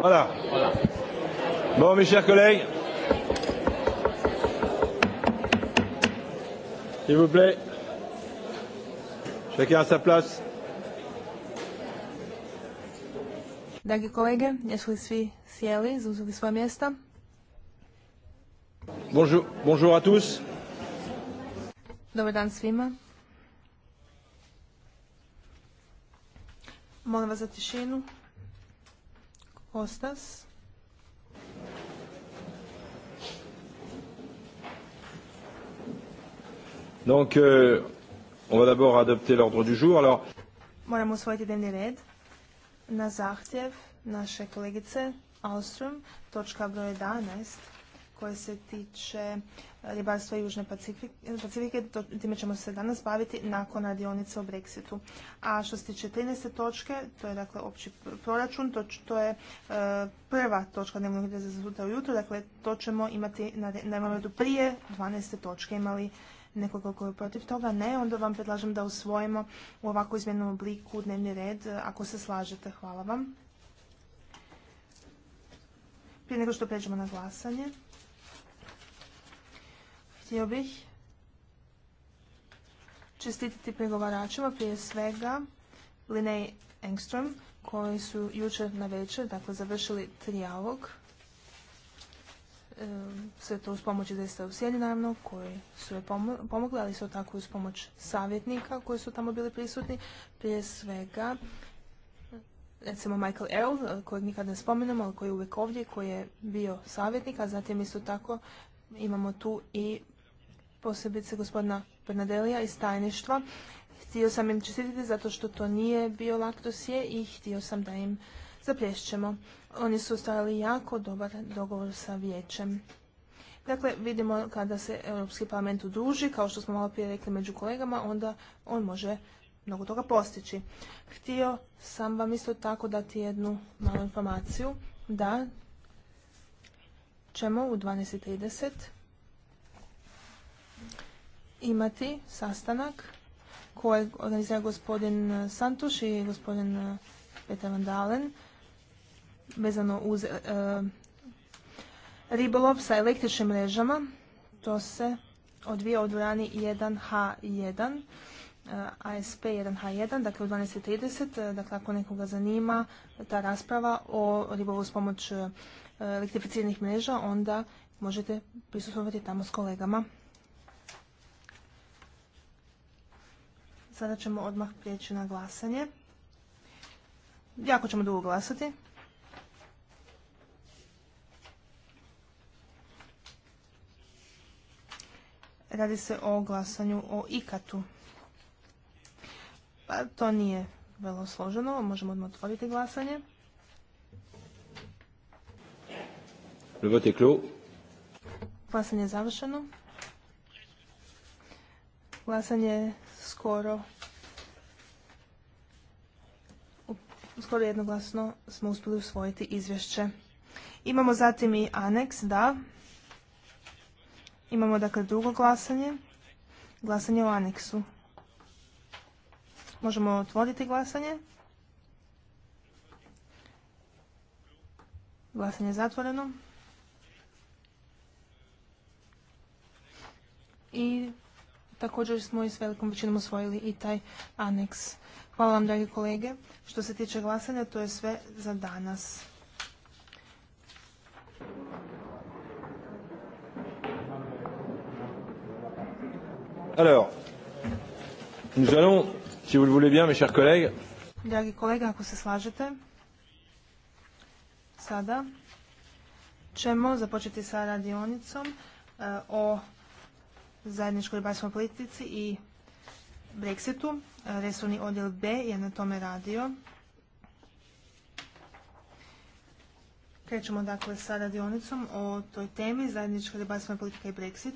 Voilà. Bon, mes chers collègues. S'il vous plaît. Chacun à sa place. Dragi kolege, jesu li svi sjeli, zauzeli svoje mjesta? Bonjour, bonjour à tous. Dobar dan svima. Molim vas za tišinu. Kostas. Donc, euh, on va d'abord adopter l'ordre du jour. Alors... Moramo usvojiti dnevni red na zahtjev naše kolegice Alström, točka broj 11 koje se tiče eh, ribarstva Južne Pacifike. Time ćemo se danas baviti nakon radionice o Brexitu. A što se tiče 13. točke, to je dakle opći proračun, to, je eh, prva točka dnevnog reda za sutra ujutro, dakle to ćemo imati na dnevnom redu prije 12. točke imali nekoga koji je protiv toga, ne, onda vam predlažem da usvojimo u ovako izmjenom obliku dnevni red, eh, ako se slažete. Hvala vam. Prije nego što pređemo na glasanje, Htio bih čestititi pregovaračima, prije svega Linej Engström, koji su jučer na večer, dakle, završili trijalog. sve to uz pomoć izvesta u naravno, koji su joj pomogli, ali isto tako uz pomoć savjetnika koji su tamo bili prisutni. Prije svega, recimo Michael Earl, kojeg nikad ne spomenemo, ali koji je uvijek ovdje, koji je bio savjetnik, a zatim isto tako imamo tu i posebice gospodina Bernadelija iz tajništva. Htio sam im čestititi zato što to nije bio lak i htio sam da im zaplješćemo. Oni su ostavili jako dobar dogovor sa vijećem. Dakle, vidimo kada se Europski parlament udruži, kao što smo malo prije rekli među kolegama, onda on može mnogo toga postići. Htio sam vam isto tako dati jednu malu informaciju da ćemo u 12.30 imati sastanak koje organizira gospodin Santuš i gospodin eh, Petar Vandalen vezano uz eh, ribolov sa električnim mrežama. To se odvija u dvorani 1H1, ASP 1H1, dakle u 12.30. Eh, dakle, ako nekoga zanima ta rasprava o ribolovu s pomoć elektrificiranih mreža, onda možete prisutovati tamo s kolegama. Sada ćemo odmah prijeći na glasanje. Jako ćemo dugo glasati. Radi se o glasanju o ikatu. Pa to nije velo složeno, možemo odmah otvoriti glasanje. Glasanje je završeno. Glasanje skoro skoro jednoglasno smo uspjeli usvojiti izvješće. Imamo zatim i aneks, da. Imamo dakle drugo glasanje. Glasanje o aneksu. Možemo otvoriti glasanje. Glasanje je zatvoreno. I također smo i s velikom većinom osvojili i taj aneks. Hvala vam, dragi kolege. Što se tiče glasanja, to je sve za danas. Alors, Dragi kolega, ako se slažete, sada ćemo započeti sa radionicom eh, o zajedničkoj ribarskoj politici i Brexitu. Resorni odjel B je na tome radio. Krećemo dakle sa radionicom o toj temi zajednička ribarstvena politika i Brexit.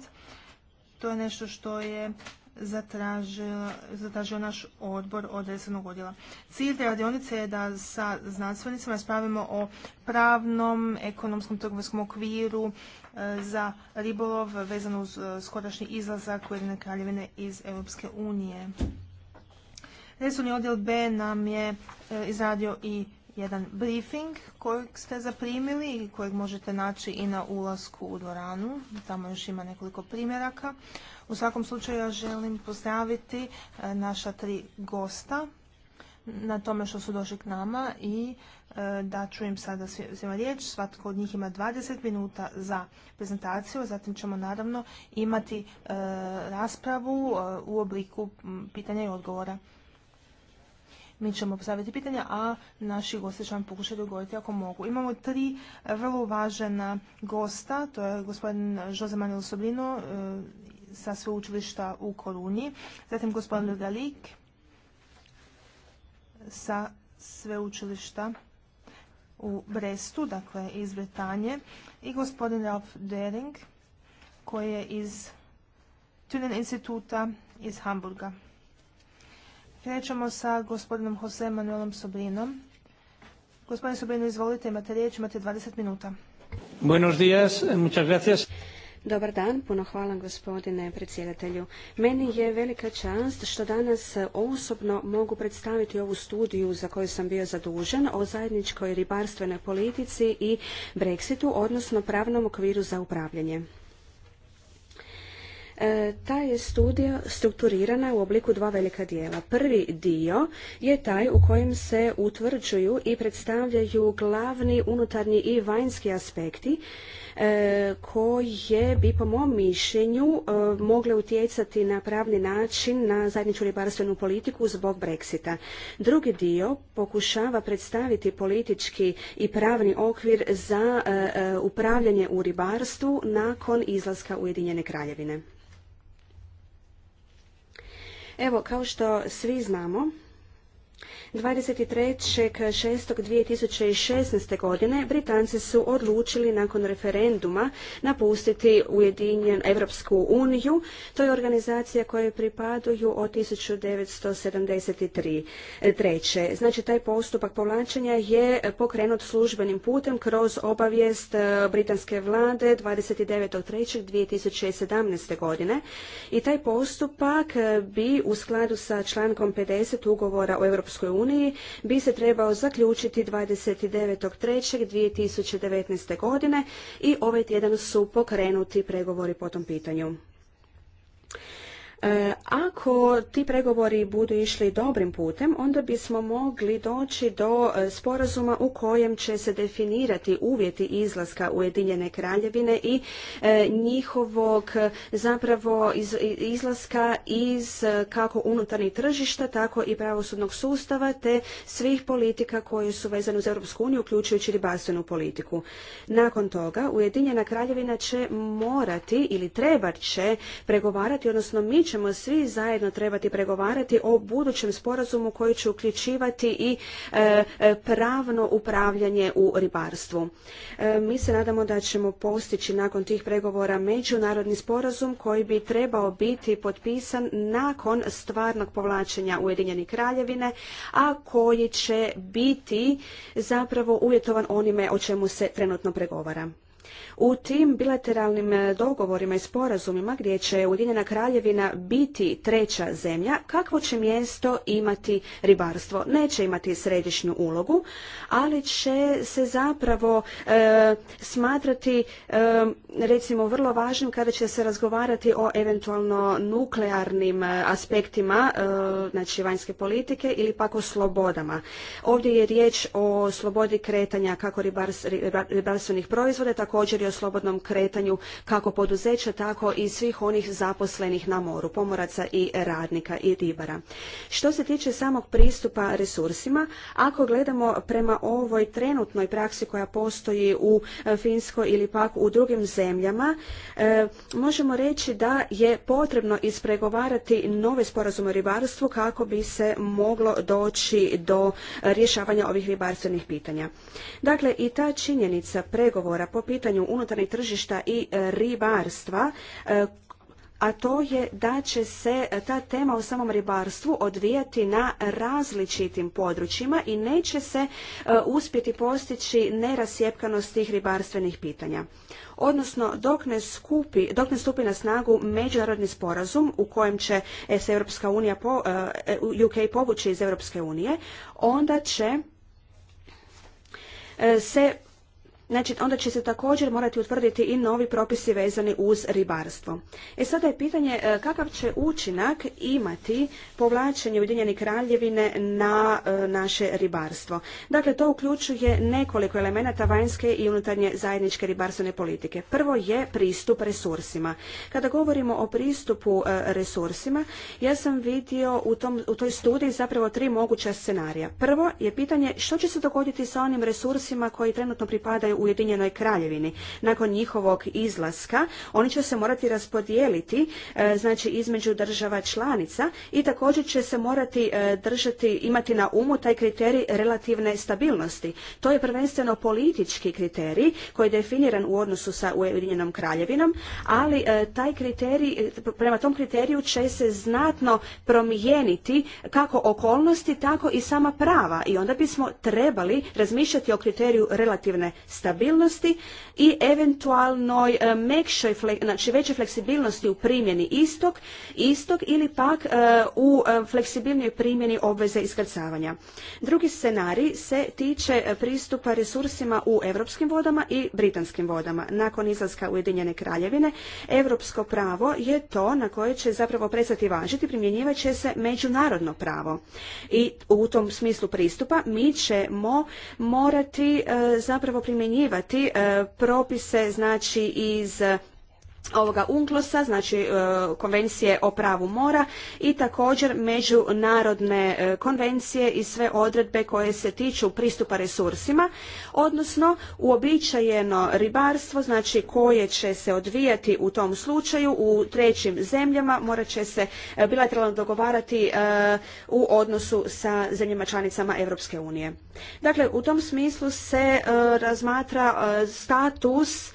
To je nešto što je zatražio, naš odbor od resornog odjela. Cilj radionice je da sa znanstvenicima raspravimo o pravnom, ekonomskom, trgovinskom okviru e, za ribolov vezano uz e, skorašnji izlazak Ujedine kraljevine iz Europske unije. Resorni odjel B nam je e, izradio i jedan briefing kojeg ste zaprimili i kojeg možete naći i na ulasku u dvoranu. Tamo još ima nekoliko primjeraka. U svakom slučaju ja želim pozdraviti e, naša tri gosta na tome što su došli k nama i e, da ću im sada svima riječ. Svatko od njih ima 20 minuta za prezentaciju, zatim ćemo naravno imati e, raspravu u obliku pitanja i odgovora mi ćemo postaviti pitanja, a naši gosti će vam pokušati odgovoriti ako mogu. Imamo tri e, vrlo važena gosta, to je gospodin Jose Manuel Sobrino e, sa sveučilišta u Korunji, zatim gospodin Ludalik mhm. sa sveučilišta u Brestu, dakle iz Bretanje, i gospodin Ralf Dering koji je iz Tunen instituta iz Hamburga. Krećemo sa gospodinom Jose Manuelom Sobrinom. Gospodin Sobrino, izvolite, imate riječ, imate 20 minuta. Buenos días, eh, muchas gracias. Dobar dan, puno hvala gospodine predsjedatelju. Meni je velika čast što danas osobno mogu predstaviti ovu studiju za koju sam bio zadužen o zajedničkoj ribarstvenoj politici i Brexitu, odnosno pravnom okviru za upravljanje. E, ta je studija strukturirana u obliku dva velika dijela. Prvi dio je taj u kojem se utvrđuju i predstavljaju glavni unutarnji i vanjski aspekti koji e, koje bi po mom mišljenju e, mogle utjecati na pravni način na zajedničku ribarstvenu politiku zbog Brexita. Drugi dio pokušava predstaviti politički i pravni okvir za upravljanje u ribarstvu nakon izlaska Ujedinjene kraljevine. Evo, kao što svi znamo, 23.6.2016. godine Britanci su odlučili nakon referenduma napustiti Ujedinjen Evropsku uniju. To je organizacija kojoj pripaduju od 1973. Znači taj postupak povlačenja je pokrenut službenim putem kroz obavijest e, britanske vlade 29.3.2017. godine i taj postupak e, bi u skladu sa člankom 50 ugovora o EU uniji bi se trebao zaključiti 29.3.2019. godine i ovaj tjedan su pokrenuti pregovori po tom pitanju. E, ako ti pregovori budu išli dobrim putem, onda bismo mogli doći do e, sporazuma u kojem će se definirati uvjeti izlaska Ujedinjene kraljevine i e, njihovog zapravo izlaska iz kako unutarnjih tržišta, tako i pravosudnog sustava, te svih politika koje su vezane uz Europsku uniju, uključujući ribarstvenu politiku. Nakon toga, Ujedinjena kraljevina će morati ili trebat će pregovarati, odnosno mi ćemo svi zajedno trebati pregovarati o budućem sporazumu koji će uključivati i e, e, pravno upravljanje u ribarstvu. E, mi se nadamo da ćemo postići nakon tih pregovora međunarodni sporazum koji bi trebao biti potpisan nakon stvarnog povlačenja Ujedinjene kraljevine, a koji će biti zapravo uvjetovan onime o čemu se trenutno pregovara. U tim bilateralnim e, dogovorima i sporazumima gdje će Ujedinjena kraljevina biti treća zemlja, kakvo će mjesto imati ribarstvo? Neće imati središnju ulogu, ali će se zapravo e, smatrati e, recimo vrlo važnim kada će se razgovarati o eventualno nuklearnim aspektima znači vanjske politike ili pak o slobodama. Ovdje je riječ o slobodi kretanja kako ribarstvenih proizvoda, također i o slobodnom kretanju kako poduzeća, tako i svih onih zaposlenih na moru, pomoraca i radnika i ribara. Što se tiče samog pristupa resursima, ako gledamo prema ovoj trenutnoj praksi koja postoji u Finskoj ili pak u drugim zemljama, e, možemo reći da je potrebno ispregovarati nove sporazume o ribarstvu kako bi se moglo doći do rješavanja ovih ribarstvenih pitanja. Dakle, i ta činjenica pregovora po pitanju unutarnjeg tržišta i e, ribarstva e, a to je da će se e, ta tema o samom ribarstvu odvijati na različitim područjima i neće se uspjeti postići nerasjepkanost tih ribarstvenih pitanja. Odnosno, dok ne, skupi, dok ne stupi na snagu međunarodni sporazum u kojem će se Europska unija UK povući iz Europske unije, onda će se Znači, onda će se također morati utvrditi i novi propisi vezani uz ribarstvo. E sada je pitanje e, kakav će učinak imati povlačenje Ujedinjene kraljevine na e, naše ribarstvo. Dakle, to uključuje nekoliko elemenata vanjske i unutarnje zajedničke ribarstvene politike. Prvo je pristup resursima. Kada govorimo o pristupu e, resursima, ja sam vidio u, tom, u toj studiji zapravo tri moguća scenarija. Prvo je pitanje što će se dogoditi sa onim resursima koji trenutno pripadaju Ujedinjenoj kraljevini. Nakon njihovog izlaska oni će se morati raspodijeliti e, znači između država članica i također će se morati e, držati, imati na umu taj kriterij relativne stabilnosti. To je prvenstveno politički kriterij koji je definiran u odnosu sa Ujedinjenom kraljevinom, ali e, taj kriterij, prema tom kriteriju će se znatno promijeniti kako okolnosti, tako i sama prava i onda bismo trebali razmišljati o kriteriju relativne stabilnosti stabilnosti i eventualnoj e, mekšoj, znači većoj fleksibilnosti u primjeni istog, istog ili pak e, u e, fleksibilnoj primjeni obveze iskrcavanja. Drugi scenarij se tiče pristupa resursima u europskim vodama i britanskim vodama. Nakon izlaska Ujedinjene kraljevine, europsko pravo je to na koje će zapravo prestati važiti, primjenjivat će se međunarodno pravo. I u tom smislu pristupa mi ćemo morati zapravo primjenjivati primjenjivati e, propise znači iz ovoga unklosa, znači e, konvencije o pravu mora i također međunarodne e, konvencije i sve odredbe koje se tiču pristupa resursima, odnosno uobičajeno ribarstvo, znači koje će se odvijati u tom slučaju u trećim zemljama, morat će se e, bilateralno dogovarati u odnosu sa zemljama članicama Europske unije. Dakle, u tom smislu se razmatra status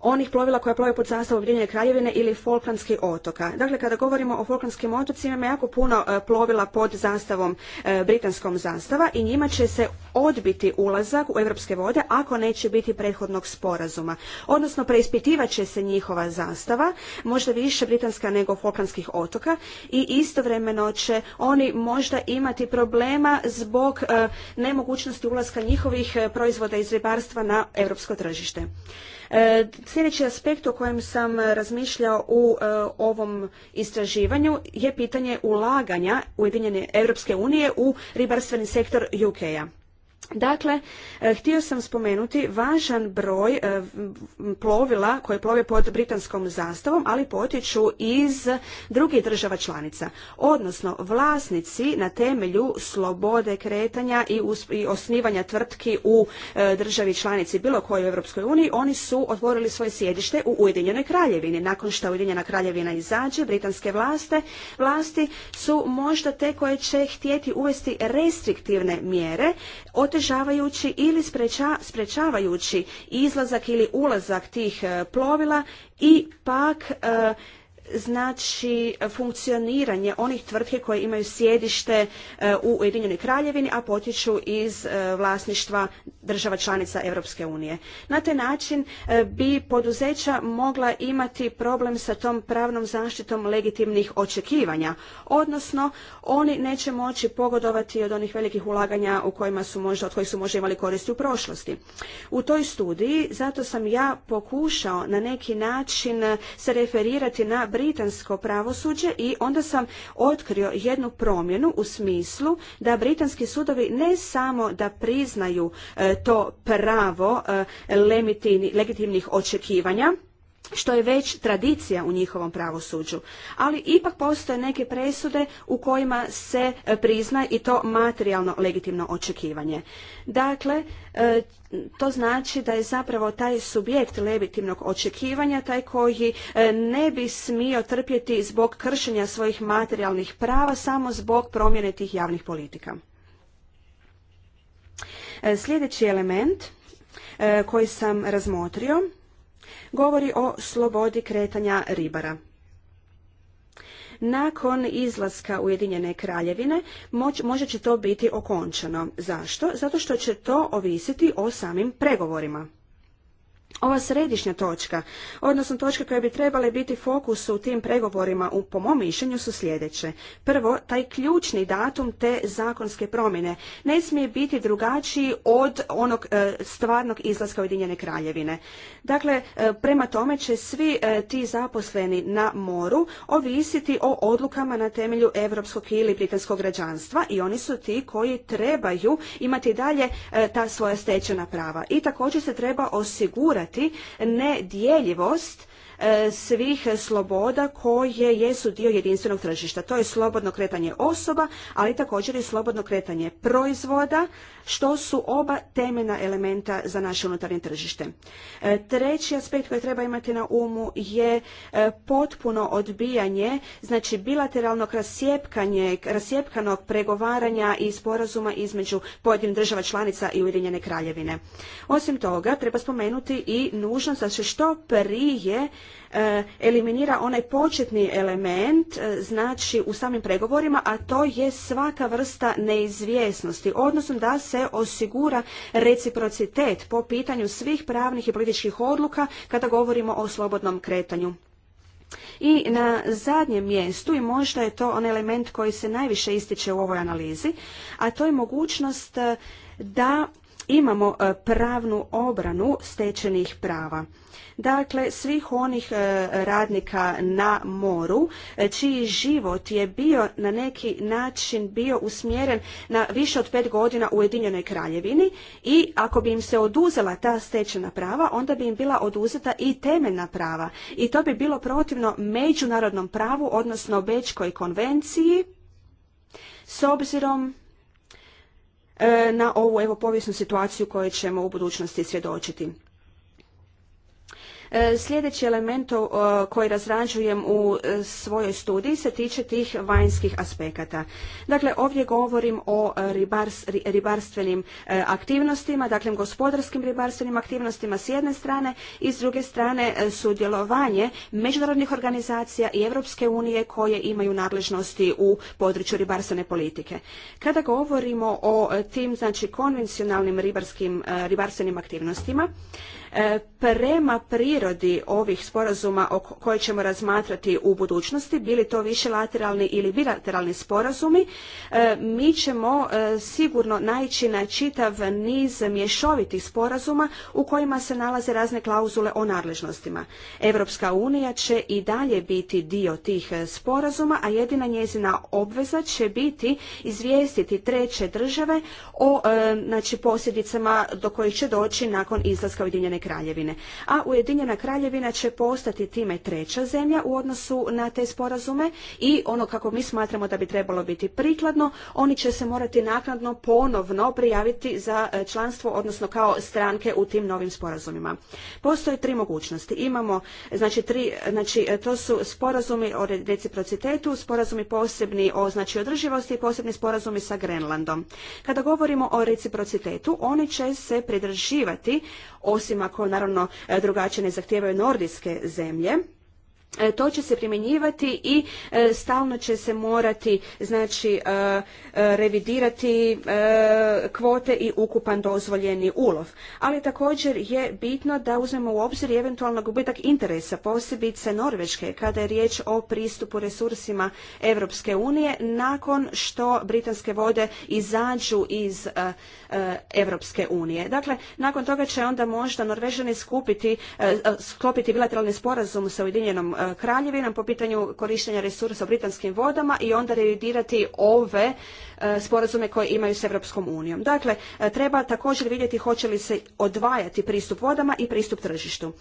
onih plovila koja plove pod zastavom Ujedinjene kraljevine ili Falklandskih otoka. Dakle, kada govorimo o Falklandskim otocima, ima jako puno e, plovila pod zastavom, e, britanskom zastava i njima će se odbiti ulazak u europske vode ako neće biti prethodnog sporazuma. Odnosno, preispitivat će se njihova zastava, možda više britanska nego Falklandskih otoka i istovremeno će oni možda imati problema zbog e, nemogućnosti ulaska njihovih proizvoda iz ribarstva na europsko tržište. E, sljedeći aspekt o kojem sam razmišljao u e, ovom istraživanju je pitanje ulaganja Ujedinjene Europske unije u ribarstveni sektor UK-a. Dakle, e, htio sam spomenuti važan broj e, plovila koje plove pod britanskom zastavom, ali potječu iz drugih država članica. Odnosno, vlasnici na temelju slobode kretanja i, osnivanja tvrtki u e, državi članici bilo kojoj u Europskoj uniji, oni su otvorili svoje sjedište u Ujedinjenoj kraljevini. Nakon što Ujedinjena kraljevina izađe, britanske vlasti su možda te koje će htjeti uvesti restriktivne mjere, od otežavajući ili sprečavajući izlazak ili ulazak tih e, plovila i pak e, znači funkcioniranje onih tvrtki koje imaju sjedište e, u Ujedinjenoj Kraljevini, a potiču iz e, vlasništva država članica Europske unije. Na taj način e, bi poduzeća mogla imati problem sa tom pravnom zaštitom legitimnih očekivanja, odnosno oni neće moći pogodovati od onih velikih ulaganja u kojima su možda, od kojih su možda imali koristi u prošlosti. U toj studiji zato sam ja pokušao na neki način se referirati na britansko pravosuđe i onda sam otkrio jednu promjenu u smislu da britanski sudovi ne samo da priznaju e, to pravo e, legitimnih očekivanja što je već tradicija u njihovom pravosuđu. Ali ipak postoje neke presude u kojima se e, prizna i to materijalno legitimno očekivanje. Dakle, e, to znači da je zapravo taj subjekt legitimnog očekivanja taj koji e, ne bi smio trpjeti zbog kršenja svojih materijalnih prava samo zbog promjene tih javnih politika. Sljedeći element koji sam razmotrio govori o slobodi kretanja ribara. Nakon izlaska Ujedinjene kraljevine moć, možda će to biti okončano. Zašto? Zato što će to ovisiti o samim pregovorima ova središnja točka, odnosno točke koje bi trebale biti fokus u tim pregovorima, u, po mom mišljenju, su sljedeće. Prvo, taj ključni datum te zakonske promjene ne smije biti drugačiji od onog e, stvarnog izlaska Ujedinjene kraljevine. Dakle, e, prema tome će svi e, ti zaposleni na moru ovisiti o odlukama na temelju europskog ili britanskog građanstva i oni su ti koji trebaju imati dalje ta svoja stečena prava. I također se treba osigurati HZMA-TI nedjeljivost e, svih sloboda koje jesu dio jedinstvenog tržišta. To je slobodno kretanje osoba, ali također i slobodno kretanje proizvoda, što su oba temeljna elementa za naše unutarnje tržište. E, treći aspekt koji treba imati na umu je e, potpuno odbijanje, znači bilateralnog rasjepkanje, rasjepkanog pregovaranja i sporazuma između pojedinih država članica i Ujedinjene kraljevine. Osim toga, treba spomenuti i nužnost da se što prije E, eliminira onaj početni element, e, znači u samim pregovorima, a to je svaka vrsta neizvjesnosti, odnosno da se osigura reciprocitet po pitanju svih pravnih i političkih odluka kada govorimo o slobodnom kretanju. I na zadnjem mjestu, i možda je to on element koji se najviše ističe u ovoj analizi, a to je mogućnost e, da imamo e, pravnu obranu stečenih prava. Dakle, svih onih e, radnika na moru e, čiji život je bio na neki način bio usmjeren na više od pet godina u Ujedinjenoj kraljevini i ako bi im se oduzela ta stečena prava, onda bi im bila oduzeta i temeljna prava. I to bi bilo protivno međunarodnom pravu, odnosno Bečkoj konvenciji, s obzirom na ovu evo povijesnu situaciju kojoj ćemo u budućnosti svjedočiti. E, sljedeći element koji razrađujem u e, svojoj studiji se tiče tih vanjskih aspekata. Dakle, ovdje govorim o e, ribarstvenim aktivnostima, dakle gospodarskim ribarstvenim aktivnostima s jedne strane i s druge strane sudjelovanje međunarodnih organizacija i Europske unije koje imaju nadležnosti u području ribarstvene politike. Kada govorimo o tim znači konvencionalnim ribarstvenim aktivnostima, E, prema prirodi ovih sporazuma koje ćemo razmatrati u budućnosti, bili to višelateralni ili bilateralni sporazumi, e, mi ćemo e, sigurno naići na čitav niz mješovitih sporazuma u kojima se nalaze razne klauzule o nadležnostima. Europska unija će i dalje biti dio tih sporazuma, a jedina njezina obveza će biti izvijestiti treće države o znači, posljedicama do kojih će doći nakon izlaska Ujedinjene Kraljevine. A Ujedinjena Kraljevina će postati time treća zemlja u odnosu na te sporazume i ono kako mi smatramo da bi trebalo biti prikladno, oni će se morati naknadno ponovno prijaviti za e, članstvo, odnosno kao stranke u tim novim sporazumima. Postoje tri mogućnosti. Imamo, znači, tri, znači e, to su sporazumi o reciprocitetu, sporazumi posebni o znači održivosti i posebni sporazumi sa Grenlandom. Kada govorimo o reciprocitetu, oni će se pridrživati osim koje naravno e, drugačije ne zahtijevaju nordijske zemlje E, to će se primjenjivati i e, stalno će se morati znači e, revidirati kvote i ukupan dozvoljeni ulov. Ali također je bitno da uzmemo u obzir eventualno gubitak interesa, posebice Norveške, kada je riječ o pristupu resursima Europske unije nakon što britanske vode izađu iz Europske unije. Dakle, nakon toga će onda možda Norvežani skupiti, sklopiti bilateralni sporazum sa Ujedinjenom E, kraljevinom po pitanju korištenja resursa u britanskim vodama i onda revidirati ove e, sporazume koje imaju s Europskom unijom. Dakle, e, treba također vidjeti hoće li se odvajati pristup vodama i pristup tržištu.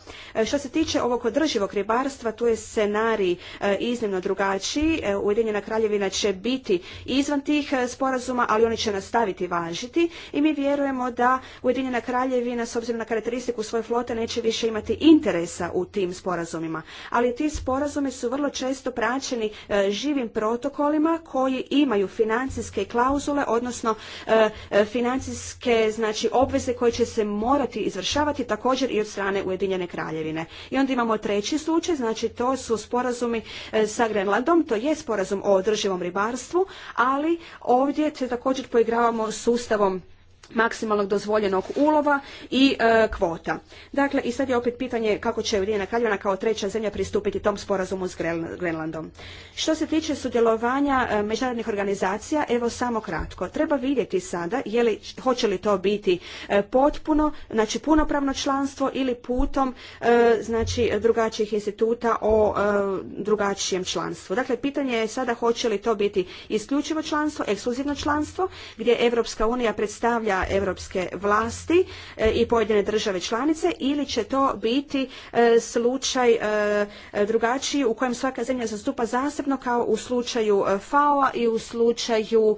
Što se tiče ovog održivog ribarstva, tu je scenarij iznimno drugačiji. Ujedinjena kraljevina će biti izvan tih sporazuma, ali oni će nastaviti važiti i mi vjerujemo da Ujedinjena kraljevina s obzirom na karakteristiku svoje flote neće više imati interesa u tim sporazumima. Ali ti ti sporazumi su vrlo često praćeni e, živim protokolima koji imaju financijske klauzule, odnosno e, e, financijske znači obveze koje će se morati izvršavati također i od strane Ujedinjene kraljevine. I onda imamo treći slučaj, znači to su sporazumi sa Grenlandom, to je sporazum o održivom ribarstvu, ali ovdje se također poigravamo sustavom maksimalnog dozvoljenog ulova i e, kvota. Dakle, i sad je opet pitanje kako će Ujedinjena Kraljevina kao treća zemlja pristupiti tom sporazumu s Grenlandom. Što se tiče sudjelovanja e, međunarodnih organizacija, evo samo kratko. Treba vidjeti sada je hoće li to biti e, potpuno, znači punopravno članstvo ili putom znači drugačijih instituta o drugačijem članstvu. Dakle, pitanje je sada hoće li to biti isključivo članstvo, ekskluzivno članstvo, gdje Europska unija predstavlja europske vlasti e, i pojedine države članice ili će to biti e, slučaj e, drugačiji u kojem svaka zemlja zastupa zasebno kao u slučaju FAO-a i u slučaju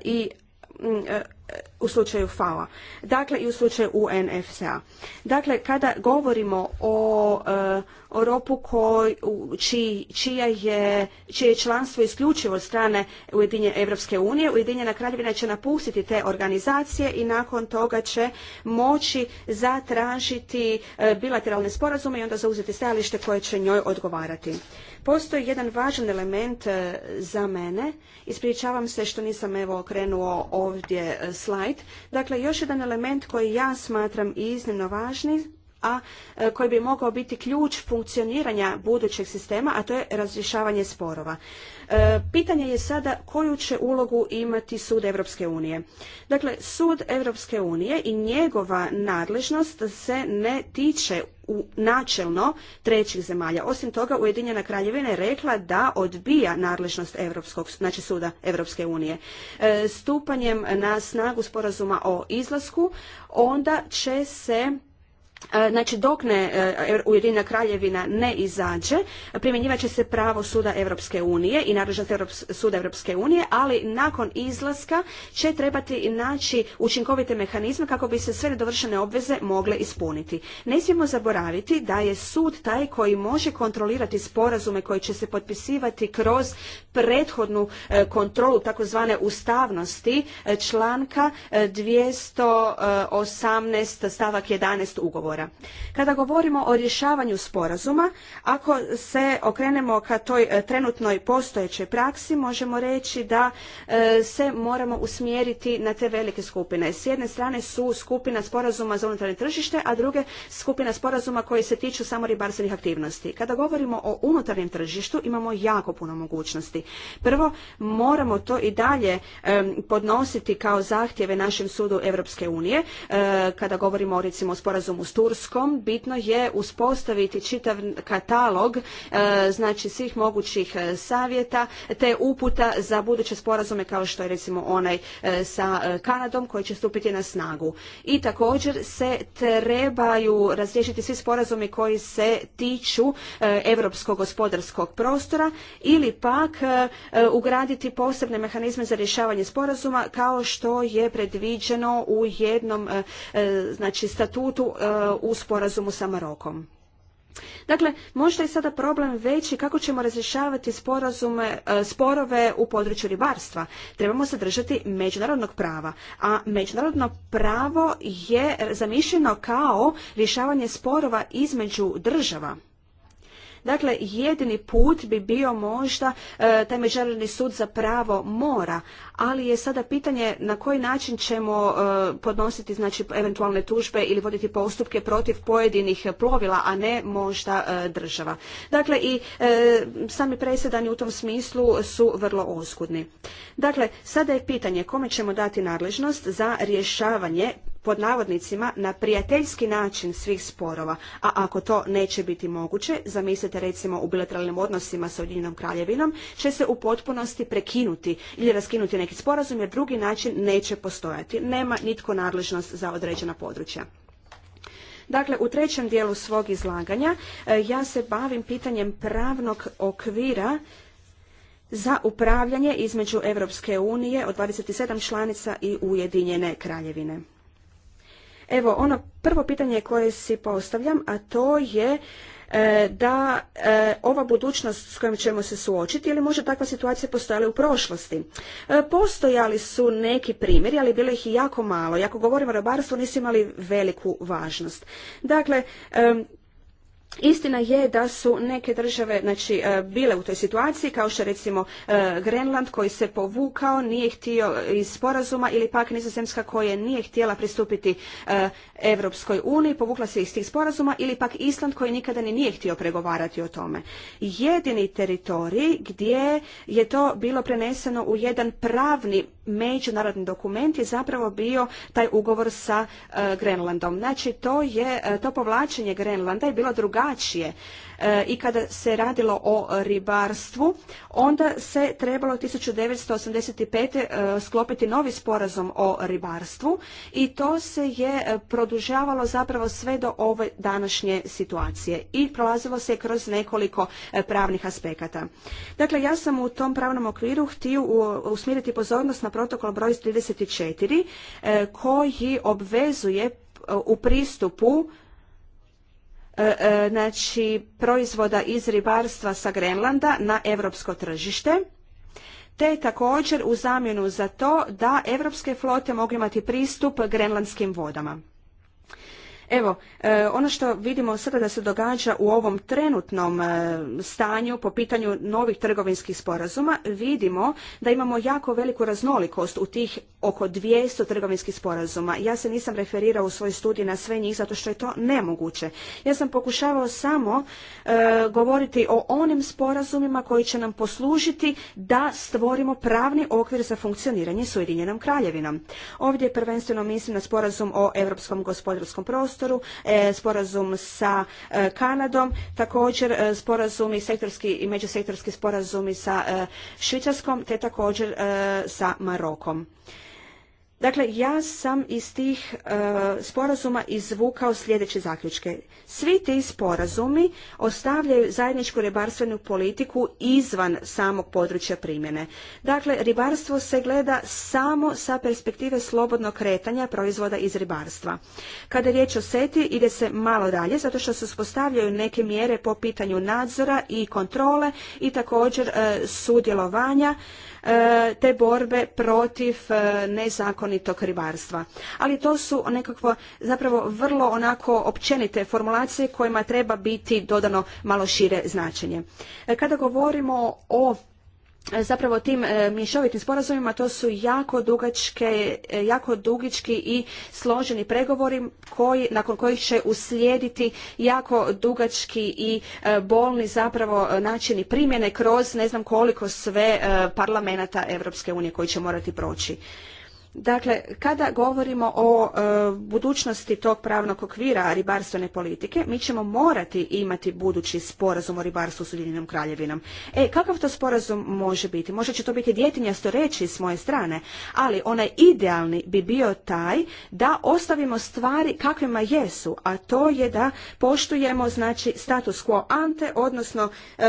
i u slučaju fao dakle i u slučaju UNFCA. Dakle, kada govorimo o Europu čije je članstvo isključivo od strane Ujedinje, Evropske unije. Ujedinjena kraljevina će napustiti te organizacije i nakon toga će moći zatražiti e, bilateralne sporazume i onda zauzeti stajalište koje će njoj odgovarati. Postoji jedan važan element e, za mene. Ispričavam se što nisam evo okrenuo ovdje e, slajd. Dakle, još jedan element koji ja smatram iznimno važni, a e, koji bi mogao biti ključ funkcioniranja budućeg sistema, a to je razrješavanje sporova. E, pitanje je sada koju će ulogu imati Sud Europske unije. Dakle, Sud Europske unije i njegova nadležnost se ne tiče u načelno trećih zemalja. Osim toga, Ujedinjena kraljevina je rekla da odbija nadležnost Europskog, znači suda Europske unije. E, stupanjem na snagu sporazuma o izlasku, onda će se E, znači, dok ne e, Ujedinjena kraljevina ne izađe, primjenjivat će se pravo suda Europske unije i nadležnost suda Europske unije, ali nakon izlaska će trebati naći učinkovite mehanizme kako bi se sve nedovršene obveze mogle ispuniti. Ne smijemo zaboraviti da je sud taj koji može kontrolirati sporazume koji će se potpisivati kroz prethodnu e, kontrolu takozvane ustavnosti članka 218 stavak 11 ugovora ugovora. Kada govorimo o rješavanju sporazuma, ako se okrenemo ka toj e, trenutnoj postojećoj praksi, možemo reći da e, se moramo usmjeriti na te velike skupine. S jedne strane su skupina sporazuma za unutarnje tržište, a druge skupina sporazuma koje se tiču samo ribarstvenih aktivnosti. Kada govorimo o unutarnjem tržištu, imamo jako puno mogućnosti. Prvo, moramo to i dalje podnositi kao zahtjeve našem sudu Europske unije, e, kada govorimo recimo o sporazumu s Turskom bitno je uspostaviti čitav katalog e, znači svih mogućih e, savjeta te uputa za buduće sporazume kao što je recimo onaj e, sa Kanadom koji će stupiti na snagu. I također se trebaju razriješiti svi sporazumi koji se tiču europskog gospodarskog prostora ili pak ugraditi posebne mehanizme za rješavanje sporazuma kao što je predviđeno u jednom znači statutu u sporazumu sa Marokom. Dakle, možda je sada problem veći kako ćemo razrješavati sporazume, e, sporove u području ribarstva. Trebamo se držati međunarodnog prava, a međunarodno pravo je zamišljeno kao rješavanje sporova između država. Dakle, jedini put bi bio možda e, taj međunarodni sud za pravo mora, ali je sada pitanje na koji način ćemo e, podnositi znači eventualne tužbe ili voditi postupke protiv pojedinih plovila, a ne možda e, država. Dakle, i sami presedani u tom smislu su vrlo oskudni. Dakle, sada je pitanje kome ćemo dati nadležnost za rješavanje pod navodnicima na prijateljski način svih sporova, a ako to neće biti moguće, zamislite recimo u bilateralnim odnosima sa Ujedinjenom kraljevinom, će se u potpunosti prekinuti ili raskinuti neki sporazum jer drugi način neće postojati. Nema nitko nadležnost za određena područja. Dakle, u trećem dijelu svog izlaganja e, ja se bavim pitanjem pravnog okvira za upravljanje između Europske unije od 27 članica i Ujedinjene kraljevine. Evo, ono prvo pitanje koje si postavljam, a to je e, da e, ova budućnost s kojom ćemo se suočiti ili možda takva situacija postojala u prošlosti. E, postojali su neki primjeri, ali bilo ih i jako malo. I ako govorimo o robarstvu, nisu imali veliku važnost. Dakle, Istina je da su neke države znači, e, bile u toj situaciji, kao što recimo e, Grenland koji se povukao, nije htio iz sporazuma ili pak Nizozemska koja nije htjela pristupiti Europskoj uniji, povukla se iz tih sporazuma ili pak Island koji nikada ni nije htio pregovarati o tome. Jedini teritorij gdje je to bilo preneseno u jedan pravni međunarodni dokument je zapravo bio taj ugovor sa e, Grenlandom. Znači to je, e, to povlačenje Grenlanda je bilo drugačije E, i kada se radilo o ribarstvu, onda se trebalo 1985. E, sklopiti novi sporazum o ribarstvu i to se je e, produžavalo zapravo sve do ove današnje situacije i prolazilo se kroz nekoliko pravnih aspekata. Dakle, ja sam u tom pravnom okviru htio usmjeriti pozornost na protokol broj 34 koji obvezuje u pristupu E, e, znači proizvoda iz ribarstva sa Grenlanda na europsko tržište te također u zamjenu za to da europske flote mogu imati pristup grenlandskim vodama. Evo, e, ono što vidimo sada da se događa u ovom trenutnom e, stanju po pitanju novih trgovinskih sporazuma, vidimo da imamo jako veliku raznolikost u tih oko 200 trgovinskih sporazuma. Ja se nisam referirao u svoj studij na sve njih zato što je to nemoguće. Ja sam pokušavao samo e, govoriti o onim sporazumima koji će nam poslužiti da stvorimo pravni okvir za funkcioniranje s Ujedinjenom kraljevinom. Ovdje prvenstveno mislim na sporazum o europskom gospodarskom prostoru, prostoru, e, sporazum sa e, Kanadom, također e, sporazumi sektorski i međusektorski sporazumi sa Švicarskom te također sa Marokom. Dakle, ja sam iz tih e, sporazuma izvukao sljedeće zaključke. Svi ti sporazumi ostavljaju zajedničku ribarstvenu politiku izvan samog područja primjene. Dakle, ribarstvo se gleda samo sa perspektive slobodnog kretanja proizvoda iz ribarstva. Kada je riječ o SETI, ide se malo dalje, zato što se uspostavljaju neke mjere po pitanju nadzora i kontrole i također e, sudjelovanja E, te borbe protiv e, nezakonitog ribarstva. Ali to su nekakvo zapravo vrlo onako općenite formulacije kojima treba biti dodano malo šire značenje. E, kada govorimo o E, zapravo tim e, mješovitim sporazumima to su jako dugačke, e, jako dugički i složeni pregovori koji, nakon kojih će uslijediti jako dugački i bolni zapravo načini primjene kroz ne znam koliko sve parlamenata Europske unije koji će morati proći. Dakle, kada govorimo o e, budućnosti tog pravnog okvira ribarstvene politike, mi ćemo morati imati budući sporazum o ribarstvu s Ujedinjenom kraljevinom. E, kakav to sporazum može biti? Možda će to biti djetinjasto reći s moje strane, ali onaj idealni bi bio taj da ostavimo stvari kakvima jesu, a to je da poštujemo znači status quo ante, odnosno e,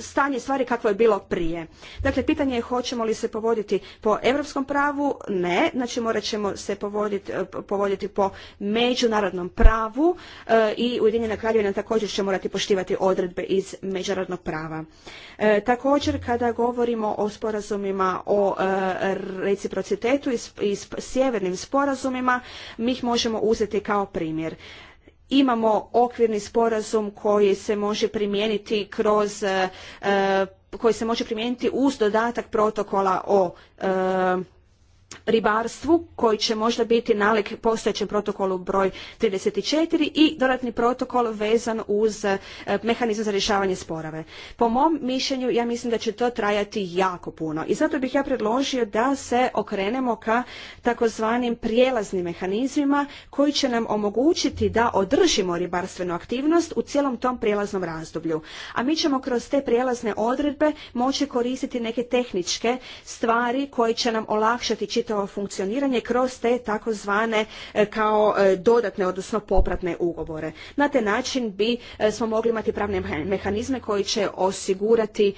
stanje stvari kakvo je bilo prije. Dakle, pitanje je hoćemo li se povoditi po europskom pravu? Ne, znači morat ćemo se povoditi, po međunarodnom pravu eh, i Ujedinjena kraljevina također će morati poštivati odredbe iz međunarodnog prava. Eh, također kada govorimo o sporazumima o eh, reciprocitetu i, sjevernim sporazumima, mi ih možemo uzeti kao primjer imamo okvirni sporazum koji se može primijeniti kroz koji se može primijeniti uz dodatak protokola o ribarstvu koji će možda biti nalik postojećem protokolu broj 34 i dodatni protokol vezan uz e, mehanizam za rješavanje sporave. Po mom mišljenju ja mislim da će to trajati jako puno i zato bih ja predložio da se okrenemo ka takozvanim prijelaznim mehanizmima koji će nam omogućiti da održimo ribarstvenu aktivnost u cijelom tom prijelaznom razdoblju. A mi ćemo kroz te prijelazne odredbe moći koristiti neke tehničke stvari koje će nam olakšati čitavo funkcioniranje kroz te takozvane e, kao e, dodatne, odnosno popratne ugovore. Na taj način bi e, smo mogli imati pravne mehanizme koji će osigurati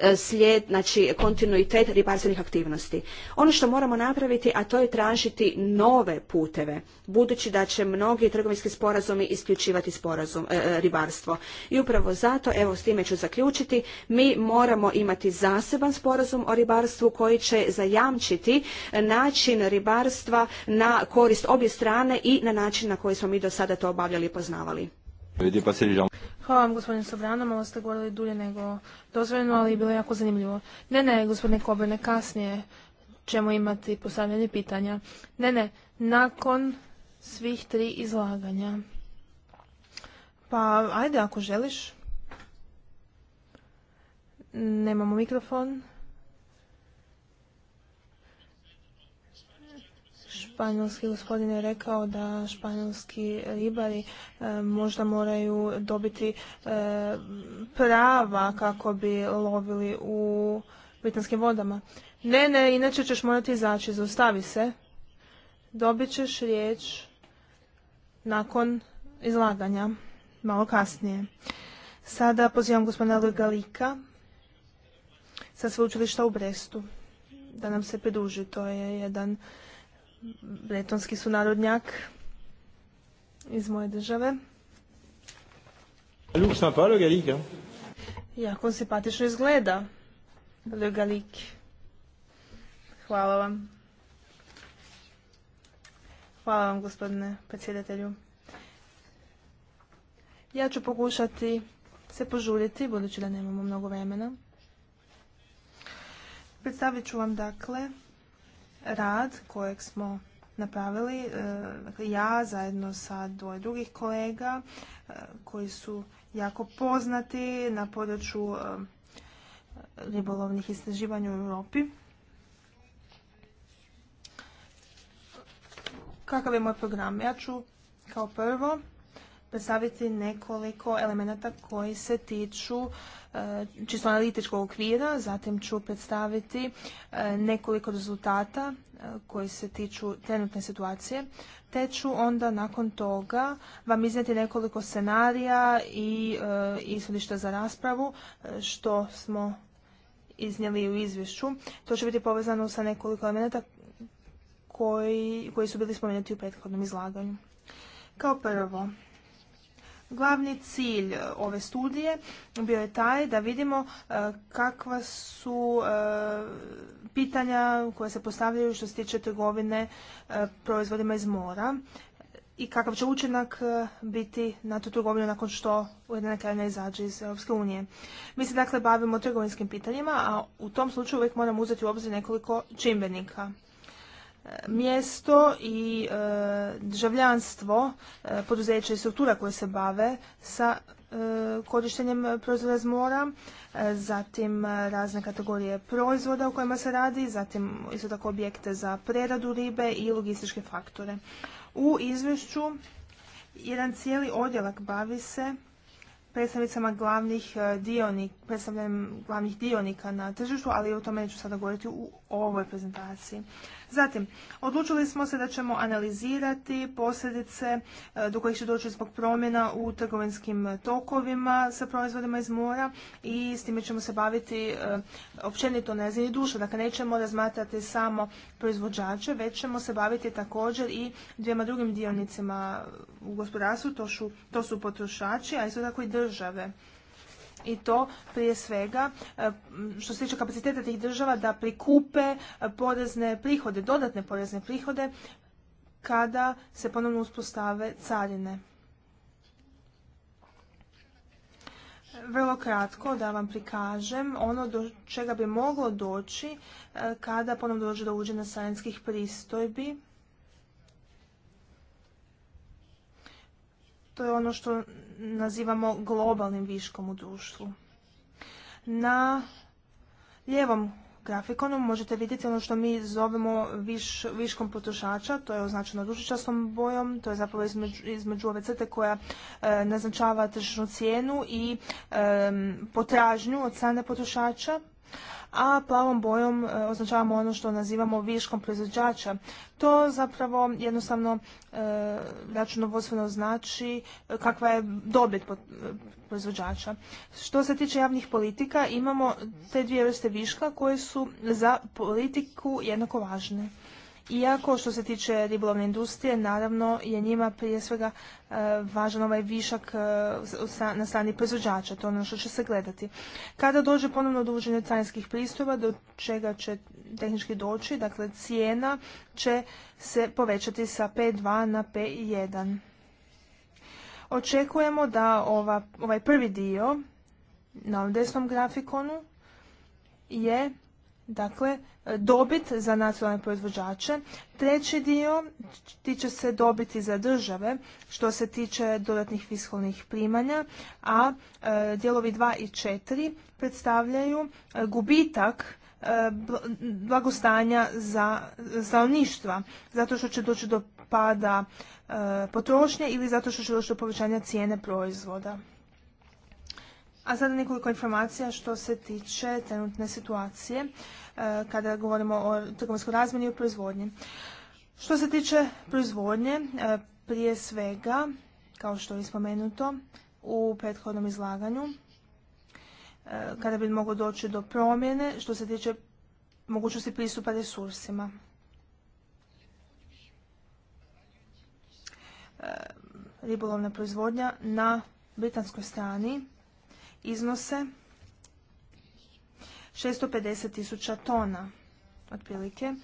E, slijed, znači kontinuitet ribarstvenih aktivnosti. Ono što moramo napraviti, a to je tražiti nove puteve, budući da će mnogi trgovinski sporazumi isključivati sporazum, e, e, ribarstvo. I upravo zato, evo s time ću zaključiti, mi moramo imati zaseban sporazum o ribarstvu koji će zajamčiti način ribarstva na korist obje strane i na način na koji smo mi do sada to obavljali i poznavali. Hvala vam gospodine Sobrano, malo ste govorili dulje nego dozvoljeno, ali je bilo jako zanimljivo. Ne, ne, gospodine Kobene, kasnije ćemo imati postavljanje pitanja. Ne, ne, nakon svih tri izlaganja. Pa, ajde, ako želiš. Nemamo mikrofon. španjolski gospodin je rekao da španjolski ribari e, možda moraju dobiti e, prava kako bi lovili u britanskim vodama. Ne, ne, inače ćeš morati izaći, zaustavi se. Dobit ćeš riječ nakon izlaganja, malo kasnije. Sada pozivam gospodina Galika sa sveučilišta u Brestu da nam se priduži. To je jedan bretonski sunarodnjak iz moje države. Jako on simpatično izgleda. Le Galik. Hvala vam. Hvala vam gospodine predsjedatelju. Ja ću pokušati se požuriti, budući da nemamo mnogo vremena. Predstavit ću vam dakle rad kojeg smo napravili, e, dakle, ja zajedno sa dvoje drugih kolega e, koji su jako poznati na području e, ribolovnih istraživanja u Europi. Kakav je moj program? Ja ću kao prvo predstaviti nekoliko elemenata koji se tiču e, čisto analitičkog okvira, zatim ću predstaviti e, nekoliko rezultata e, koji se tiču trenutne situacije, te ću onda nakon toga vam iznijeti nekoliko scenarija i ishodišta za raspravu što smo iznijeli u izvješću. To će biti povezano sa nekoliko elemenata koji, koji su bili spomenuti u prethodnom izlaganju. Kao prvo, Glavni cilj e, ove studije bio je taj da vidimo e, kakva su e, pitanja koja se postavljaju što se tiče trgovine proizvodima iz mora i kakav će učinak biti na tu trgovinu nakon što Ujedinjena kraljevina izađe iz Europske unije. Mi se dakle bavimo trgovinskim pitanjima, a u tom slučaju uvijek moramo uzeti u obzir nekoliko čimbenika mjesto i e, državljanstvo e, poduzeća i struktura koje se bave sa e, korištenjem proizvoda iz mora, zatim razne kategorije proizvoda u kojima se radi, zatim isto tako objekte za preradu ribe i logističke faktore. U izvješću jedan cijeli odjelak bavi se predstavnicama glavnih dionika, predstavljanjem glavnih dionika na tržištu, ali o tome neću sada govoriti u ovoj prezentaciji. Zatim, odlučili smo se da ćemo analizirati posljedice e, do kojih će doći zbog promjena u trgovinskim tokovima sa proizvodima iz mora i s time ćemo se baviti e, općenito na razini duša. Dakle, nećemo razmatrati samo proizvođače, već ćemo se baviti također i dvijema drugim dionicima u gospodarstvu, to su, to su potrošači, a isto tako i države i to prije svega e, što se tiče kapaciteta tih država da prikupe e, porezne prihode, dodatne porezne prihode kada se ponovno uspostave carine. Vrlo kratko da vam prikažem ono do čega bi moglo doći e, kada ponovno dođe do uđena carinskih pristojbi. To je ono što nazivamo globalnim viškom u društvu. Na lijevom grafikonu možete vidjeti ono što mi zovemo viškom potrošača, to je označeno ružičastom bojom, to je zapravo između, ove crte koja e, naznačava tržišnu cijenu i potražnju od strane potrošača, a plavom bojom e, označavamo ono što nazivamo viškom proizvođača. To zapravo jednostavno e, računovodstveno znači e, kakva je dobit proizvođača. Što se tiče javnih politika, imamo te dvije vrste viška koje su za politiku jednako važne. Iako što se tiče ribolovne industrije, naravno je njima prije svega e, važan ovaj višak e, na strani proizvođača, to je ono što će se gledati. Kada dođe ponovno do uvođenja carinskih pristova, do čega će tehnički doći, dakle cijena će se povećati sa P2 na P1. Očekujemo da ovaj prvi dio na ovom desnom grafikonu je Dakle, dobit za nacionalne proizvođače. Treći dio tiče se dobiti za države što se tiče dodatnih fiskalnih primanja, a e, dijelovi 2 i 4 predstavljaju e, gubitak e, blagostanja za stanovništva, zato što će doći do pada potrošnje ili zato što će doći do povećanja cijene proizvoda. A sada nekoliko informacija što se tiče trenutne situacije e, kada govorimo o trgovinskoj razmjeni i o proizvodnji. Što se tiče proizvodnje, e, prije svega, kao što je spomenuto u prethodnom izlaganju, e, kada bi moglo doći do promjene što se tiče mogućnosti pristupa resursima. Ribolovna proizvodnja na britanskoj strani iznose 650 tisuća tona otprilike,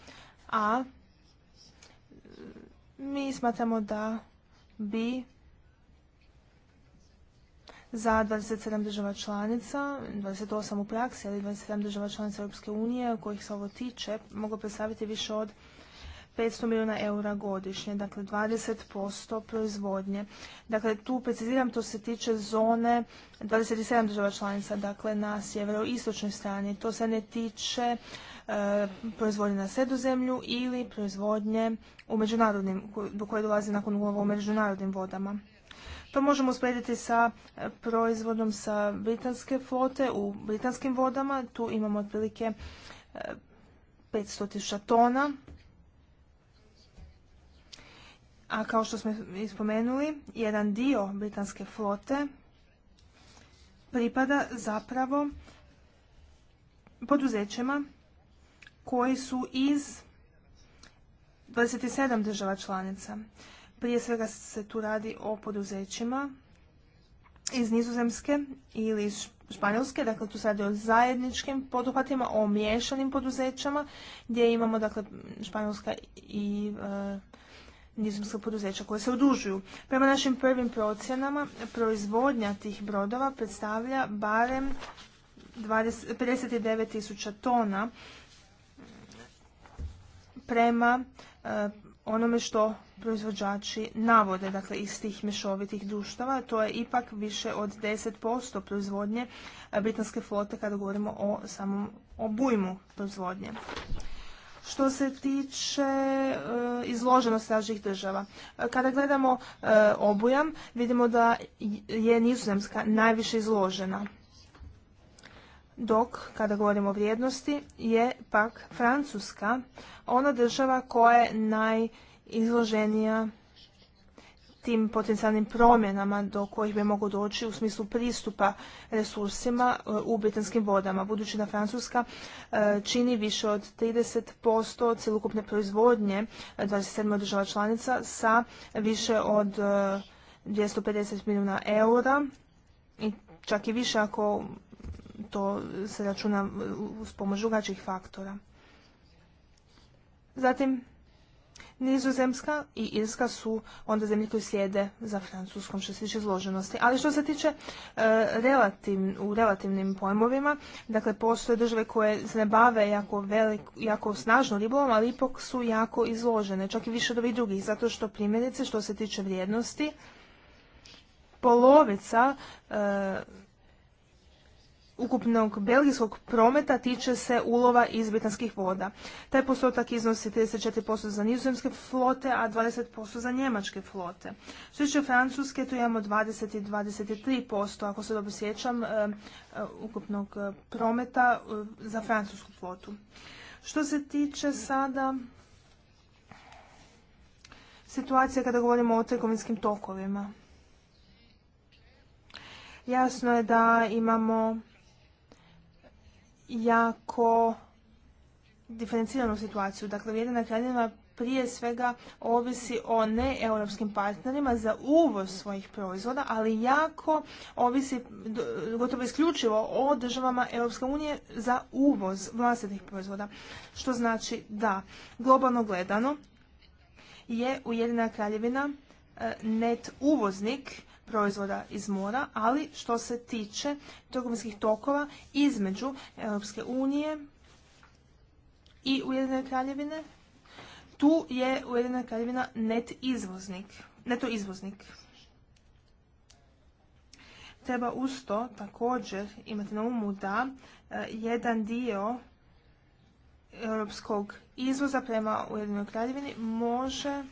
a e, mi smatramo da bi za 27 država članica, 28 u praksi, ali 27 država članica Europske unije kojih se ovo tiče, moglo predstaviti više od 500 milijuna eura godišnje, dakle 20% proizvodnje. Dakle, tu preciziram, to se tiče zone 27 država članica, dakle na sjeveroistočnoj strani. To se ne tiče e, proizvodnje na sredozemlju ili proizvodnje u međunarodnim, do koje dolazi nakon ulova u međunarodnim vodama. To možemo usporediti sa e, proizvodom sa britanske flote u britanskim vodama. Tu imamo otprilike 500 e, tisuća tona a kao što smo ispomenuli, jedan dio britanske flote pripada zapravo poduzećima koji su iz 27 država članica. Prije svega se tu radi o poduzećima iz Nizozemske ili iz Španjolske, dakle tu se radi o zajedničkim poduhvatima, o miješanim poduzećama gdje imamo dakle Španjolska i e, nizozemska poduzeća koje se odužuju. Prema našim prvim procjenama, proizvodnja tih brodova predstavlja barem 20, 59 tisuća tona prema e, onome što proizvođači navode, dakle iz tih mešovitih društava, to je ipak više od 10% proizvodnje britanske flote kada govorimo o samom obujmu proizvodnje što se tiče e, izloženosti naših država. E, kada gledamo e, obujam, vidimo da je Nizozemska najviše izložena. Dok, kada govorimo o vrijednosti, je pak Francuska ona država koja je najizloženija tim potencijalnim promjenama do kojih bi mogu doći u smislu pristupa resursima e, u britanskim vodama, budući da Francuska e, čini više od 30% cjelokupne proizvodnje 27 e, država članica sa više od 250 milijuna eura i čak i više ako to se računa s pomoć drugačijih faktora. Zatim, Nizozemska i Irska su onda zemlje koje slijede za Francuskom što se tiče izloženosti. Ali što se tiče e, u relativnim pojmovima, dakle postoje države koje se ne bave jako, velik, snažno ribolom, ali ipak su jako izložene, čak i više od ovih drugih, zato što primjerice što se tiče vrijednosti, polovica e, ukupnog belgijskog prometa tiče se ulova iz britanskih voda. Taj postotak iznosi 34% za nizozemske flote, a 20% za njemačke flote. Što tiče Francuske, tu imamo 20 i 23%, ako se dobro sjećam, eh, eh, ukupnog eh, prometa za francusku flotu. Što se tiče sada situacije kada govorimo o trgovinskim tokovima. Jasno je da imamo jako diferenciranu situaciju. Dakle, Ujedinjena kraljevina prije svega ovisi o neeuropskim partnerima za uvoz svojih proizvoda, ali jako ovisi gotovo isključivo o državama Europske unije za uvoz vlastitih proizvoda. Što znači da globalno gledano je Ujedina kraljevina e, net uvoznik proizvoda iz mora, ali što se tiče trgovinskih tokova između Europske unije i Ujedinjene kraljevine, tu je Ujedinjena kraljevina net izvoznik, neto izvoznik. Treba uz to također imati na umu da e, jedan dio europskog izvoza prema Ujedinjenoj kraljevini može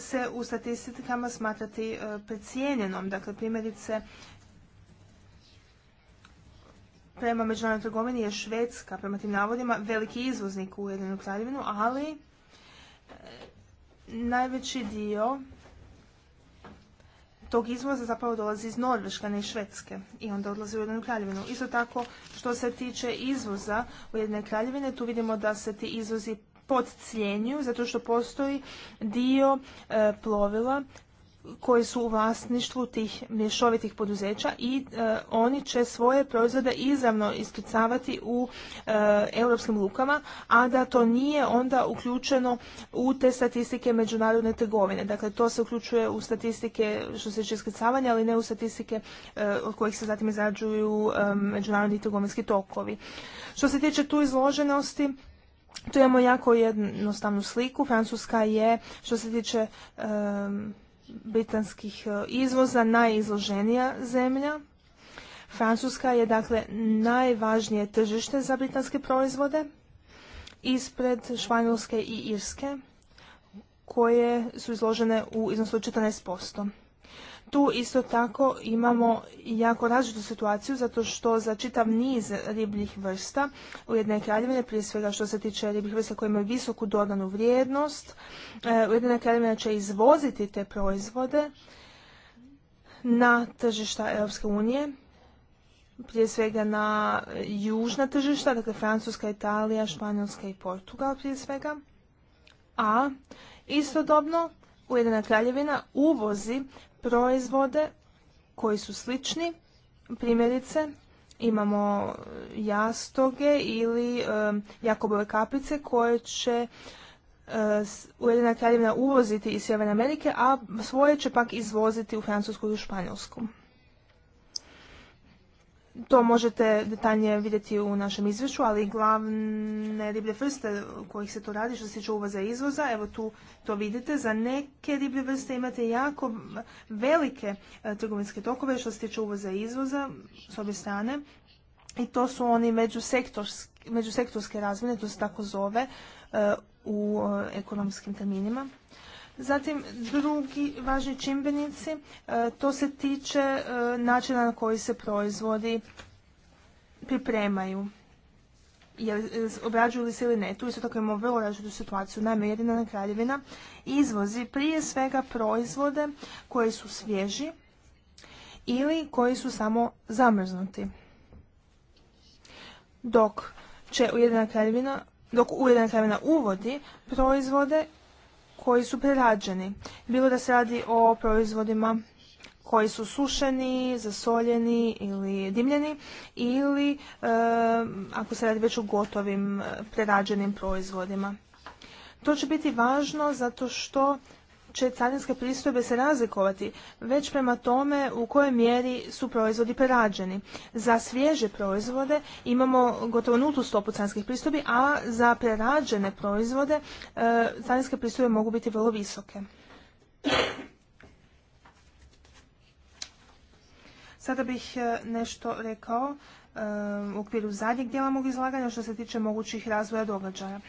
se u statistikama smatrati e, precijenjenom. Dakle, primjerice, prema međunarodnoj trgovini je Švedska, prema tim navodima, veliki izvoznik u Ujedinu kraljevinu, ali e, najveći dio tog izvoza zapravo dolazi iz Norveške, ne iz Švedske i onda odlazi u Ujedinu kraljevinu. Isto tako što se tiče izvoza Ujedine kraljevine, tu vidimo da se ti izvozi podcijenjuju zato što postoji dio e, plovila koji su u vlasništvu tih mješovitih poduzeća i e, oni će svoje proizvode izravno iskrcavati u e, europskim lukama, a da to nije onda uključeno u te statistike međunarodne trgovine. Dakle, to se uključuje u statistike što se tiče iskrcavanja, ali ne u statistike od kojih se zatim izrađuju međunarodni trgovinski tokovi. Što se tiče tu izloženosti, tu imamo jako jednostavnu sliku. Francuska je, što se tiče britanskih e, izvoza, najizloženija zemlja. Francuska je dakle najvažnije tržište za britanske proizvode ispred Španjolske i Irske koje su izložene u iznosu od 14%. Tu isto tako imamo jako različitu situaciju zato što za čitav niz ribljih vrsta ujedne kraljevine, prije svega što se tiče ribljih vrsta koje imaju visoku dodanu vrijednost, e, ujedna kraljevina će izvoziti te proizvode na tržišta Europske unije, prije svega na južna tržišta, dakle Francuska, Italija, Španjolska i Portugal prije svega. A istodobno Ujedina kraljevina uvozi proizvode koji su slični. Primjerice, imamo jastoge ili jakobove kaplice koje će eh, Ujedina kraljevina uvoziti iz Sjeverne Amerike, a svoje će pak izvoziti u Francusku i u Španjolsku to možete detaljnije vidjeti u našem izvješću, ali glavne riblje vrste kojih se to radi što se tiče uvoza i izvoza, evo tu to vidite. Za neke riblje vrste imate jako velike e, trgovinske tokove što se tiče uvoza i izvoza s obje strane. I to su oni međusektorske, razmjene, to se tako zove, e, u e, ekonomskim terminima. Zatim drugi važni čimbenici, e, to se tiče e, načina na koji se proizvodi pripremaju. E, obrađuju li se ili ne. Tu isto tako imamo vrlo različitu situaciju. Naime, jedina kraljevina izvozi prije svega proizvode koji su svježi ili koji su samo zamrznuti. Dok će Ujedina kraljevina dok Ujedina kraljevina uvodi proizvode koji su prerađeni. Bilo da se radi o proizvodima koji su sušeni, zasoljeni ili dimljeni ili e, ako se radi već o gotovim e, prerađenim proizvodima. To će biti važno zato što će carinske pristojbe se razlikovati, već prema tome u kojoj mjeri su proizvodi prerađeni. Za svježe proizvode imamo gotovo nultu stopu carinskih pristojbi, a za prerađene proizvode e, carinske pristojbe mogu biti vrlo visoke. Sada bih e, nešto rekao u okviru zadnjeg dijela mog izlaganja što se tiče mogućih razvoja događaja.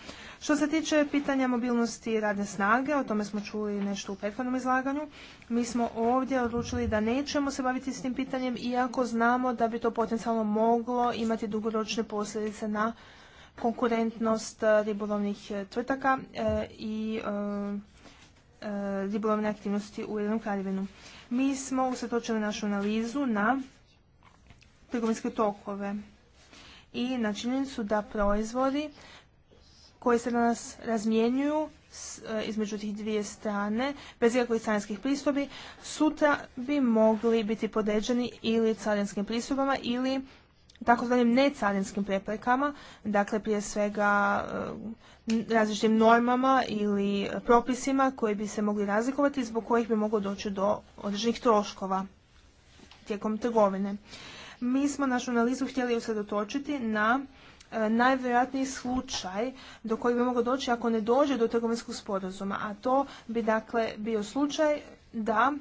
Što se tiče pitanja mobilnosti radne snage, o tome smo čuli nešto u prethodnom izlaganju, mi smo ovdje odlučili da nećemo se baviti s tim pitanjem, iako znamo da bi to potencijalno moglo imati dugoročne posljedice na konkurentnost eh, ribolovnih eh, tvrtaka eh, i ribolovne aktivnosti u jednom kraljevinu. Mi smo usvjetočili našu analizu na trgovinske tokove i načinjeni su da proizvodi koji se danas razmjenjuju e, između tih dvije strane, bez ikakvih carinskih pristupi, sutra bi mogli biti podređeni ili carinskim pristupama ili takozvanim necarinskim preprekama, dakle prije svega e, različitim normama ili propisima koji bi se mogli razlikovati zbog kojih bi moglo doći do određenih troškova tijekom trgovine. Mi smo našu analizu htjeli usredotočiti na e, najvjerojatniji slučaj do kojeg bi moglo doći ako ne dođe do trgovinskog sporazuma, a to bi dakle bio slučaj da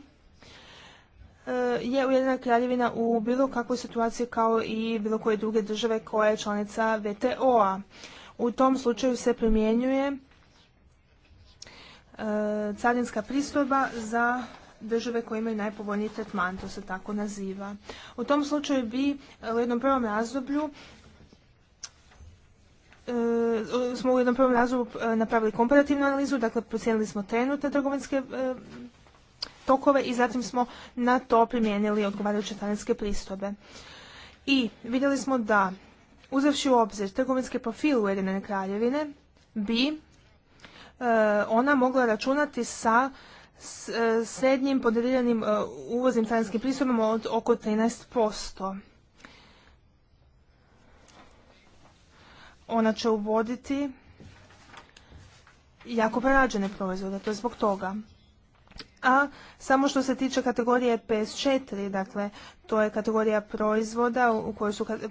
e, je Ujedina kraljevina u bilo kakvoj situaciji kao i bilo koje druge države koja je članica VTO-a. U tom slučaju se primjenjuje e, carinska pristojba za države koje imaju najpovoljniji tretman, to se tako naziva. U tom slučaju bi u jednom prvom razdoblju e, smo u jednom prvom razdoblju e, napravili komparativnu analizu, dakle procijenili smo trenutne trgovinske e, tokove i zatim smo na to primijenili odgovarajuće carinske pristobe. I vidjeli smo da, uzevši u obzir trgovinske profil Ujedinjene kraljevine, bi ona mogla računati sa E, srednjim podeljenim e, uvoznim carinskim pristupom od oko 13%. Ona će uvoditi jako prerađene proizvode, to je zbog toga. A samo što se tiče kategorije PS4, dakle, to je kategorija proizvoda u kojoj su e,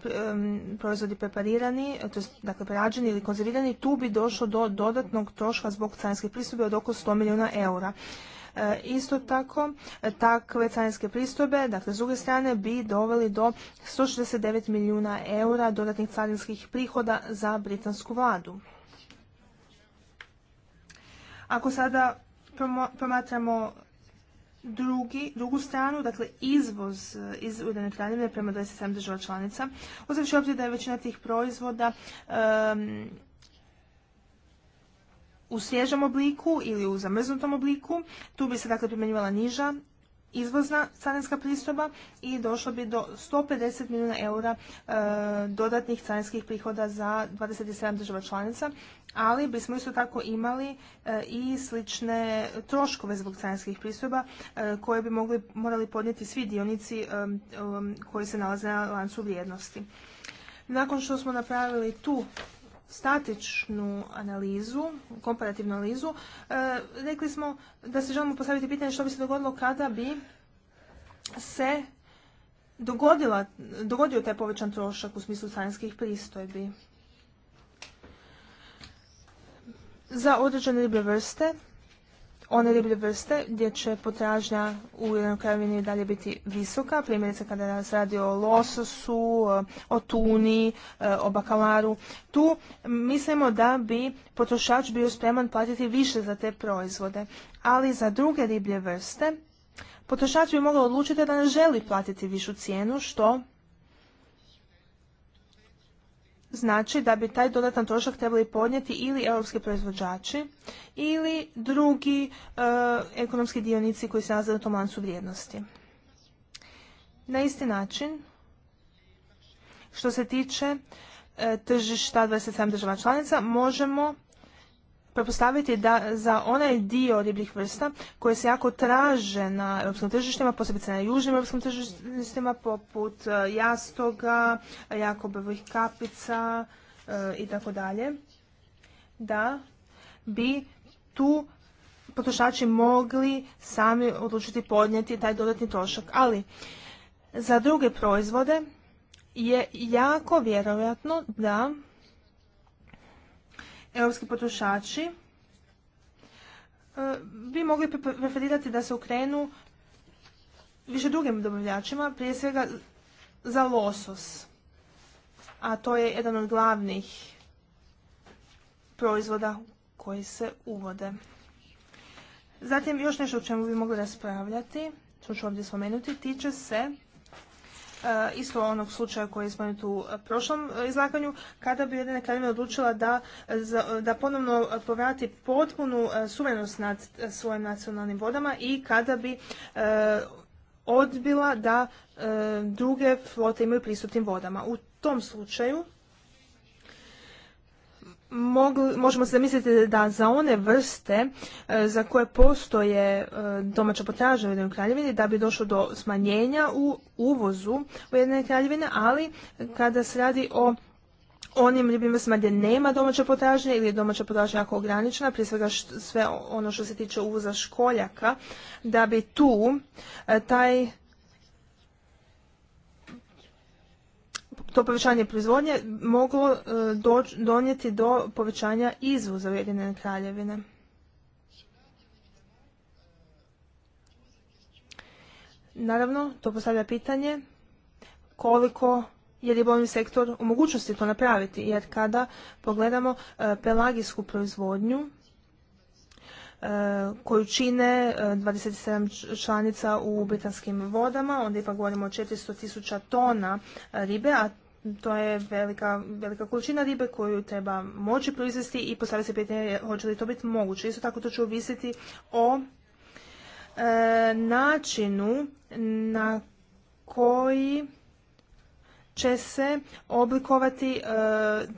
proizvodi preparirani, to dakle, prerađeni ili konzervirani, tu bi došlo do dodatnog troška zbog carinskih pristupe od oko 100 milijuna eura. E, isto tako, takve carinske pristojbe, dakle, s druge strane, bi doveli do 169 milijuna eura dodatnih carinskih prihoda za britansku vladu. Ako sada promatramo drugu stranu, dakle izvoz e, iz Ujedinjene kraljevine prema 27 država članica, uzavši obzir da je većina tih proizvoda u svježem obliku ili u zamrznutom obliku. Tu bi se dakle primjenjivala niža izvozna carinska pristoba i došlo bi do 150 milijuna eura e, dodatnih carinskih prihoda za 27 država članica, ali bismo isto tako imali e, i slične troškove zbog carinskih pristoba e, koje bi mogli, morali podnijeti svi dionici koji se nalaze na lancu vrijednosti. Nakon što smo napravili tu statičnu analizu, komparativnu analizu, e, rekli smo da se želimo postaviti pitanje što bi se dogodilo kada bi se dogodio taj povećan trošak u smislu carinskih pristojbi. Za određene ribe vrste one riblje vrste gdje će potražnja u jednom krajevini dalje biti visoka, primjerice kada se radi o lososu, o tuni, e, o bakalaru. Tu mislimo da bi potrošač bio spreman platiti više za te proizvode, ali za druge riblje vrste potrošač bi mogao odlučiti da ne želi platiti višu cijenu, što znači da bi taj dodatan trošak trebali podnijeti ili europski proizvođači ili drugi e, ekonomski dionici koji se nalaze u tom lancu vrijednosti. Na isti način, što se tiče e, tržišta 27 država članica, možemo prepostaviti da za onaj dio ribljih vrsta koje se jako traže na europskim tržištima, posebice na južnim europskim tržištima, poput e, jastoga, jakobevih kapica e, i tako dalje, da bi tu potrošači mogli sami odlučiti podnijeti taj dodatni trošak. Ali za druge proizvode je jako vjerojatno da europski potrošači e, bi mogli preferirati da se okrenu više drugim dobavljačima, prije svega za losos. A to je jedan od glavnih proizvoda koji se uvode. Zatim još nešto o čemu bi mogli raspravljati, što ću ovdje spomenuti, tiče se Eh, isto onog slučaja koji smo tu u eh, prošlom eh, izlaganju, kada bi jedna kraljevina odlučila da, da ponovno povrati potpunu suverenost nad svojim nacionalnim vodama i kada bi odbila da druge flote imaju pristup tim vodama. U tom slučaju možemo se zamisliti da za one vrste e, za koje postoje e, domaća potražnja u Ujedinjenoj kraljevini da bi došlo do smanjenja u uvozu Ujedinjene kraljevine, ali kada se radi o onim ljubim gdje nema domaće potražnje ili je domaća potražnja jako ograničena, prije svega sve ono što se tiče uvoza školjaka, da bi tu e, taj to povećanje proizvodnje moglo e, donijeti do povećanja izvoza Ujedinjene kraljevine. Naravno, to postavlja pitanje koliko je ribolovni sektor u mogućnosti to napraviti, jer kada pogledamo e, pelagijsku proizvodnju, koju čine 27 eh, članica u britanskim vodama, onda ipak govorimo o 400 tisuća tona eh, ribe, a to je velika, velika količina ribe koju treba moći proizvesti i postavlja se pitanje hoće li to biti moguće. Isto tako to će ovisiti o eh, načinu na koji će se oblikovati e,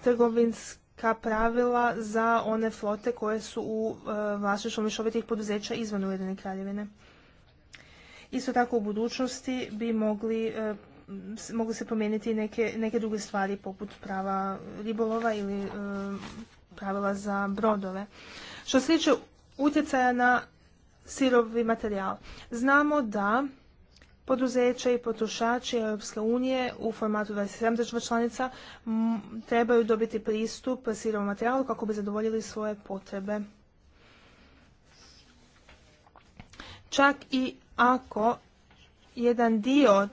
trgovinski ka pravila za one flote koje su u e, vlasništvu mišovitih poduzeća izvan Ujedine kraljevine. Isto tako u budućnosti bi mogli e, mogu se promijeniti neke, neke druge stvari poput prava ribolova ili e, pravila za brodove. Što se tiče utjecaja na sirovi materijal, znamo da poduzeća i potrošači Europske unije u formatu 27 država članica trebaju dobiti pristup sirovom materijalu kako bi zadovoljili svoje potrebe. Čak i ako jedan dio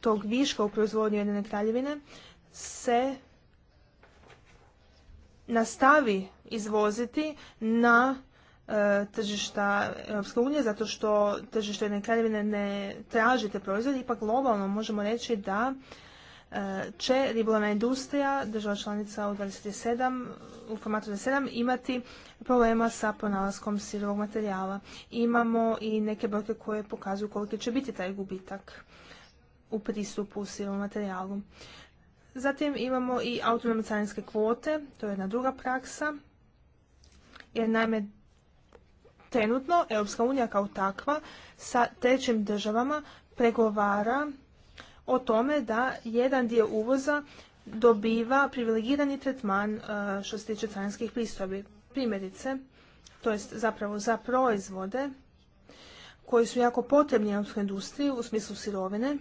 tog viška u proizvodnju jedne kraljevine se nastavi izvoziti na E, tržišta Europske unije, zato što tržište jedne kraljevine ne traži te proizvode, ipak globalno možemo reći da e, će ribolovna industrija država članica u 27, u formatu 27 imati problema sa pronalaskom sirovog materijala. Imamo i neke brojke koje pokazuju koliki će biti taj gubitak u pristupu sirovom materijalu. Zatim imamo i autonomne carinske kvote, to je jedna druga praksa, jer naime trenutno Europska unija kao takva sa trećim državama pregovara o tome da jedan dio uvoza dobiva privilegirani tretman e, što se tiče carinskih pristojbi. Primjerice, to jest zapravo za proizvode koji su jako potrebni europskoj industriji u smislu sirovine,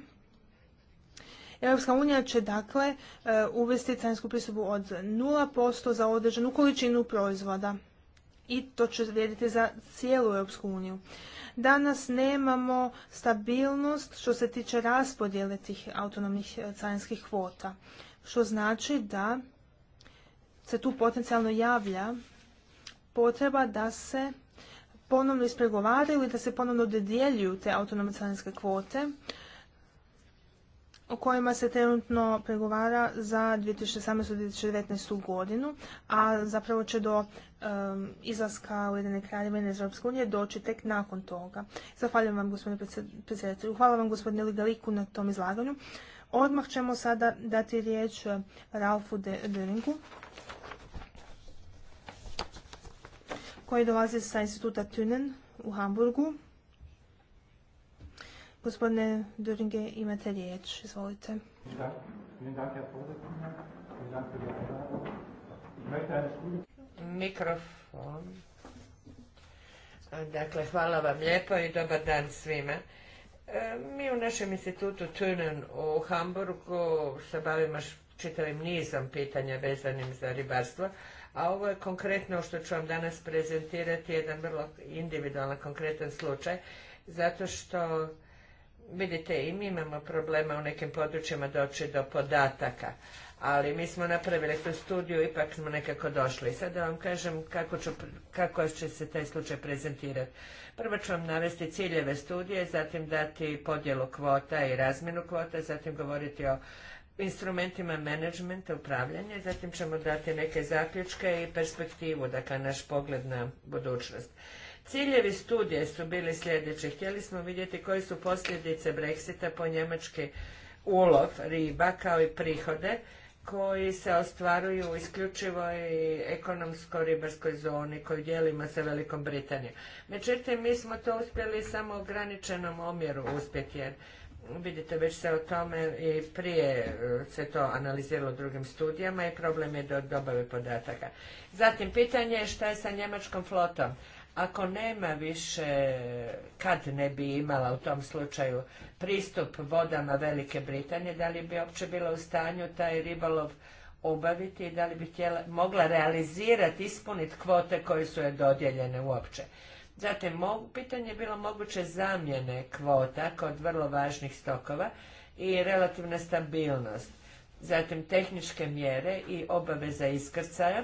Europska unija će dakle e, uvesti carinsku pristupu od 0% za određenu količinu proizvoda i to će vrijediti za cijelu Europsku uniju. Danas nemamo stabilnost što se tiče raspodjele tih autonomnih e, carinskih kvota, što znači da se tu potencijalno javlja potreba da se ponovno ispregovaraju i da se ponovno dodjeljuju te autonomne carinske kvote, o kojima se trenutno pregovara za 2018-2019. godinu, a zapravo će do izlaska Ujedine kraljevine iz Europske unije doći tek nakon toga. Zahvaljujem vam gospodine predsjedatelju. Hvala vam gospodine Ligaliku na tom izlaganju. Odmah ćemo sada dati riječ e, Ralfu Deringu koji dolazi sa instituta Tünen u Hamburgu. Gospodine Duringe, imate riječ, izvolite. Mikrofon. Dakle, hvala vam lijepo i dobar dan svima. E, mi u našem institutu Tunen u Hamburgu se bavimo čitavim nizom pitanja vezanim za ribarstvo, a ovo je konkretno što ću vam danas prezentirati jedan vrlo individualan, konkretan slučaj, zato što vidite i mi imamo problema u nekim područjima doći do podataka, ali mi smo napravili tu studiju, ipak smo nekako došli. Sada vam kažem kako, kako će se taj slučaj prezentirati. Prvo ću vam navesti ciljeve studije, zatim dati podjelu kvota i razmjenu kvota, zatim govoriti o instrumentima menadžmenta, upravljanja, zatim ćemo dati neke zaključke i perspektivu, dakle naš pogled na budućnost. Ciljevi studije su bili sljedeći. Htjeli smo vidjeti koje su posljedice Brexita po njemački ulov riba kao i prihode koji se ostvaruju u isključivoj ekonomsko-ribarskoj zoni koju dijelimo sa Velikom Britanijom. Međutim, mi smo to uspjeli samo u ograničenom omjeru uspjeti jer vidite već se o tome i prije e, se to analiziralo u drugim studijama i problem je do dobave podataka. Zatim, pitanje je šta je sa njemačkom flotom. Ako nema više, kad ne bi imala u tom slučaju pristup vodama Velike Britanije, da li bi uopće bila u stanju taj ribolov obaviti i da li bi mogla realizirati, ispuniti kvote koje su je dodjeljene uopće. Zatim, mog pitanje je bilo moguće zamjene kvota kod vrlo važnih stokova i relativna stabilnost. Zatim, tehničke mjere i obaveza iskrcaja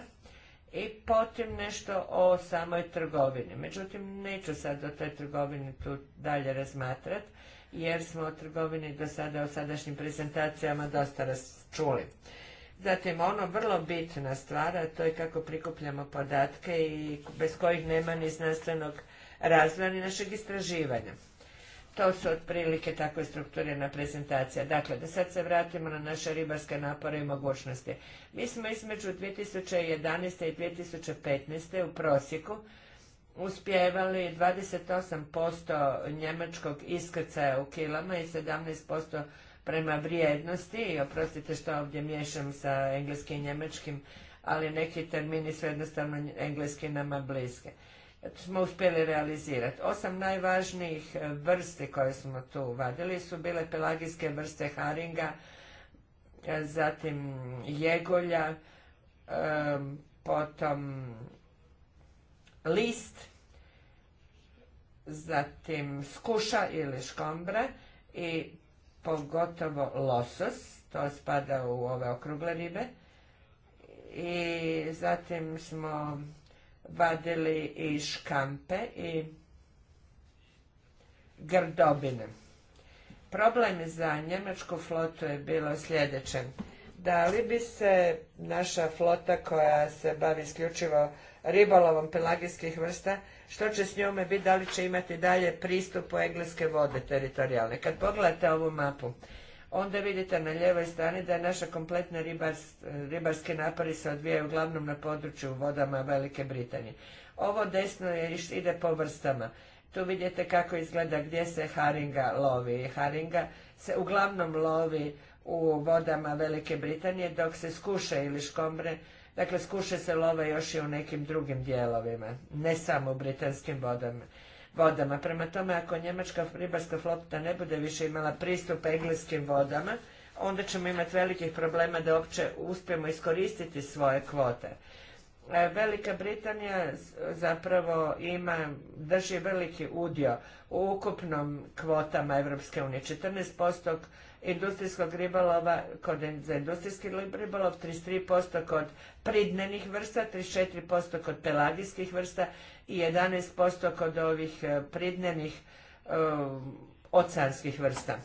i potim nešto o samoj trgovini. Međutim, neću sad o toj trgovini tu dalje razmatrati, jer smo o trgovini do sada, o sadašnjim prezentacijama dosta čuli. Zatim, ono vrlo bitna stvar, a to je kako prikupljamo podatke i bez kojih nema ni znanstvenog razvoja ni našeg istraživanja. To su otprilike takve strukturirana prezentacija. Dakle, da sad se vratimo na naše ribarske napore i mogućnosti. Mi smo između 2011. i 2015. u prosjeku uspjevali 28% njemačkog iskrcaja u kilama i 17% prema vrijednosti. I oprostite što ovdje miješam sa engleskim i njemačkim, ali neki termini su jednostavno engleski nama bliske smo uspjeli realizirati. Osam najvažnijih e, vrsti koje smo tu uvadili su bile pelagijske vrste haringa, e, zatim jegolja, e, potom list, zatim skuša ili škombra i pogotovo losos, to spada u ove okrugle ribe. I zatim smo vadili i škampe i grdobine. Problem za njemačku flotu je bilo sljedeće. Da li bi se naša flota koja se bavi isključivo ribolovom pelagijskih vrsta, što će s njome biti, da li će imati dalje pristup u engleske vode teritorijalne. Kad pogledate ovu mapu, onda vidite na ljevoj strani da je naša kompletna ribarske napori se odvijaju uglavnom na području vodama Velike Britanije. Ovo desno je, ide po vrstama. Tu vidite kako izgleda gdje se haringa lovi. Haringa se uglavnom lovi u vodama Velike Britanije dok se skuše ili škombre, dakle skuše se love još i u nekim drugim dijelovima, ne samo u britanskim vodama vodama. Prema tome, ako njemačka ribarska flota ne bude više imala pristup engleskim vodama, onda ćemo imati velikih problema da uopće uspijemo iskoristiti svoje kvote. E, Velika Britanija zapravo ima, drži veliki udio u ukupnom kvotama Evropske unije. 14% industrijskog ribolova kod za industrijski ribolov, 33% kod pridnenih vrsta, 34% kod pelagijskih vrsta i 11% kod ovih e, pridnenih e, oceanskih vrsta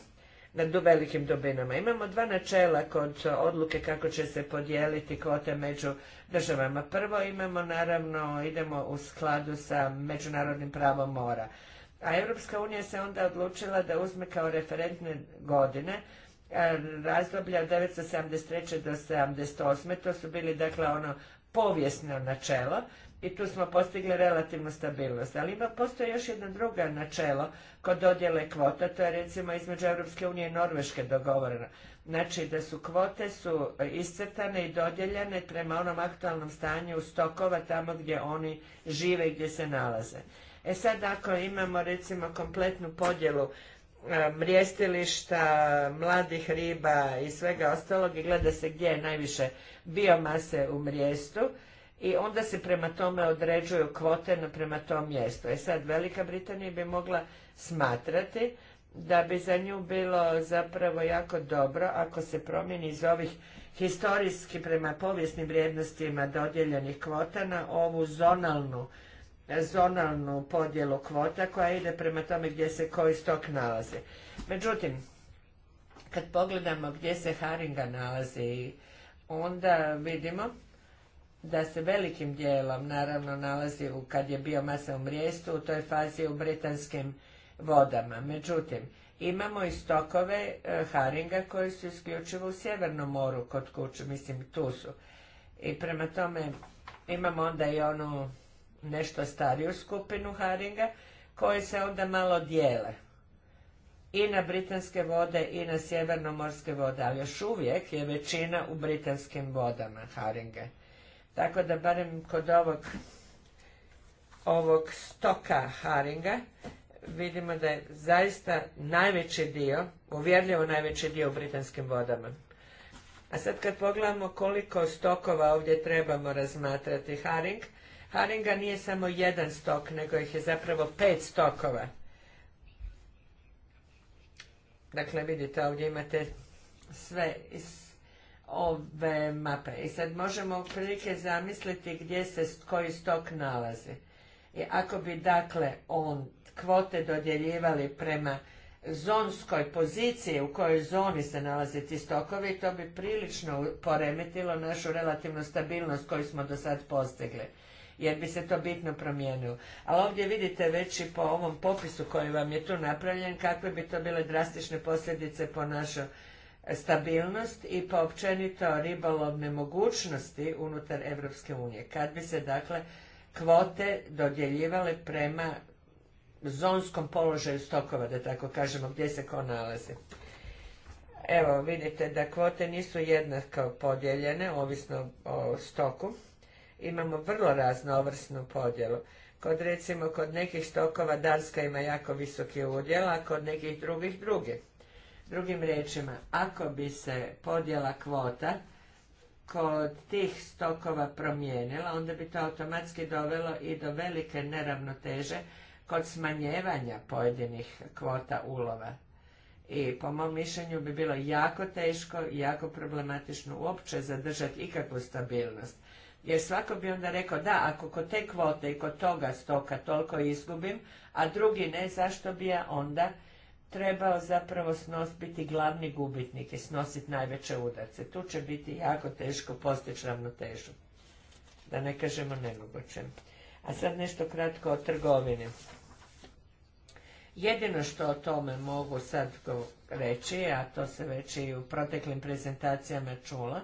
na velikim dubinama. Imamo dva načela kod odluke kako će se podijeliti kvote među državama. Prvo imamo naravno, idemo u skladu sa međunarodnim pravom mora. A Europska unija se onda odlučila da uzme kao referentne godine e, razdoblja od 1973. do 1978. To su bili dakle ono povijesno načelo i tu smo postigli relativnu stabilnost. Ali ima, postoji još jedno drugo načelo kod dodjele kvota, to je recimo između Europske unije i Norveške dogovoreno. Znači da su kvote su iscrtane i dodjeljene prema onom aktualnom stanju stokova tamo gdje oni žive i gdje se nalaze. E sad ako imamo recimo kompletnu podjelu e, mrijestilišta, mladih riba i svega ostalog i gleda se gdje je najviše biomase u mrijestu, i onda se prema tome određuju kvote prema tom mjestu. E sad, Velika Britanija bi mogla smatrati da bi za nju bilo zapravo jako dobro ako se promijeni iz ovih historijski prema povijesnim vrijednostima dodijeljenih kvota na ovu zonalnu zonalnu podjelu kvota koja ide prema tome gdje se koji stok nalazi. Međutim, kad pogledamo gdje se haringa nalazi, onda vidimo da se velikim dijelom naravno nalazi u, kad je masa u mrijestu, u toj fazi u britanskim vodama. Međutim, imamo i stokove e, haringa koji su isključivo u Sjevernom moru kod kuće, mislim tu su. I prema tome imamo onda i onu nešto stariju skupinu haringa koje se onda malo dijele i na britanske vode i na sjevernomorske vode, ali još uvijek je većina u britanskim vodama haringe. Tako da barem kod ovog, ovog stoka haringa vidimo da je zaista najveći dio, uvjerljivo najveći dio u britanskim vodama. A sad kad pogledamo koliko stokova ovdje trebamo razmatrati haring, haringa nije samo jedan stok, nego ih je zapravo pet stokova. Dakle, vidite, ovdje imate sve iz ove mape. I sad možemo otprilike zamisliti gdje se koji stok nalazi. I ako bi dakle on kvote dodjeljivali prema zonskoj poziciji u kojoj zoni se nalaze ti stokovi, to bi prilično poremetilo našu relativnu stabilnost koju smo do sad postigli jer bi se to bitno promijenilo. Ali ovdje vidite već i po ovom popisu koji vam je tu napravljen kakve bi to bile drastične posljedice po našoj stabilnost i pa općenito ribolovne mogućnosti unutar Evropske unije, kad bi se dakle kvote dodjeljivale prema zonskom položaju stokova, da tako kažemo, gdje se ko nalazi. Evo, vidite da kvote nisu jednako podijeljene, ovisno o stoku. Imamo vrlo raznovrsnu podjelu. Kod recimo, kod nekih stokova Darska ima jako visoki udjel, a kod nekih drugih drugi. Drugim riječima, ako bi se podjela kvota kod tih stokova promijenila, onda bi to automatski dovelo i do velike neravnoteže kod smanjevanja pojedinih kvota ulova. I po mom mišljenju bi bilo jako teško i jako problematično uopće zadržati ikakvu stabilnost. Jer svako bi onda rekao da, ako kod te kvote i kod toga stoka toliko izgubim, a drugi ne, zašto bi ja onda trebao zapravo snositi glavni gubitnik i snositi najveće udarce. Tu će biti jako teško postići ravnotežu. Da ne kažemo nemoguće. A sad nešto kratko o trgovini. Jedino što o tome mogu sad reći, a to se već i u proteklim prezentacijama čula,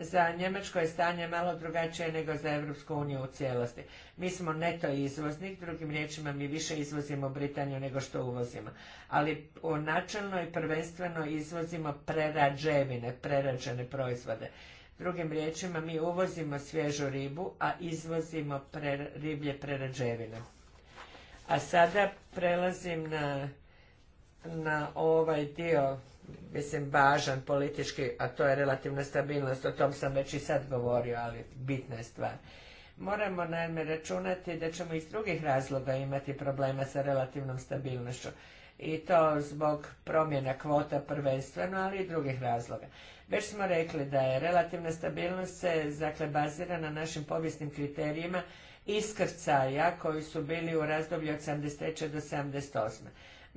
za Njemačko je stanje malo drugačije nego za Europsku uniju u cijelosti. Mi smo neto izvoznik, drugim riječima mi više izvozimo Britaniju nego što uvozimo. Ali načelno i prvenstveno izvozimo prerađevine, prerađene proizvode. Drugim riječima mi uvozimo svježu ribu, a izvozimo riblje prerađevine. A sada prelazim na ovaj dio mislim, važan politički, a to je relativna stabilnost, o tom sam već i sad govorio, ali bitna je stvar. Moramo, naime, računati da ćemo iz drugih razloga imati problema sa relativnom stabilnošću. I to zbog promjena kvota prvenstveno, ali i drugih razloga. Već smo rekli da je relativna stabilnost se, dakle, bazira na našim povijesnim kriterijima iskrcaja koji su bili u razdoblju od 73. do 78.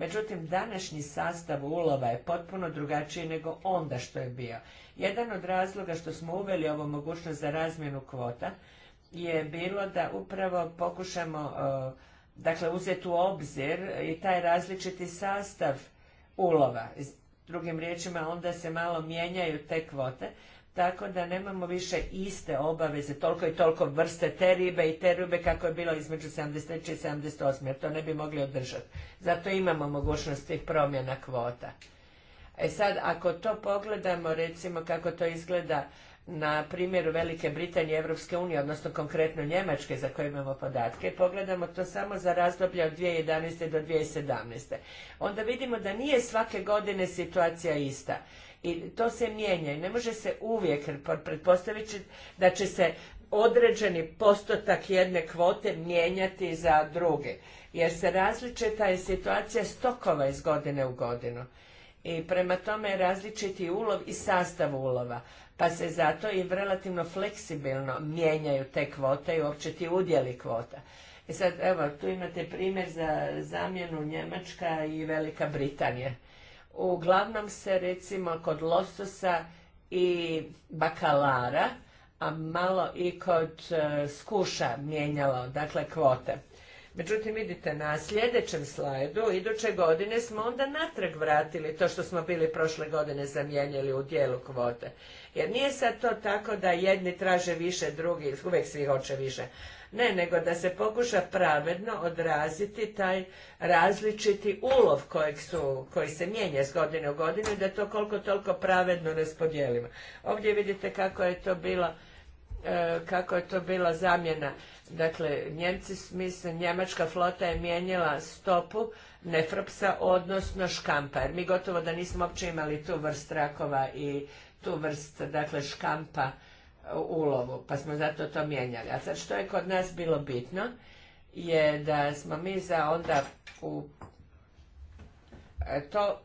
Međutim, današnji sastav ulova je potpuno drugačiji nego onda što je bio. Jedan od razloga što smo uveli ovu mogućnost za razmjenu kvota je bilo da upravo pokušamo e, dakle, uzeti u obzir i taj različiti sastav ulova. Drugim riječima, onda se malo mijenjaju te kvote, tako da nemamo više iste obaveze, toliko i toliko vrste te ribe i te ribe kako je bilo između 73. i 78. jer to ne bi mogli održati. Zato imamo mogućnost tih promjena kvota. E sad, ako to pogledamo, recimo kako to izgleda na primjeru Velike Britanije i Evropske unije, odnosno konkretno Njemačke za koje imamo podatke, pogledamo to samo za razdoblje od 2011. do 2017. Onda vidimo da nije svake godine situacija ista i to se mijenja i ne može se uvijek pretpostaviti da će se određeni postotak jedne kvote mijenjati za druge. Jer se različita je situacija stokova iz godine u godinu. I prema tome je različiti ulov i sastav ulova. Pa se zato i relativno fleksibilno mijenjaju te kvote i uopće ti udjeli kvota. I e sad, evo, tu imate primjer za zamjenu Njemačka i Velika Britanija uglavnom se recimo kod lososa i bakalara, a malo i kod e, skuša mijenjalo, dakle kvote. Međutim, vidite, na sljedećem slajdu, iduće godine smo onda natrag vratili to što smo bili prošle godine zamijenili u dijelu kvote. Jer nije sad to tako da jedni traže više, drugi, uvijek svi hoće više. Ne, nego da se pokuša pravedno odraziti taj različiti ulov kojeg su, koji se mijenja s godine u godinu i da to koliko toliko pravedno raspodijelimo. Ovdje vidite kako je to bila e, kako je to bila zamjena. Dakle, Njemci, mislim, njemačka flota je mijenjala stopu nefropsa, odnosno škampa. Jer mi gotovo da nismo uopće imali tu vrst rakova i tu vrst, dakle, škampa ulovu, pa smo zato to mijenjali. A sad što je kod nas bilo bitno je da smo mi za onda u e, to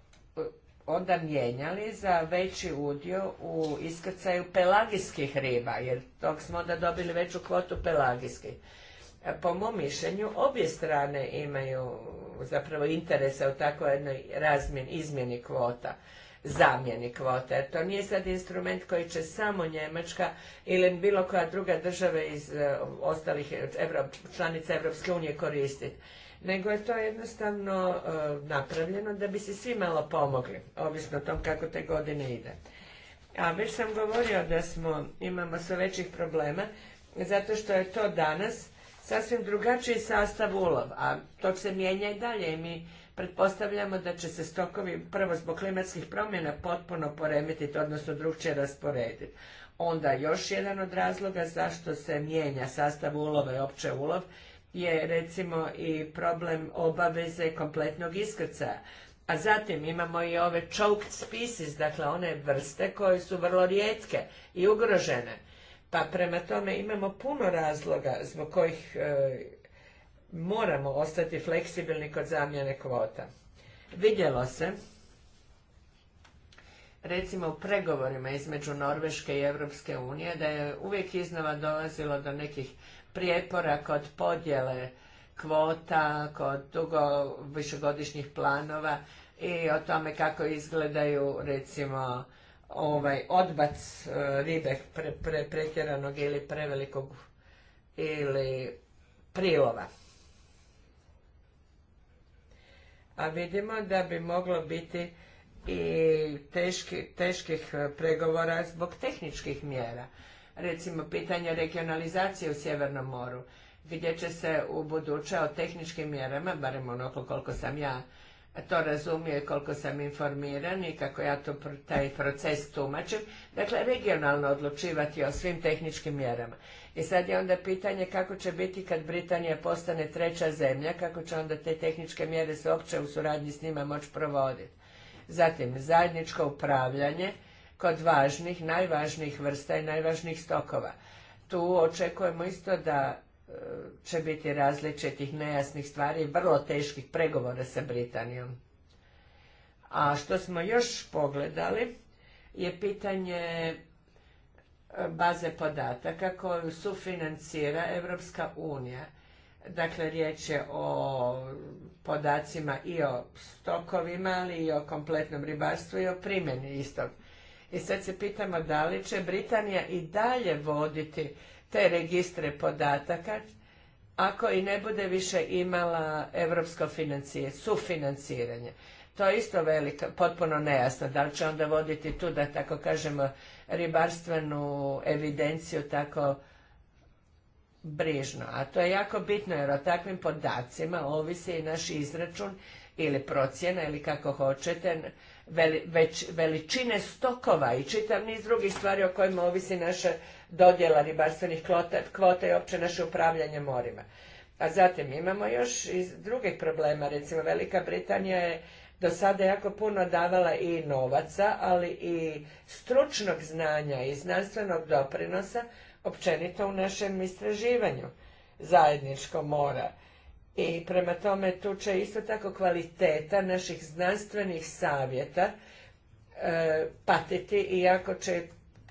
onda mijenjali za veći udio u iskrcaju pelagijskih riba, jer tog smo onda dobili veću kvotu pelagijskih. E, po mom mišljenju, obje strane imaju zapravo interesa u takvoj jednoj razmjeni, izmjeni kvota zamjeni kvote. to nije sad instrument koji će samo Njemačka ili bilo koja druga država iz e, ostalih članica Evropske unije koristiti. Nego je to jednostavno e, napravljeno da bi se svi malo pomogli, ovisno o tom kako te godine ide. A već sam govorio da smo, imamo sve većih problema, zato što je to danas sasvim drugačiji sastav ulov, a to se mijenja i dalje i mi Pretpostavljamo da će se stokovi prvo zbog klimatskih promjena potpuno poremetiti, odnosno drukčije rasporediti. Onda još jedan od razloga zašto se mijenja sastav ulova i opće ulov je recimo i problem obaveze kompletnog iskrcaja. A zatim imamo i ove choked species, dakle one vrste koje su vrlo rijetke i ugrožene. Pa prema tome imamo puno razloga zbog kojih e, moramo ostati fleksibilni kod zamjene kvota. Vidjelo se, recimo u pregovorima između Norveške i Europske unije, da je uvijek iznova dolazilo do nekih prijepora kod podjele kvota, kod dugo višegodišnjih planova i o tome kako izgledaju recimo ovaj odbac e, ribe pretjeranog ili prevelikog ili prilova. a vidimo da bi moglo biti i teški, teških e, pregovora zbog tehničkih mjera. Recimo pitanje regionalizacije u Sjevernom moru, gdje će se u buduće o tehničkim mjerama, barem onoliko koliko sam ja to razumije koliko sam informiran i kako ja to, taj proces tumačim. Dakle, regionalno odlučivati o svim tehničkim mjerama. I sad je onda pitanje kako će biti kad Britanija postane treća zemlja, kako će onda te tehničke mjere se uopće u suradnji s njima moći provoditi. Zatim, zajedničko upravljanje kod važnih, najvažnijih vrsta i najvažnijih stokova. Tu očekujemo isto da će biti različitih nejasnih stvari i vrlo teških pregovora sa Britanijom. A što smo još pogledali je pitanje e, baze podataka koju sufinancira Evropska unija. Dakle, riječ je o podacima i o stokovima, ali i o kompletnom ribarstvu i o primjeni istog. I sad se pitamo da li će Britanija i dalje voditi te registre podataka ako i ne bude više imala europsko sufinanciranje. To je isto velika, potpuno nejasno, da li će onda voditi tu, da tako kažemo, ribarstvenu evidenciju tako brižno. A to je jako bitno jer o takvim podacima ovisi i naš izračun ili procjena ili kako hoćete već veličine stokova i čitav niz drugih stvari o kojima ovisi naša dodjela ribarstvenih kvota i opće naše upravljanje morima. A zatim imamo još i drugih problema, recimo Velika Britanija je do sada jako puno davala i novaca, ali i stručnog znanja i znanstvenog doprinosa općenito u našem istraživanju zajedničko mora i prema tome tu će isto tako kvaliteta naših znanstvenih savjeta e, patiti i ako će,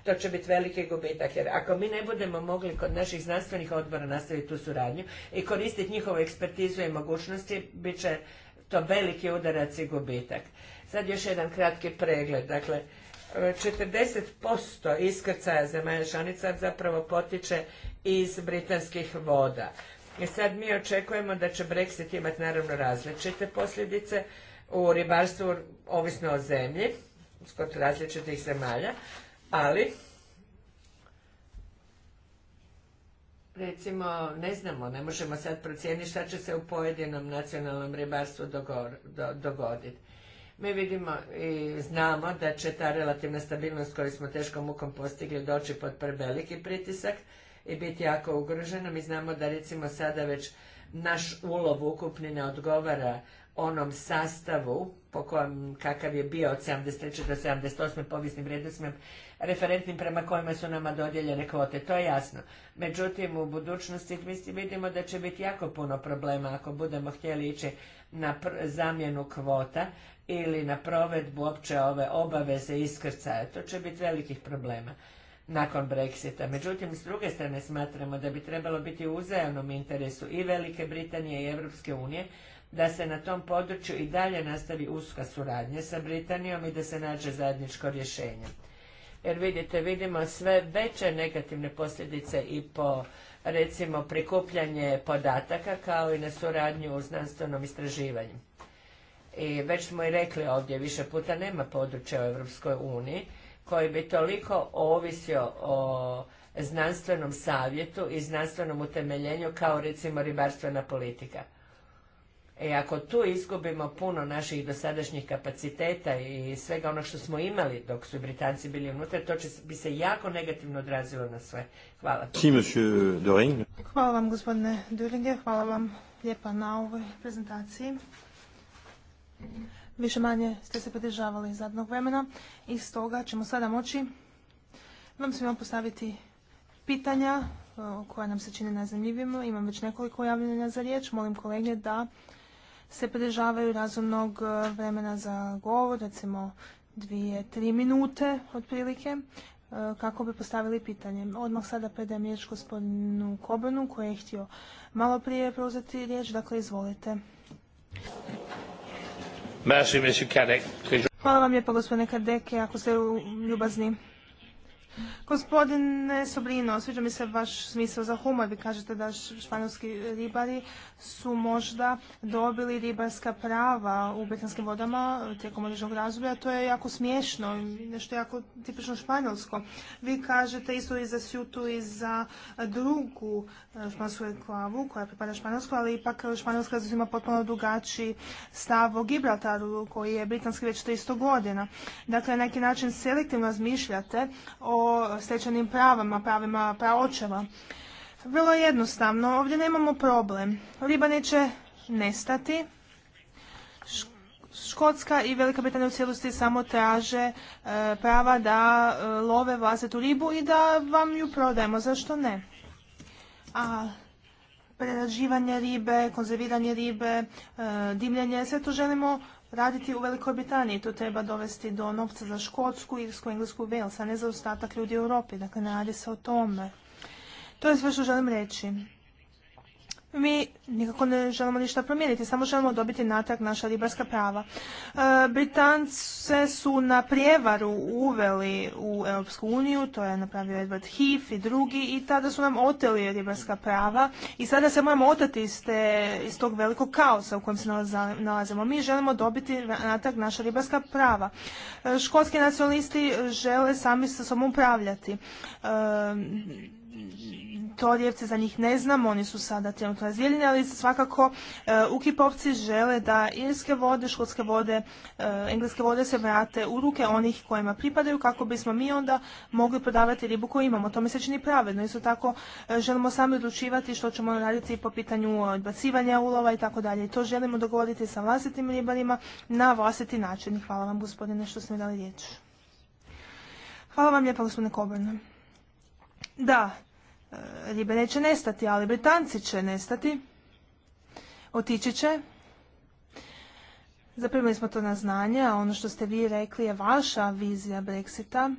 to će biti veliki gubitak. Jer ako mi ne budemo mogli kod naših znanstvenih odbora nastaviti tu suradnju i koristiti njihovu ekspertizu i mogućnosti, bit će to veliki udarac i gubitak. Sad još jedan kratki pregled. Dakle, 40% iskrcaja zemalja članica zapravo potiče iz britanskih voda. I e sad mi očekujemo da će Brexit imati naravno različite posljedice u ribarstvu, ovisno o zemlji, skod različitih zemalja, ali recimo ne znamo, ne možemo sad procijeniti šta će se u pojedinom nacionalnom ribarstvu dogoditi. Mi vidimo i znamo da će ta relativna stabilnost koju smo teškom mukom postigli doći pod preveliki pritisak i biti jako ugroženo. Mi znamo da recimo sada već naš ulov ukupni ne odgovara onom sastavu po kojem, kakav je bio od 73. do 78. povijesnim vrijednostima referentnim prema kojima su nama dodijeljene kvote, to je jasno. Međutim, u budućnosti vidimo da će biti jako puno problema ako budemo htjeli ići na zamjenu kvota ili na provedbu opće ove obaveze iskrcaja. To će biti velikih problema nakon Brexita. Međutim, s druge strane smatramo da bi trebalo biti u uzajamnom interesu i Velike Britanije i Europske unije da se na tom području i dalje nastavi uska suradnja sa Britanijom i da se nađe zajedničko rješenje. Jer vidite, vidimo sve veće negativne posljedice i po recimo prikupljanje podataka kao i na suradnju u znanstvenom istraživanju. I već smo i rekli ovdje, više puta nema područja u Evropskoj uniji koji bi toliko ovisio o znanstvenom savjetu i znanstvenom utemeljenju kao recimo ribarstvena politika. I e, ako tu izgubimo puno naših dosadašnjih kapaciteta i svega ono što smo imali dok su Britanci bili unutra, to će, bi se jako negativno odrazilo na sve. Hvala. Hvala vam gospodine Duringe, hvala vam lijepa na ovoj prezentaciji više manje ste se pridržavali zadnog vremena i stoga ćemo sada moći vam svima postaviti pitanja e, koja nam se čine najzanimljivim. Imam već nekoliko javljanja za riječ. Molim kolege da se pridržavaju razumnog e, vremena za govor, recimo dvije, tri minute otprilike, e, kako bi postavili pitanje. Odmah sada predajem riječ gospodinu Kobanu koji je htio malo prije preuzeti riječ, dakle izvolite. Hvala vam lijepo gospodine Kadeke, ako ste ljubazni. Gospodine Sobrino, sviđa mi se vaš smisao za humor. Vi kažete da španjolski ribari su možda dobili ribarska prava u britanskim vodama tijekom određenog razvoja. To je jako smiješno nešto jako tipično španjolsko. Vi kažete isto i za Sjutu i za drugu e, španjolsku reklavu koja pripada španjolsku, ali ipak španjolska ima potpuno drugačiji stav o Gibraltaru koji je britanski već 300 godina. Dakle, na neki način selektivno razmišljate o o stečenim pravama, pravima praočeva. Vrlo jednostavno, ovdje nemamo problem. Riba neće nestati. Škotska i Velika Britanija u cijelosti samo traže e, prava da e, love vlastitu ribu i da vam ju prodajemo. Zašto ne? A prerađivanje ribe, konzerviranje ribe, dimljanje, dimljenje, sve to želimo raditi u Velikoj Britaniji. To treba dovesti do novca za Škotsku, Irsku, Englesku i a ne za ostatak ljudi u Europi. Dakle, ne radi se o tome. To je sve što želim reći mi nikako ne želimo ništa promijeniti, samo želimo dobiti natrag naša ribarska prava. britanci e, Britance su na prijevaru uveli u Europsku uniju, to je napravio Edward Heath i drugi, i tada su nam oteli ribarska prava i sada se moramo oteti iz, tog velikog kaosa u kojem se nalazimo. Mi želimo dobiti natrag naša ribarska prava. E, škotski nacionalisti žele sami sa sobom upravljati. E, to lijepce za njih ne znam, oni su sada trenutno razdijeljeni, ali svakako u e, ukipovci žele da irske vode, škotske vode, e, engleske vode se vrate u ruke onih kojima pripadaju kako bismo mi onda mogli prodavati ribu koju imamo. To mi se čini pravedno. Isto tako e, želimo sami odlučivati što ćemo raditi po pitanju odbacivanja ulova i tako dalje. To želimo dogovoriti sa vlastitim ribarima na vlastiti način. Hvala vam gospodine što ste mi dali riječ. Hvala vam lijepa gospodine Kobrne. Da, e, ribe neće nestati, ali Britanci će nestati. Otići će. Zaprimili smo to na znanje, a ono što ste vi rekli je vaša vizija Brexita.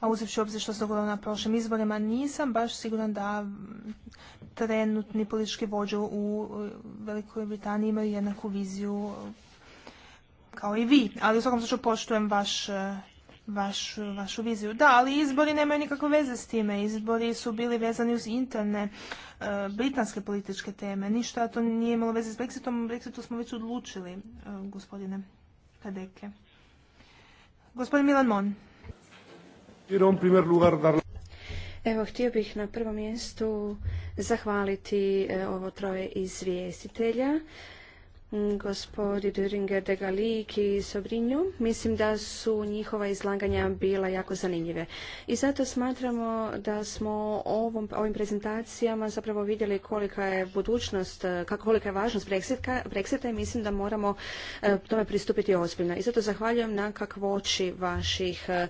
A uzevši obzir što se dogodilo na prošlim izborima, nisam baš siguran da trenutni politički vođe u Velikoj Britaniji imaju jednaku viziju kao i vi. Ali u svakom slučaju poštujem vaš vašu, viziju. Da, ali izbori nemaju nikakve veze s time. Izbori su bili vezani uz interne e, britanske političke teme. Ništa to nije imalo veze s Brexitom. Brexitu smo već odlučili, e, gospodine Kadeke. Gospodin Milan Mon. Evo, htio bih na prvom mjestu zahvaliti e, ovo troje izvjestitelja gospodi Düringer, de i Sobrinju. Mislim da su njihova izlaganja bila jako zanimljive. I zato smatramo da smo ovim prezentacijama zapravo vidjeli kolika je budućnost, eh, kolika je važnost Brexita, i mislim da moramo eh, tome pristupiti ozbiljno. I zato zahvaljujem na kakvoći vaših, eh,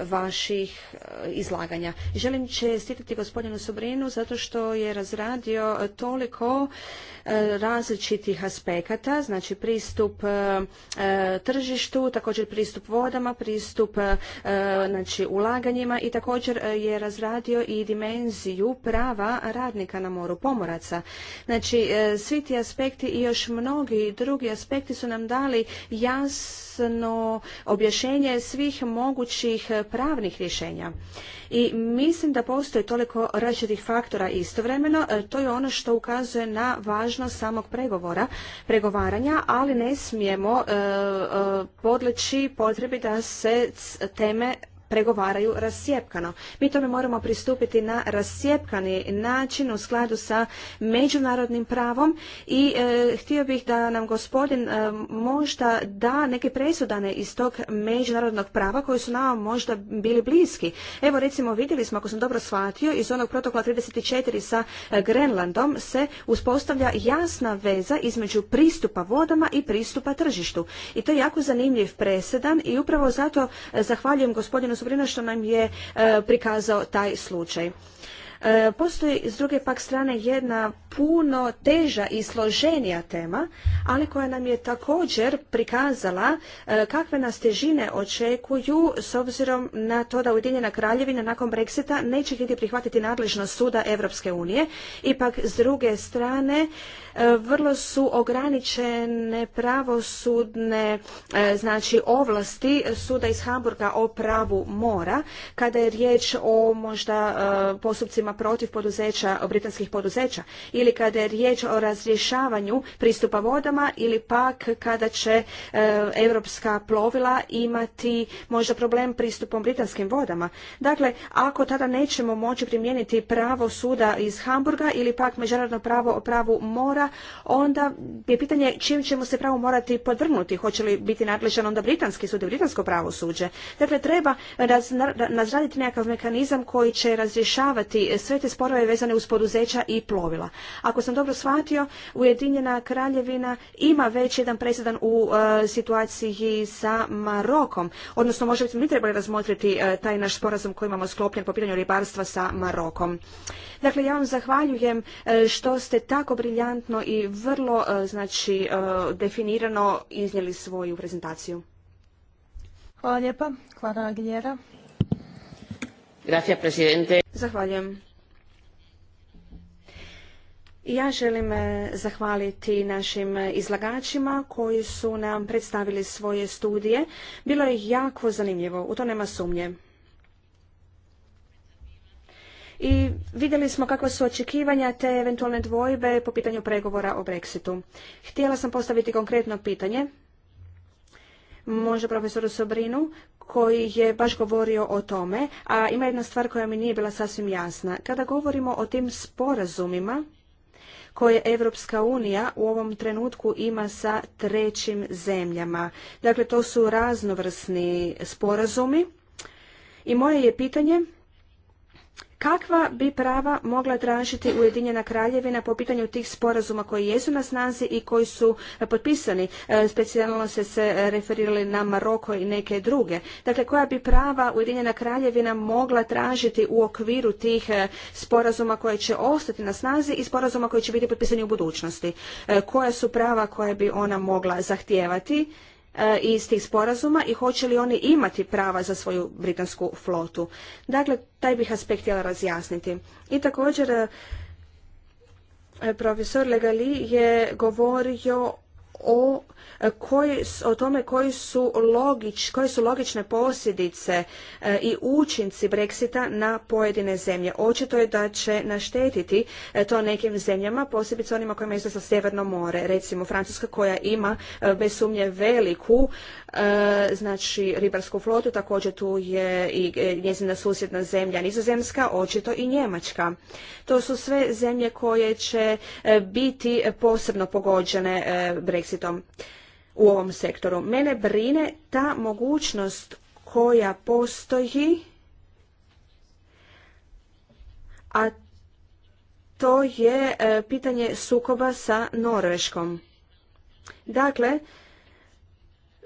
vaših izlaganja. I želim čestitati gospodinu Sobrinu zato što je razradio toliko različitih aspekta projekata, znači pristup e, e, tržištu, također pristup vodama, pristup e, znači ulaganjima i također je razradio i dimenziju prava radnika na moru, pomoraca. Znači svi ti aspekti i još mnogi drugi aspekti su nam dali jasno objašnjenje svih mogućih pravnih rješenja. I mislim da postoji toliko različitih faktora istovremeno, to je ono što ukazuje na važnost samog pregovora, pregovora pregovaranja, ali ne smijemo e, e, podleći potrebi da se teme pregovaraju rasjepkano. Mi tome moramo pristupiti na rasjepkani način u skladu sa međunarodnim pravom i e, htio bih da nam gospodin e, možda da neke presudane iz tog međunarodnog prava koji su nama možda bili bliski. Evo recimo vidjeli smo, ako sam dobro shvatio, iz onog protokola 34 sa e, Grenlandom se uspostavlja jasna veza između pristupa vodama i pristupa tržištu. I to je jako zanimljiv presedan i upravo zato zahvaljujem gospodinu odnosno što nam je e, prikazao taj slučaj. E, postoji s druge pak strane jedna puno teža i složenija tema, ali koja nam je također prikazala e, kakve nas težine očekuju s obzirom na to da Ujedinjena kraljevina nakon Brexita neće htjeti prihvatiti nadležnost suda Europske unije. Ipak, s druge strane, e, vrlo su ograničene pravosudne e, znači ovlasti suda iz Hamburga o pravu mora kada je riječ o možda postupcima protiv poduzeća, britanskih poduzeća ili ili kada je riječ o razrješavanju pristupa vodama ili pak kada će europska plovila imati možda problem pristupom britanskim vodama. Dakle, ako tada nećemo moći primijeniti pravo suda iz Hamburga ili pak međunarodno pravo o pravu mora, onda je pitanje čim ćemo se pravo morati podvrnuti. Hoće li biti nadležan onda britanski sud i britansko suđe. Dakle, treba razraditi nekakav mehanizam koji će razrješavati sve te sporove vezane uz poduzeća i plovila. Ako sam dobro shvatio, Ujedinjena kraljevina ima već jedan presedan u e, situaciji sa Marokom. Odnosno, možda bi mi trebali razmotriti e, taj naš sporazum koji imamo sklopljen po pitanju ribarstva sa Marokom. Dakle, ja vam zahvaljujem e, što ste tako briljantno i vrlo znači, definirano iznijeli svoju prezentaciju. Hvala lijepa. Zahvaljujem. Ja želim e, zahvaliti našim izlagačima koji su nam predstavili svoje studije. Bilo je jako zanimljivo, u to nema sumnje. I vidjeli smo kakva su očekivanja te eventualne dvojbe po pitanju pregovora o Brexitu. Htjela sam postaviti konkretno pitanje, može profesoru Sobrinu, koji je baš govorio o tome, a ima jedna stvar koja mi nije bila sasvim jasna. Kada govorimo o tim sporazumima, koje Europska unija u ovom trenutku ima sa trećim zemljama. Dakle, to su raznovrsni sporazumi. I moje je pitanje Kakva bi prava mogla tražiti Ujedinjena kraljevina po pitanju tih sporazuma koji jesu na snazi i koji su e, potpisani? E, specijalno ste se referirali na Maroko i neke druge. Dakle, koja bi prava Ujedinjena kraljevina mogla tražiti u okviru tih e, sporazuma koje će ostati na snazi i sporazuma koji će biti potpisani u budućnosti? koja su prava koja bi ona mogla zahtijevati? E, iz tih sporazuma i hoće li oni imati prava za svoju britansku flotu. Dakle, taj bih aspekt htjela razjasniti. I također, e, e, profesor Legali je govorio o koji, o tome koji su logič, koje su logične posljedice e, i učinci Brexita na pojedine zemlje. Očito je da će naštetiti e, to nekim zemljama, posebice onima kojima je sa Sjeverno more, recimo Francuska koja ima e, bez sumnje veliku znači ribarsku flotu, također tu je i njezina susjedna zemlja Nizozemska, očito i Njemačka. To su sve zemlje koje će biti posebno pogođene Brexitom u ovom sektoru. Mene brine ta mogućnost koja postoji, a to je e, pitanje sukoba sa Norveškom. Dakle,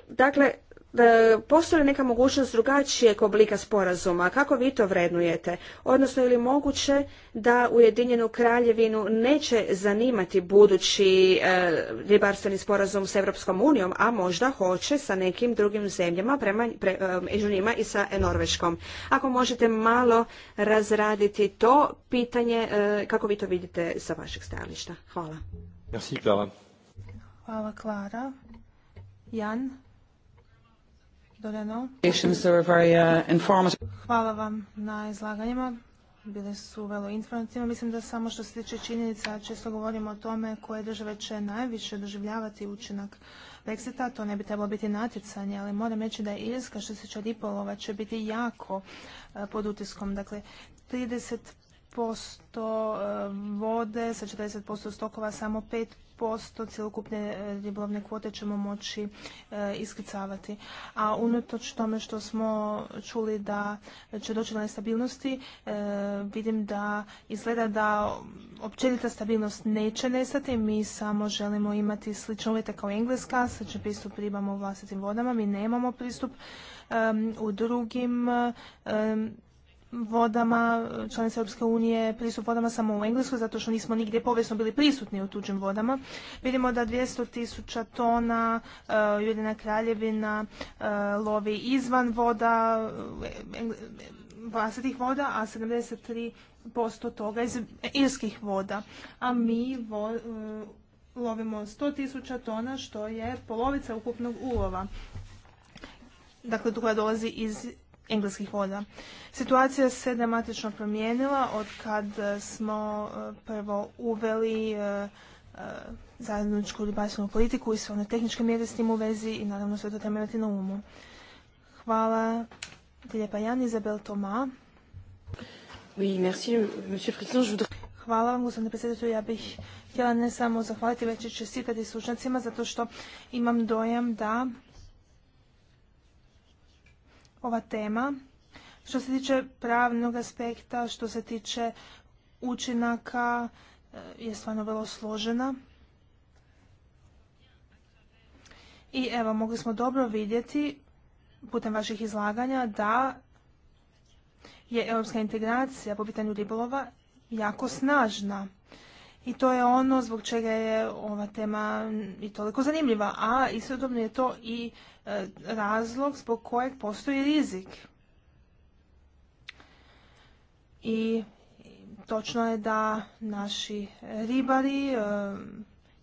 dakle da e, postoji neka mogućnost drugačijeg oblika sporazuma, kako vi to vrednujete? Odnosno, ili moguće da Ujedinjenu kraljevinu neće zanimati budući e, ribarstveni sporazum s Europskom unijom, a možda hoće sa nekim drugim zemljama, prema, e, među njima i sa Norveškom. Ako možete malo razraditi to pitanje, kako vi to vidite sa vašeg stajališta? Hvala. Merci, Hvala, Jan? Doreno. Uh, Hvala vam na izlaganjima. Bile su vrlo informativne. Mislim da samo što se tiče činjenica često govorimo o tome koje države će najviše doživljavati učinak Brexita. To ne bi trebalo biti natjecanje, ali moram reći da je Irska što se tiče ripolova će biti jako uh, pod utiskom. Dakle, posto e, vode, sa 40% stokova samo 5% cjelokupne e, ribolovne kvote ćemo moći e, A unatoč tome što smo čuli da će doći do nestabilnosti, vidim da izgleda da općenita stabilnost neće nestati. Mi samo želimo imati slične uvjete kao Engleska, će pristup ribama u vlastitim vodama. Mi nemamo pristup u drugim vodama članice Europske unije, pristup vodama samo u Engleskoj, zato što nismo nigdje povijesno bili prisutni u tuđim vodama. Vidimo da 200 tisuća tona e, Ujedina kraljevina e, lovi izvan voda, e, vlastitih voda, a 73% toga iz irskih voda. A mi lovimo 100 tisuća tona, što je polovica ukupnog ulova dakle koja dolazi iz engleskih voda. Situacija se dramatično promijenila od kad e, smo e, prvo uveli e, zajedničku ribarstvenu politiku i sve one tehničke mjere s tim u vezi i naravno sve to treba imati na umu. Hvala ti lijepa Jan Izabel Toma. Hvala vam, gospodine predsjedatelju. Ja bih htjela ne samo zahvaliti, već i čestitati stručnjacima, zato što imam dojam da ova tema. Što se tiče pravnog aspekta, što se tiče učinaka, eh, je stvarno vrlo složena. I evo, mogli smo dobro vidjeti putem vaših izlaganja da je europska integracija po pitanju ribolova jako snažna. I to je ono zbog čega je ova tema i toliko zanimljiva, a istodobno je to i e, razlog zbog kojeg postoji rizik. I točno je da naši ribari e,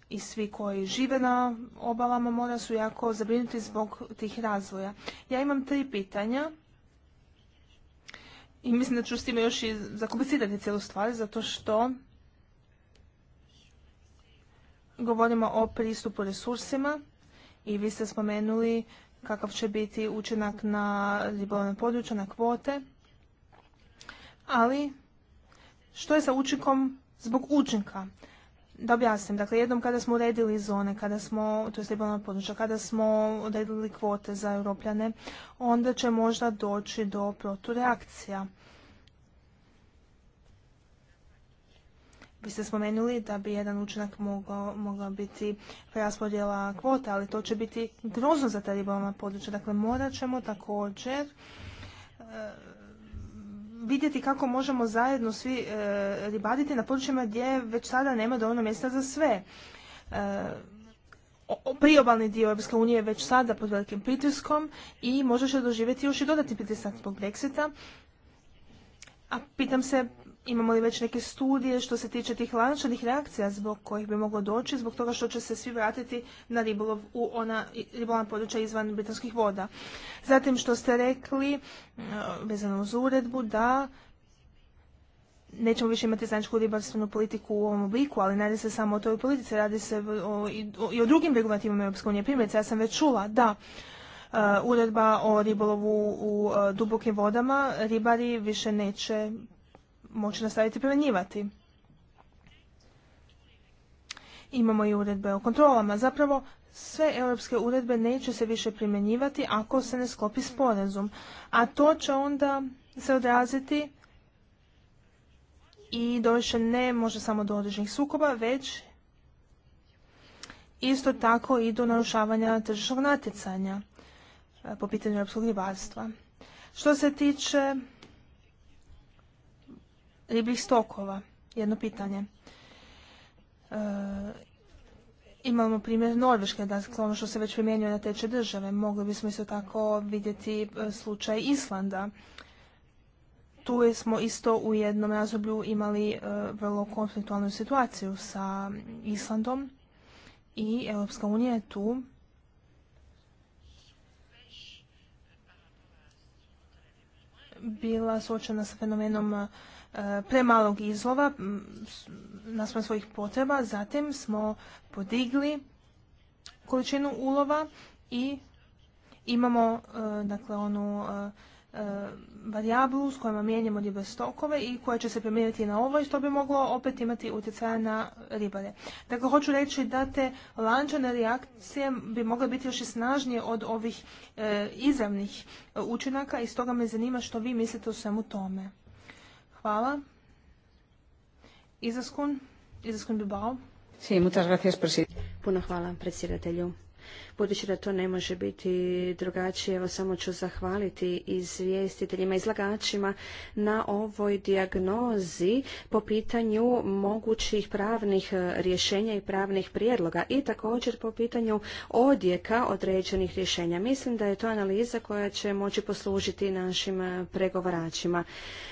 i svi koji žive na obalama mora su jako zabrinuti zbog tih razvoja. Ja imam tri pitanja i mislim da ću s time još i zakomplicirati cijelu stvar zato što govorimo o pristupu resursima i vi ste spomenuli kakav će biti učinak na ribolovne područje, na kvote, ali što je sa učinkom zbog učinka? Da objasnim, dakle jednom kada smo uredili zone, kada smo, to je ribolovna područja, kada smo odredili kvote za europljane, onda će možda doći do protureakcija Vi ste spomenuli da bi jedan učinak mogao, mogao biti preraspodjela kvota, ali to će biti grozno za ta ribolovna područja. Dakle, morat ćemo također e, vidjeti kako možemo zajedno svi e, ribaditi na područjima gdje već sada nema dovoljno mjesta za sve. E, priobalni dio Europske unije je već sada pod velikim pritiskom i možda će doživjeti još i dodatni pritisak zbog Brexita. A pitam se Imamo li već neke studije što se tiče tih lančanih reakcija zbog kojih bi moglo doći, zbog toga što će se svi vratiti na ribolov u ona ribolovna područja izvan britanskih voda. Zatim što ste rekli e, vezano uz uredbu da nećemo više imati zajedničku ribarstvenu politiku u ovom obliku, ali najde radi se samo o toj politici, radi se i, o, drugim regulativama Europske unije. Primjerice, ja sam već čula da e, uredba o ribolovu u e, dubokim vodama, ribari više neće moći nastaviti primjenjivati. Imamo i uredbe o kontrolama. Zapravo, sve europske uredbe neće se više primjenjivati ako se ne sklopi sporazum. A to će onda se odraziti i doviše ne može samo do određenih sukoba, već isto tako i do narušavanja tržišnog natjecanja e, po pitanju europskog ribarstva. Što se tiče ribljih stokova. Jedno pitanje. E, imamo primjer Norveške, dakle ono što se već primjenjuje na teče države. Mogli bismo isto tako vidjeti e, slučaj Islanda. Tu smo isto u jednom razdoblju imali e, vrlo konfliktualnu situaciju sa Islandom i Europska unija je tu bila suočena sa fenomenom E, premalog izlova naspram svojih potreba. Zatim smo podigli količinu ulova i imamo e, dakle onu e, varijablu s kojima mijenjamo ribe stokove i koja će se primijeniti na ovo i što bi moglo opet imati utjecaja na ribare. Dakle, hoću reći da te lančane reakcije bi mogle biti još i snažnije od ovih izravnih učinaka i stoga me zanima što vi mislite o svemu tome. Hvala. Izaskun, Izaskun Bilbao. Sí, muchas gracias, presidente. Puno hvala predsjedatelju. Budući da to ne može biti drugačije, evo samo ću zahvaliti izvjestiteljima, izlagačima na ovoj dijagnozi po pitanju mogućih pravnih e, rješenja i pravnih prijedloga i također po pitanju odjeka određenih rješenja. Mislim da je to analiza koja će moći poslužiti našim e, pregovaračima.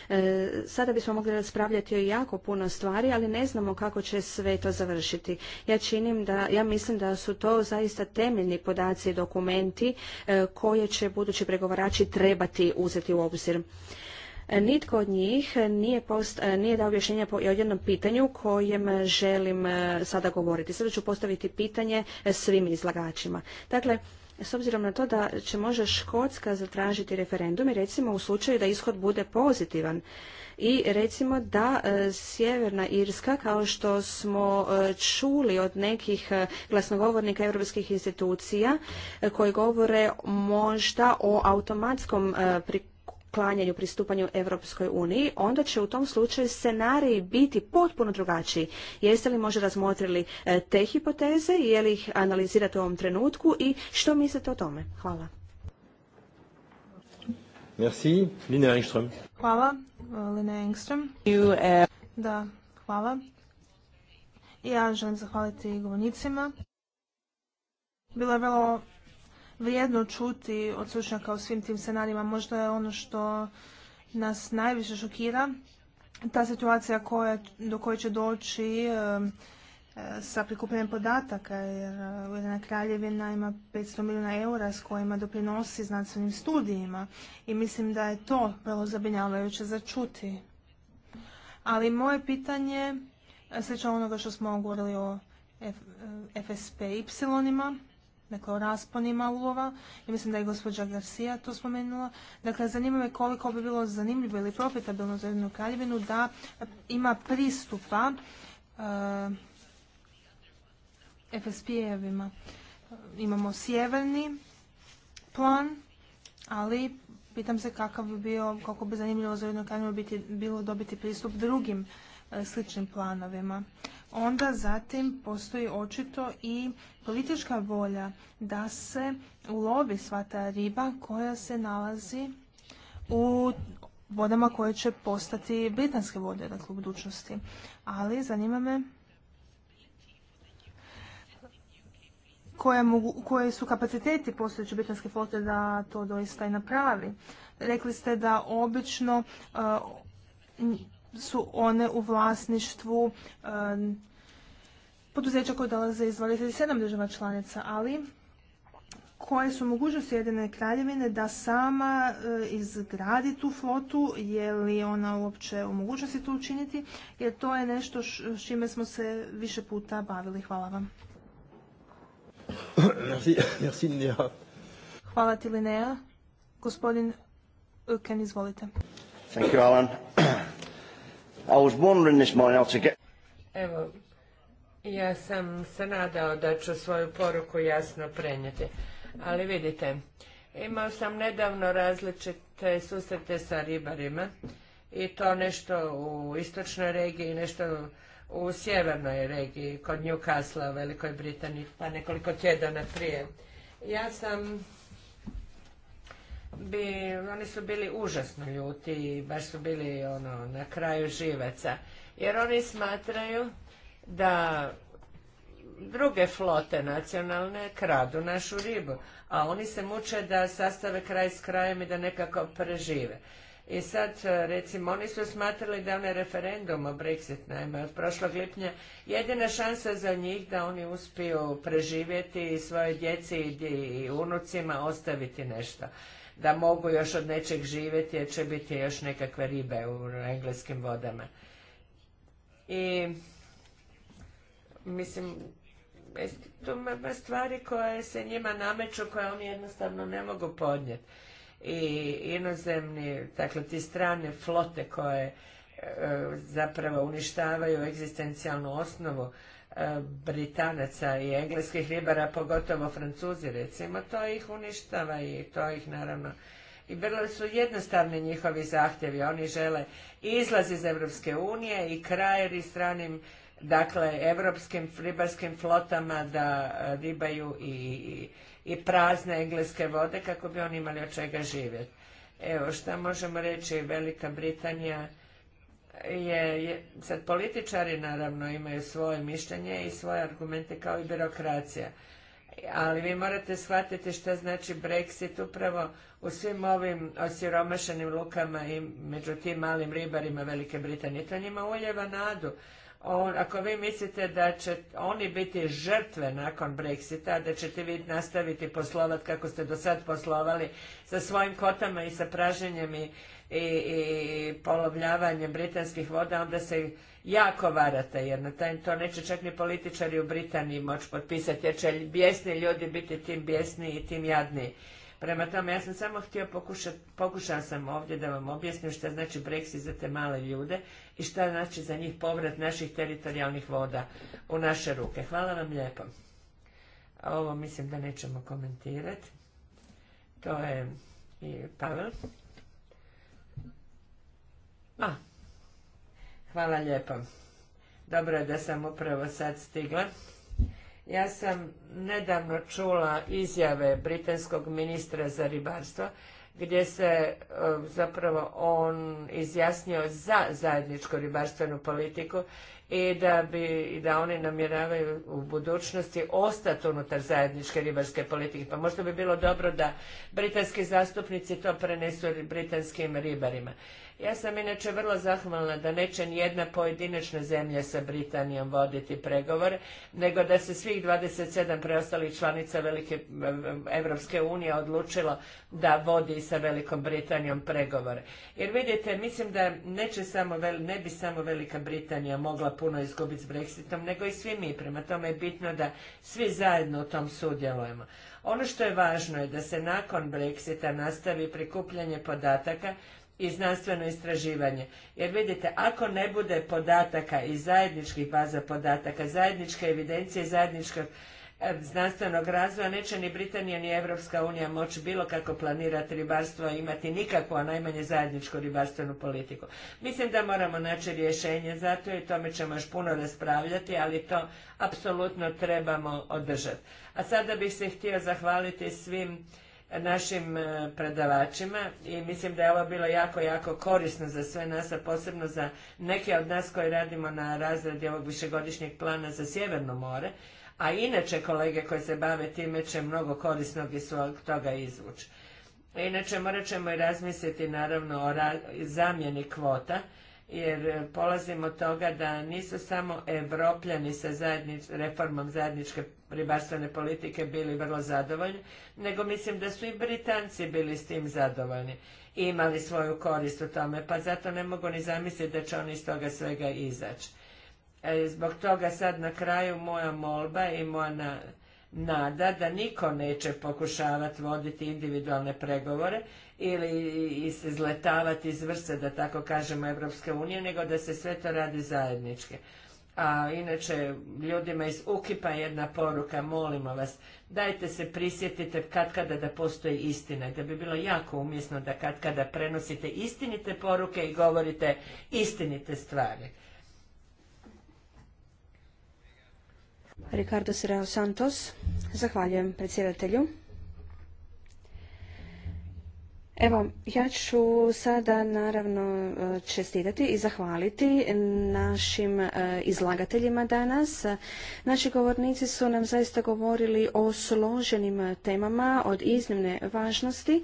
E, sada bismo mogli raspravljati o jako puno stvari, ali ne znamo kako će sve to završiti. Ja činim da, ja mislim da su to zaista temeljni i podaci i dokumenti e, koje će budući pregovarači trebati uzeti u obzir. E, nitko od njih nije, post, e, nije dao objašnjenja po jednom pitanju kojem želim sada govoriti. Sada ću postaviti pitanje svim izlagačima. Dakle, s obzirom na to da će možda Škotska zatražiti referendum i recimo u slučaju da ishod bude pozitivan i recimo da e, Sjeverna Irska kao što smo e, čuli od nekih e, glasnogovornika europskih institucija koji govore možda o automatskom pri uklanjanju pristupanju Europskoj uniji, onda će u tom slučaju scenariji biti potpuno drugačiji. Jeste li možda razmotrili e, te hipoteze, je li ih analizirate u ovom trenutku i što mislite o tome? Hvala. Merci. Lina Engström. Hvala, e, Lina Engström. E, da, hvala. Ja želim zahvaliti govornicima. Bilo je vrlo vrijedno čuti od stručnjaka u svim tim scenarijima. Možda je ono što nas najviše šokira ta situacija do koje će doći e, sa prikupljanjem podataka, jer e, Ujedina kraljevina ima 500 milijuna eura s kojima doprinosi znanstvenim studijima i mislim da je to vrlo zabrinjavajuće za čuti. Ali moje pitanje, e, slično onoga što smo govorili o FSP y-ima, dakle o rasponima ulova i mislim da je gospođa Garcia to spomenula. Dakle, zanima me koliko bi bilo zanimljivo ili profitabilno za jednu kraljevinu da ima pristupa e, FSP-evima. Imamo sjeverni plan, ali pitam se kakav bi bio, koliko bi zanimljivo za jednu kraljevinu bilo dobiti pristup drugim e, sličnim planovima onda zatim postoji očito i politička volja da se ulovi sva ta riba koja se nalazi u vodama koje će postati britanske vode dakle, u budućnosti. Ali zanima me koje, mogu, su kapaciteti postojeće britanske flote da to doista i napravi. Rekli ste da obično uh, su one u vlasništvu poduzeća koje dolaze iz 27 država članica, ali koje su mogućnosti Jedine kraljevine da sama eh, izgradi tu flotu, je li ona uopće u mogućnosti to učiniti, jer to je nešto s čime smo se više puta bavili. Hvala vam. Hvala ti Linnea. Gospodin Ken, izvolite. Thank you, Alan. I was this morning to get... Evo, ja sam se nadao da ću svoju poruku jasno prenijeti. Ali vidite, imao sam nedavno različite susrete sa ribarima i to nešto u istočnoj regiji, nešto u sjevernoj regiji, kod Newcastle u Velikoj Britaniji, pa nekoliko tjedana prije. Ja sam bi, oni su bili užasno ljuti i baš su bili ono, na kraju živaca. Jer oni smatraju da druge flote nacionalne kradu našu ribu, a oni se muče da sastave kraj s krajem i da nekako prežive. I sad, recimo, oni su smatrali da onaj referendum o Brexit, naime, od prošlog lipnja, jedina šansa za njih da oni uspiju preživjeti i svoje djeci i unucima ostaviti nešto da mogu još od nečeg živjeti jer će biti još nekakve ribe u engleskim vodama. I mislim, to ima stvari koje se njima nameću, koje oni jednostavno ne mogu podnijeti. I inozemni, dakle ti strane flote koje e, zapravo uništavaju egzistencijalnu osnovu E, Britanaca i engleskih ribara, pogotovo Francuzi recimo, to ih uništava i to ih naravno i vrlo su jednostavni njihovi zahtjevi. Oni žele izlaz iz Europske unije i krajer i stranim, dakle, evropskim ribarskim flotama da e, ribaju i, i, i prazne engleske vode kako bi oni imali od čega živjeti. Evo, šta možemo reći, Velika Britanija je, je, sad političari naravno imaju svoje mišljenje i svoje argumente kao i birokracija. Ali vi morate shvatiti što znači Brexit upravo u svim ovim osiromašenim lukama i među tim malim ribarima Velike Britanije. To njima uljeva nadu on, ako vi mislite da će oni biti žrtve nakon Brexita, da ćete vi nastaviti poslovati kako ste do sad poslovali sa svojim kotama i sa praženjem i, i, polovljavanjem britanskih voda, onda se jako varate, jer na taj, to neće čak ni političari u Britaniji moći potpisati, jer će bijesni ljudi biti tim bjesni i tim jadniji. Prema tome, ja sam samo htio pokušati, pokušala sam ovdje da vam objasnim što znači Brexit za te male ljude i šta znači za njih povrat naših teritorijalnih voda u naše ruke. Hvala vam lijepo. ovo mislim da nećemo komentirati. To je i Pavel. A, hvala lijepo. Dobro je da sam upravo sad stigla. Ja sam nedavno čula izjave britanskog ministra za ribarstvo gdje se e, zapravo on izjasnio za zajedničku ribarstvenu politiku i da, bi, i da oni namjeravaju u budućnosti ostati unutar zajedničke ribarske politike. Pa možda bi bilo dobro da britanski zastupnici to prenesu britanskim ribarima. Ja sam inače vrlo zahvalna da neće jedna pojedinačna zemlja sa Britanijom voditi pregovore, nego da se svih 27 preostalih članica Velike Evropske unije odlučilo da vodi sa Velikom Britanijom pregovore. Jer vidite, mislim da neće samo, ne bi samo Velika Britanija mogla puno izgubiti s Brexitom, nego i svi mi. Prema tome je bitno da svi zajedno u tom sudjelujemo. Ono što je važno je da se nakon Brexita nastavi prikupljanje podataka i znanstveno istraživanje. Jer vidite, ako ne bude podataka i zajedničkih baza podataka, zajedničke evidencije, zajedničkog e, znanstvenog razvoja neće ni Britanija ni Evropska unija moći bilo kako planirati ribarstvo imati nikakvu, a najmanje zajedničku ribarstvenu politiku. Mislim da moramo naći rješenje za to i tome ćemo još puno raspravljati, ali to apsolutno trebamo održati. A sada bih se htio zahvaliti svim našim e, predavačima i mislim da je ovo bilo jako, jako korisno za sve nas, a posebno za neke od nas koji radimo na razredi ovog višegodišnjeg plana za Sjeverno more, a inače kolege koje se bave time će mnogo korisnog iz svog toga izvući. Inače morat ćemo i razmisliti naravno o zamjeni kvota, jer e, polazim od toga da nisu samo evropljani sa reformom zajedničke ribarstvene politike bili vrlo zadovoljni, nego mislim da su i Britanci bili s tim zadovoljni i imali svoju korist u tome, pa zato ne mogu ni zamisliti da će oni iz toga svega izaći. E, zbog toga sad na kraju moja molba i moja nada da niko neće pokušavati voditi individualne pregovore, ili se izletavati iz vrste, da tako kažemo, Evropske unije, nego da se sve to radi zajednički. A inače, ljudima iz Ukipa jedna poruka, molimo vas, dajte se prisjetite kad kada da postoji istina, da bi bilo jako umjesno da kad kada prenosite istinite poruke i govorite istinite stvari. Ricardo Santos, zahvaljujem predsjedatelju. Evo, ja ću sada naravno e, čestitati i zahvaliti našim e, izlagateljima danas. Naši govornici su nam zaista govorili o složenim temama od iznimne važnosti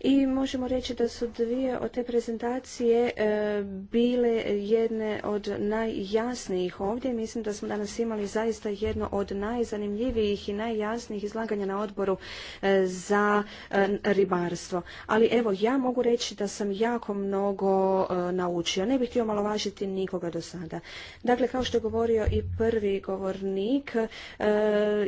i možemo reći da su dvije od te prezentacije e, bile jedne od najjasnijih ovdje. Mislim da smo danas imali zaista jedno od najzanimljivijih i najjasnijih izlaganja na odboru e, za e, ribarstvo. Ali evo, ja mogu reći da sam jako mnogo naučio. Ne bih htio malovažiti nikoga do sada. Dakle, kao što je govorio i prvi govornik,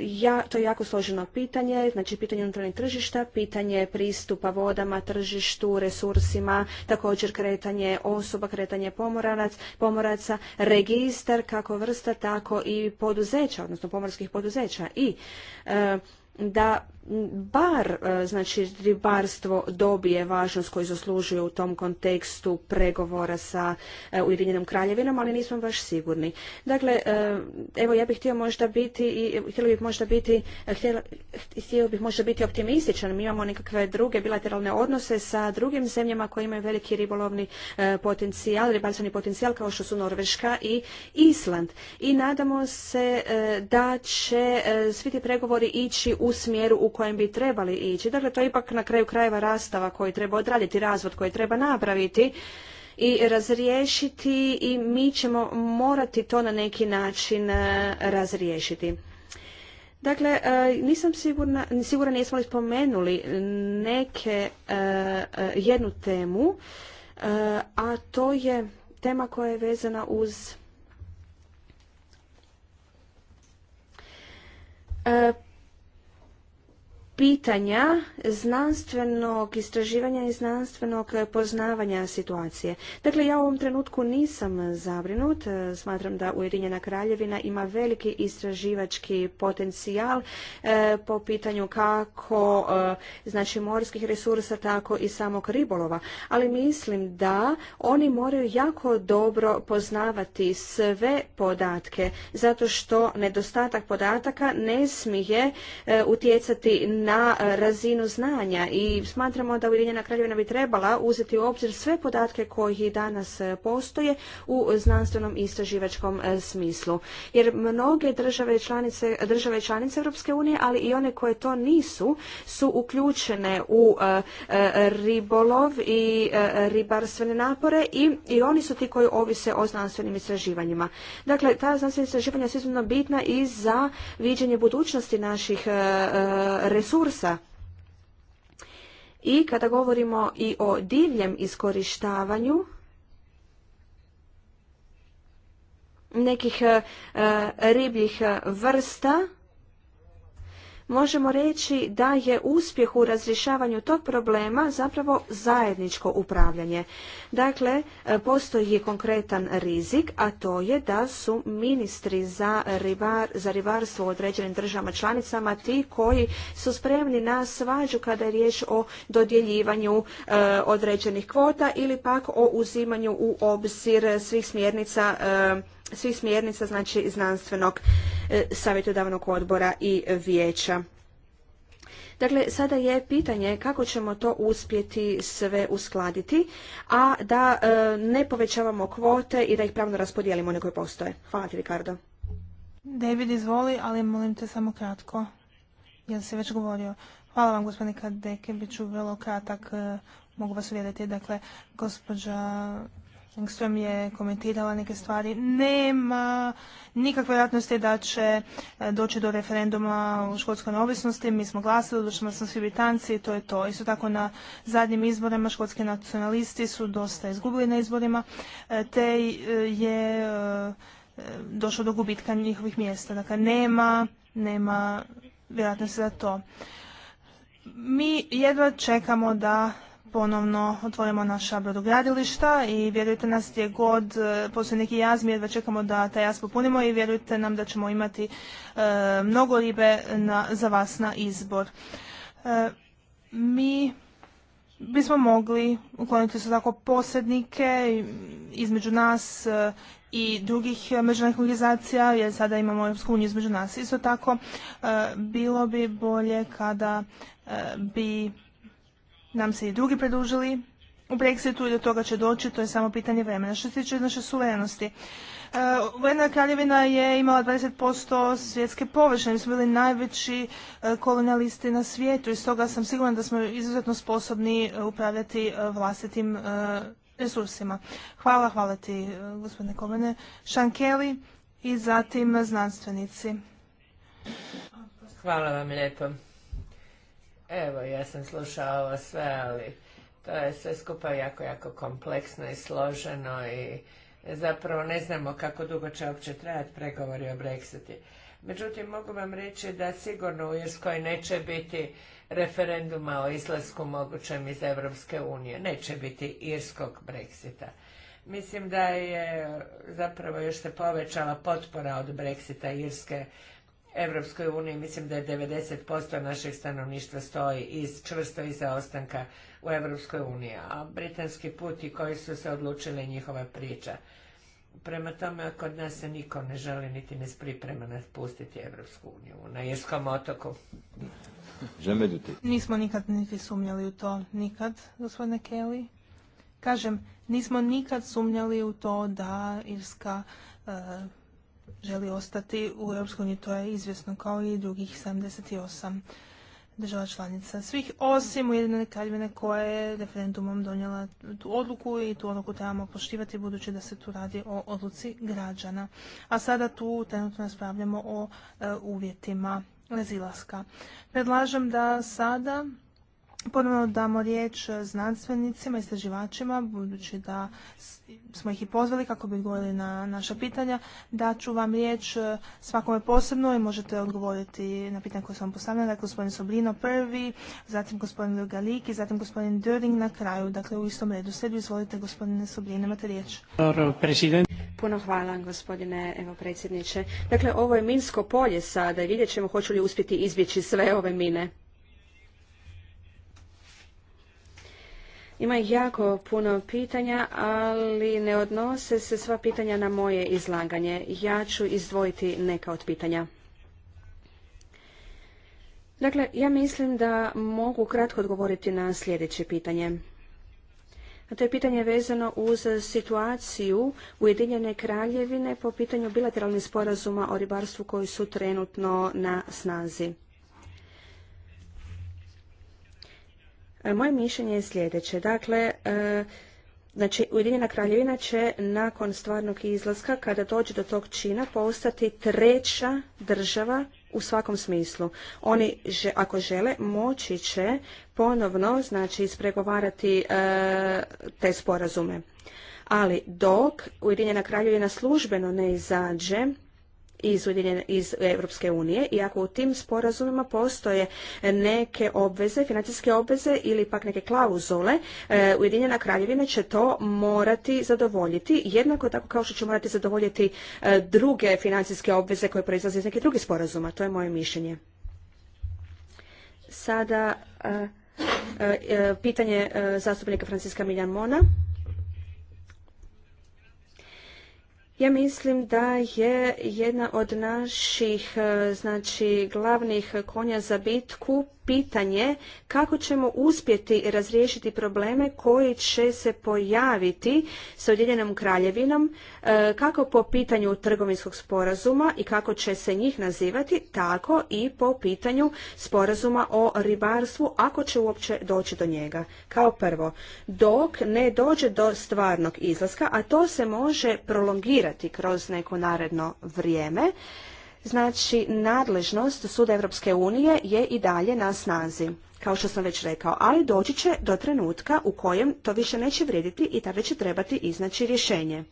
ja, to je jako složeno pitanje, znači pitanje unutarnjeg tržišta, pitanje pristupa voda slobodama, tržištu, resursima, također kretanje osoba, kretanje pomoraca, registar kako vrsta, tako i poduzeća, odnosno pomorskih poduzeća i e, da bar e, znači ribarstvo dobije važnost koju zaslužuje u tom kontekstu pregovora sa e, Ujedinjenom kraljevinom, ali nismo baš sigurni. Dakle, e, evo ja bih htio možda biti i htjela bih možda biti htio bih možda biti optimističan. Mi imamo nekakve druge bilateralne odnose sa drugim zemljama koje imaju veliki ribolovni potencijal, ribarstveni potencijal kao što su Norveška i Island. I nadamo se da će svi ti pregovori ići u smjeru u kojem bi trebali ići. Dakle, to je ipak na kraju krajeva rastava koju treba odraditi, razvod koji treba napraviti i razriješiti i mi ćemo morati to na neki način e, razriješiti. Dakle, e, nisam sigurna, sigurna nismo li spomenuli neke, e, jednu temu, a to je tema koja je vezana uz pitanja znanstvenog istraživanja i znanstvenog poznavanja situacije. Dakle, ja u ovom trenutku nisam zabrinut. Smatram da Ujedinjena kraljevina ima veliki istraživački potencijal e, po pitanju kako e, znači morskih resursa, tako i samog ribolova. Ali mislim da oni moraju jako dobro poznavati sve podatke, zato što nedostatak podataka ne smije e, utjecati na e, razinu znanja i smatramo da Ujedinjena kraljevina bi trebala uzeti u obzir sve podatke koji danas e, postoje u znanstvenom istraživačkom e, smislu. Jer mnoge države članice, države članice Europske unije, ali i one koje to nisu, su uključene u ribolov i ribarstvene napore i, oni su ti koji ovise o znanstvenim istraživanjima. Dakle, ta znanstvena istraživanja su izuzetno bitna i za viđenje budućnosti naših resursa resursa. I kada govorimo i o divljem iskorištavanju nekih eh, ribljih eh, vrsta, možemo reći da je uspjeh u razrješavanju tog problema zapravo zajedničko upravljanje. Dakle, e, postoji konkretan rizik, a to je da su ministri za, ribar, za ribarstvo u određenim državama članicama ti koji su spremni na svađu kada je riječ o dodjeljivanju e, određenih kvota ili pak o uzimanju u obzir svih smjernica e, svih smjernica znači znanstvenog e, savjetodavnog odbora i vijeća. Dakle, sada je pitanje kako ćemo to uspjeti sve uskladiti, a da e, ne povećavamo kvote i da ih pravno raspodijelimo one koje postoje. Hvala ti, Ricardo. David, izvoli, ali molim te samo kratko, jer se već govorio. Hvala vam, gospodine Kadeke, ću vrlo kratak, e, mogu vas uvjeriti. Dakle, gospođa Engström je komentirala neke stvari. Nema nikakve vjerojatnosti da će e, doći do referenduma u škotskoj neovisnosti. Mi smo glasili, odlučili smo svi Britanci i to je to. Isto tako na zadnjim izborima škotski nacionalisti su dosta izgubili na izborima, e, te e, je došlo do gubitka njihovih mjesta. Dakle, nema, nema vjerojatnosti za to. Mi jedva čekamo da ponovno otvorimo naša brodogradilišta i vjerujte nas gdje god e, postoje neki jaz, jedva čekamo da taj jaz popunimo i vjerujte nam da ćemo imati e, mnogo ribe za vas na izbor. E, mi bismo mogli ukloniti su tako posrednike između nas i drugih međunarodnih organizacija, jer sada imamo Europsku uniju između nas. Isto tako, bilo bi bolje kada bi nam se i drugi predužili u Brexitu i do toga će doći, to je samo pitanje vremena. Što se tiče naše suverenosti, e, Ujedna kraljevina je imala 20% svjetske površine, mi smo bili najveći e, kolonialisti na svijetu i stoga sam sigurna da smo izuzetno sposobni e, upravljati vlastitim resursima. Hvala, hvala ti gospodine Komene. Šankeli i zatim znanstvenici. Hvala vam lijepo. Evo, ja sam slušao ovo sve, ali to je sve skupa jako, jako kompleksno i složeno i zapravo ne znamo kako dugo će uopće trajati pregovori o Brexiti. Međutim, mogu vam reći da sigurno u Irskoj neće biti referenduma o izlasku mogućem iz Evropske unije. Neće biti irskog Brexita. Mislim da je zapravo još se povećala potpora od Brexita Irske Evropskoj uniji, mislim da je 90% našeg stanovništva stoji iz, čvrsto iza ostanka u europskoj uniji, a britanski put i koji su se odlučili njihova priča. Prema tome, kod nas se niko ne želi niti ne priprema napustiti Evropsku uniju na Irskom otoku. Nismo nikad niti sumnjali u to, nikad, gospodine Kelly. Kažem, nismo nikad sumnjali u to da Irska eh, želi ostati u EU, to je izvjesno kao i drugih 78 država članica. Svih osim Ujedinjene kraljevine koja je referendumom donijela tu odluku i tu odluku trebamo poštivati budući da se tu radi o odluci građana. A sada tu trenutno raspravljamo o e, uvjetima razilaska. Predlažem da sada ponovno damo riječ znanstvenicima, istraživačima, budući da smo ih i pozvali kako bi odgovorili na naša pitanja. Daću vam riječ e, svakome posebno i možete odgovoriti na pitanje koje sam vam postavljala. Dakle, gospodin Sobrino prvi, zatim gospodin Galik i zatim gospodin Döring na kraju. Dakle, u istom redu sredu. Izvolite, gospodine Sobrino, imate riječ. Puno hvala, gospodine evo, predsjedniče. Dakle, ovo je minsko polje sada i vidjet ćemo hoću li uspjeti izbjeći sve ove mine. Ima jako puno pitanja, ali ne odnose se sva pitanja na moje izlaganje. Ja ću izdvojiti neka od pitanja. Dakle, ja mislim da mogu kratko odgovoriti na sljedeće pitanje. A to je pitanje vezano uz situaciju Ujedinjene kraljevine po pitanju bilateralnih sporazuma o ribarstvu koji su trenutno na snazi. E, moje mišljenje je sljedeće. Dakle, e, Znači, Ujedinjena kraljevina će nakon stvarnog izlaska, kada dođe do tog čina, postati treća država u svakom smislu. Oni, že, ako žele, moći će ponovno znači, ispregovarati e, te sporazume. Ali dok Ujedinjena kraljevina službeno ne izađe iz, iz Europske unije i ako u tim sporazumima postoje neke obveze, financijske obveze ili pak neke klauzule, e, Ujedinjena kraljevina će to morati zadovoljiti, jednako tako kao što će morati zadovoljiti e, druge financijske obveze koje proizlaze iz nekih drugih sporazuma. To je moje mišljenje. Sada e, pitanje zastupnika Franciska Miljan Mona. Ja mislim da je jedna od naših e, znači, glavnih konja za bitku pitanje kako ćemo uspjeti razriješiti probleme koji će se pojaviti sa Ujedinjenom kraljevinom e, kako po pitanju trgovinskog sporazuma i kako će se njih nazivati, tako i po pitanju sporazuma o ribarstvu ako će uopće doći do njega. Kao prvo, dok ne dođe do stvarnog izlaska, a to se može prolongirati kroz neko naredno vrijeme, Znači, nadležnost Suda Europske unije je i dalje na snazi, kao što sam već rekao, ali doći će do trenutka u kojem to više neće vrijediti i tada će trebati iznaći rješenje.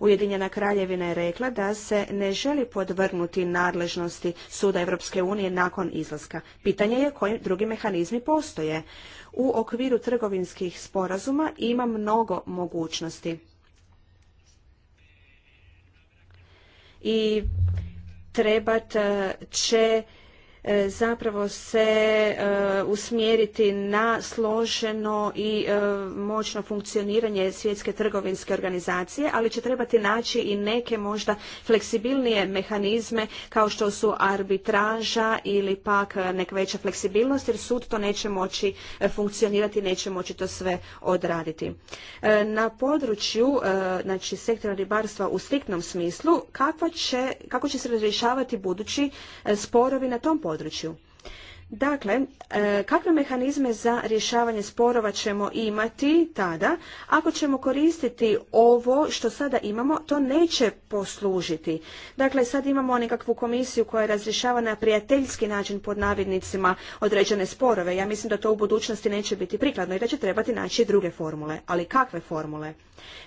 Ujedinjena kraljevina je rekla da se ne želi podvrnuti nadležnosti Suda Europske unije nakon izlaska. Pitanje je koji drugi mehanizmi postoje. U okviru trgovinskih sporazuma ima mnogo mogućnosti. I Trebat e, će E, zapravo se e, usmjeriti na složeno i e, moćno funkcioniranje svjetske trgovinske organizacije, ali će trebati naći i neke možda fleksibilnije mehanizme kao što su arbitraža ili pak neka veća fleksibilnost jer sud to neće moći funkcionirati, neće moći to sve odraditi. na području znači sektora ribarstva u striktnom smislu će, kako će se razrješavati budući sporovi na tom području području. Dakle, e, kakve mehanizme za rješavanje sporova ćemo imati tada? Ako ćemo koristiti ovo što sada imamo, to neće poslužiti. Dakle, sad imamo nekakvu komisiju koja razrješava na prijateljski način pod navidnicima određene sporove. Ja mislim da to u budućnosti neće biti prikladno i da će trebati naći druge formule. Ali kakve formule?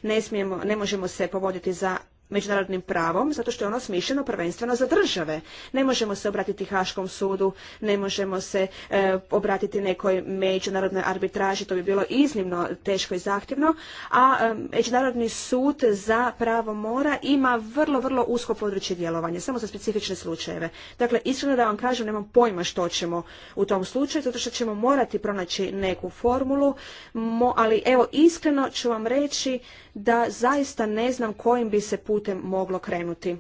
Ne, smijemo, ne možemo se povoditi za međunarodnim pravom zato što je ono smišljeno prvenstveno za države. Ne možemo se obratiti Haškom sudu, ne možemo se e, obratiti nekoj međunarodnoj arbitraži, to bi bilo iznimno teško i zahtjevno, a e, Međunarodni sud za pravo mora ima vrlo, vrlo usko područje djelovanja, samo za specifične slučajeve. Dakle, iskreno da vam kažem, nemam pojma što ćemo u tom slučaju, zato što ćemo morati pronaći neku formulu, ali evo, iskreno ću vam reći da zaista ne znam kojim bi se putem moglo krenuti.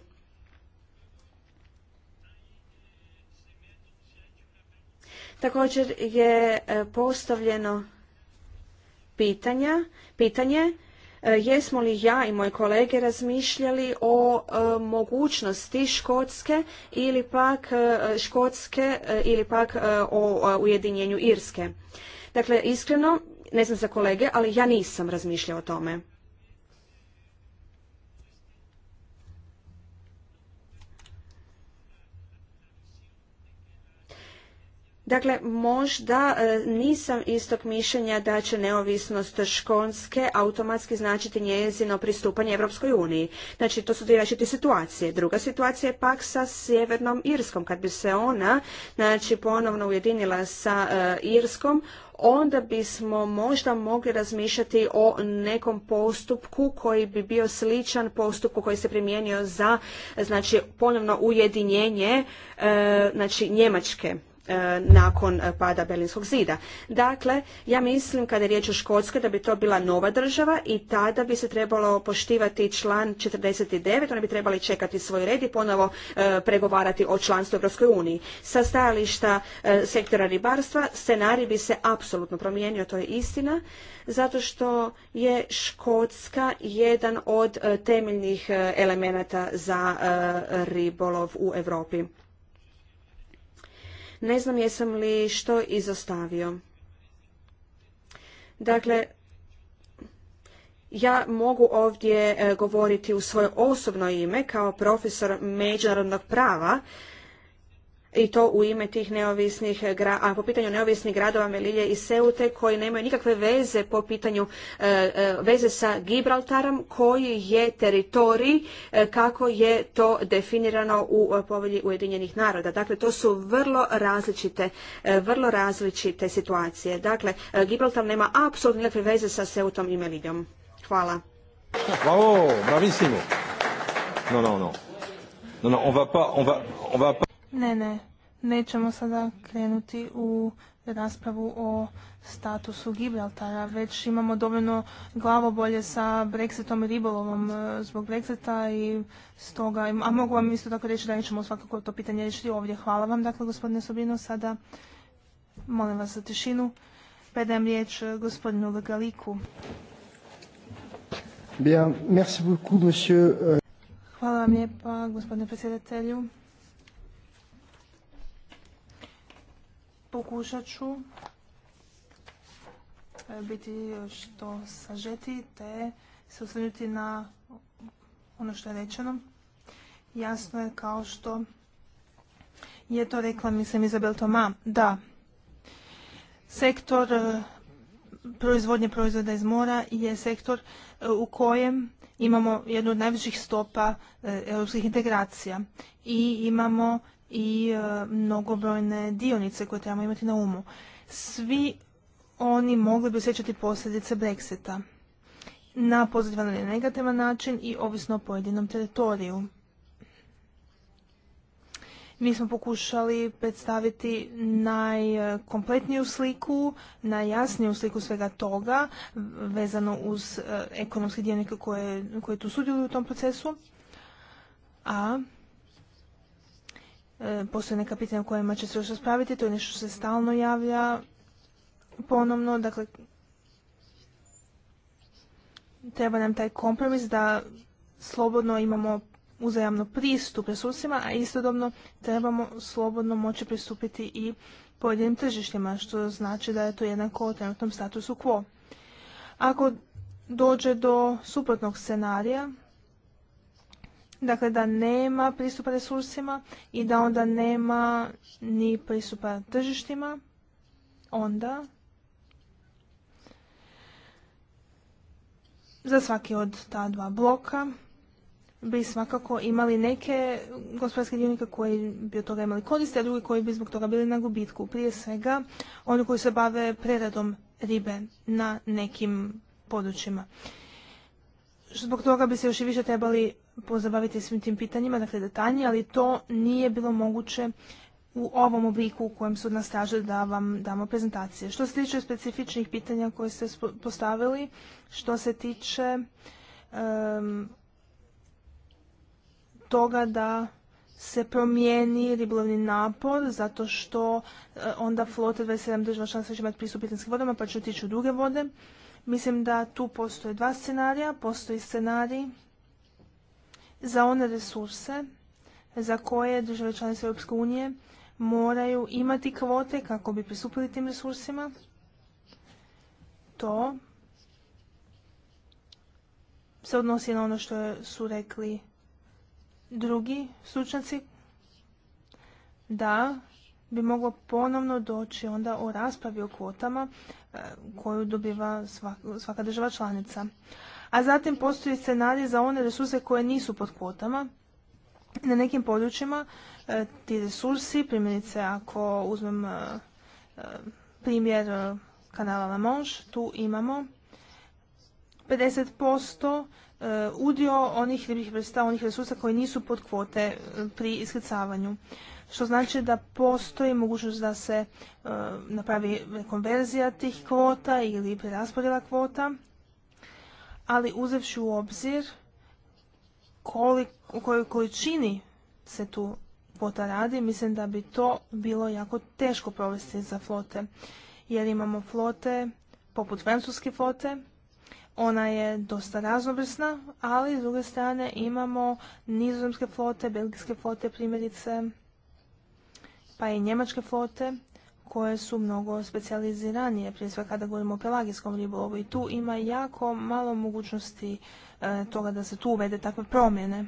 Također je e, postavljeno pitanja, pitanje e, jesmo li ja i moje kolege razmišljali o e, mogućnosti Škotske ili pak Škotske ili pak o ujedinjenju Irske. Dakle, iskreno, ne znam za kolege, ali ja nisam razmišljao o tome. Dakle, možda e, nisam istog mišljenja da će neovisnost Škonske automatski značiti njezino pristupanje Europskoj uniji. Znači, to su dvije različite situacije. Druga situacija je pak sa Sjevernom Irskom. Kad bi se ona, znači, ponovno ujedinila sa e, Irskom, onda bismo možda mogli razmišljati o nekom postupku koji bi bio sličan postupku koji se primijenio za, znači, ponovno ujedinjenje, e, znači, Njemačke E, nakon e, pada Berlinskog zida. Dakle, ja mislim kada je riječ o Škotskoj da bi to bila nova država i tada bi se trebalo poštivati član 49, oni bi trebali čekati svoj red i ponovo e, pregovarati o članstvu Europskoj uniji. Sa stajališta sektora ribarstva scenarij bi se apsolutno promijenio, to je istina, zato što je Škotska jedan od temeljnih elemenata za ribolov u Europi. Ne znam jesam li što izostavio. Dakle, ja mogu ovdje e, govoriti u svoje osobno ime kao profesor međunarodnog prava i to u ime tih neovisnih a po pitanju neovisnih gradova Melilje i Seute koji nemaju nikakve veze po pitanju e, e, veze sa Gibraltarom koji je teritorij e, kako je to definirano u povelji Ujedinjenih naroda. Dakle, to su vrlo različite, vrlo različite situacije. Dakle, Gibraltar nema apsolutno nikakve veze sa Seutom i Meliljom. Hvala. Bravo, bravissimo. No, no, no. No, no, on va pas, on va, on va ne, ne, nećemo sada krenuti u raspravu o statusu Gibraltara, već imamo dovoljno glavobolje sa Brexitom i ribolovom e, zbog Brexita i stoga, a mogu vam isto tako reći da nećemo svakako to pitanje riješiti ovdje. Hvala vam, dakle, gospodine Sobino, sada molim vas za tišinu. Predajem riječ e, gospodinu Legaliku. Euh. Hvala vam lijepa, gospodine predsjedatelju. Pokušat ću e, biti što sažeti te se osvrnuti na ono što je rečeno. Jasno je kao što je to rekla, mislim, Izabel Toma, da sektor e, proizvodnje proizvoda iz mora je sektor e, u kojem imamo jednu od najvećih stopa europskih integracija i imamo i e, mnogobrojne dionice koje trebamo imati na umu. Svi oni mogli bi osjećati posljedice Brexita na pozitivan ili negativan način i ovisno o pojedinom teritoriju. Mi smo pokušali predstaviti najkompletniju sliku, najjasniju sliku svega toga vezano uz e, ekonomske dionike koje, tu sudjeluju u tom procesu. A E, postoje neka pitanja o kojima će se još raspraviti, to je nešto što se stalno javlja ponovno, dakle treba nam taj kompromis da slobodno imamo uzajamno pristup resursima, a istodobno trebamo slobodno moći pristupiti i pojedinim tržištima, što znači da je to jednako o trenutnom statusu quo. Ako dođe do suprotnog scenarija, dakle da nema pristupa resursima i da onda nema ni pristupa tržištima, onda za svaki od ta dva bloka bi svakako imali neke gospodarske dionike koji bi od toga imali koriste, a drugi koji bi zbog toga bili na gubitku. Prije svega oni koji se bave preradom ribe na nekim područjima. Zbog toga bi se još i više trebali pozabaviti svim tim pitanjima, dakle detaljnije, ali to nije bilo moguće u ovom obliku u kojem su nas tražili da vam damo prezentacije. Što se tiče specifičnih pitanja koje ste postavili, što se tiče toga da se promijeni ribolovni napor zato što e, onda flote 27 država članstva će imati pristup vodama pa će otići u druge vode. Mislim da tu postoje dva scenarija. Postoji scenarij za one resurse za koje države članice Europske unije moraju imati kvote kako bi pristupili tim resursima. To se odnosi na ono što su rekli drugi stručnjaci. Da, bi moglo ponovno doći onda o raspravi o kvotama e, koju dobiva svaka država članica. A zatim postoji scenarij za one resurse koje nisu pod kvotama. Na nekim područjima e, ti resursi, primjerice ako uzmem e, primjer kanala La Manche, tu imamo 50% udio onih ribih vrsta, onih resursa koji nisu pod kvote pri iskrcavanju što znači da postoji mogućnost da se e, napravi konverzija tih kvota ili preraspodjela kvota, ali uzevši u obzir u kojoj količini se tu kvota radi, mislim da bi to bilo jako teško provesti za flote. Jer imamo flote poput francuske flote, ona je dosta raznovrsna, ali s druge strane imamo nizozemske flote, belgijske flote primjerice, pa i njemačke flote koje su mnogo specijaliziranije, prije sve kada govorimo o pelagijskom ribolovu i tu ima jako malo mogućnosti e, toga da se tu uvede takve promjene.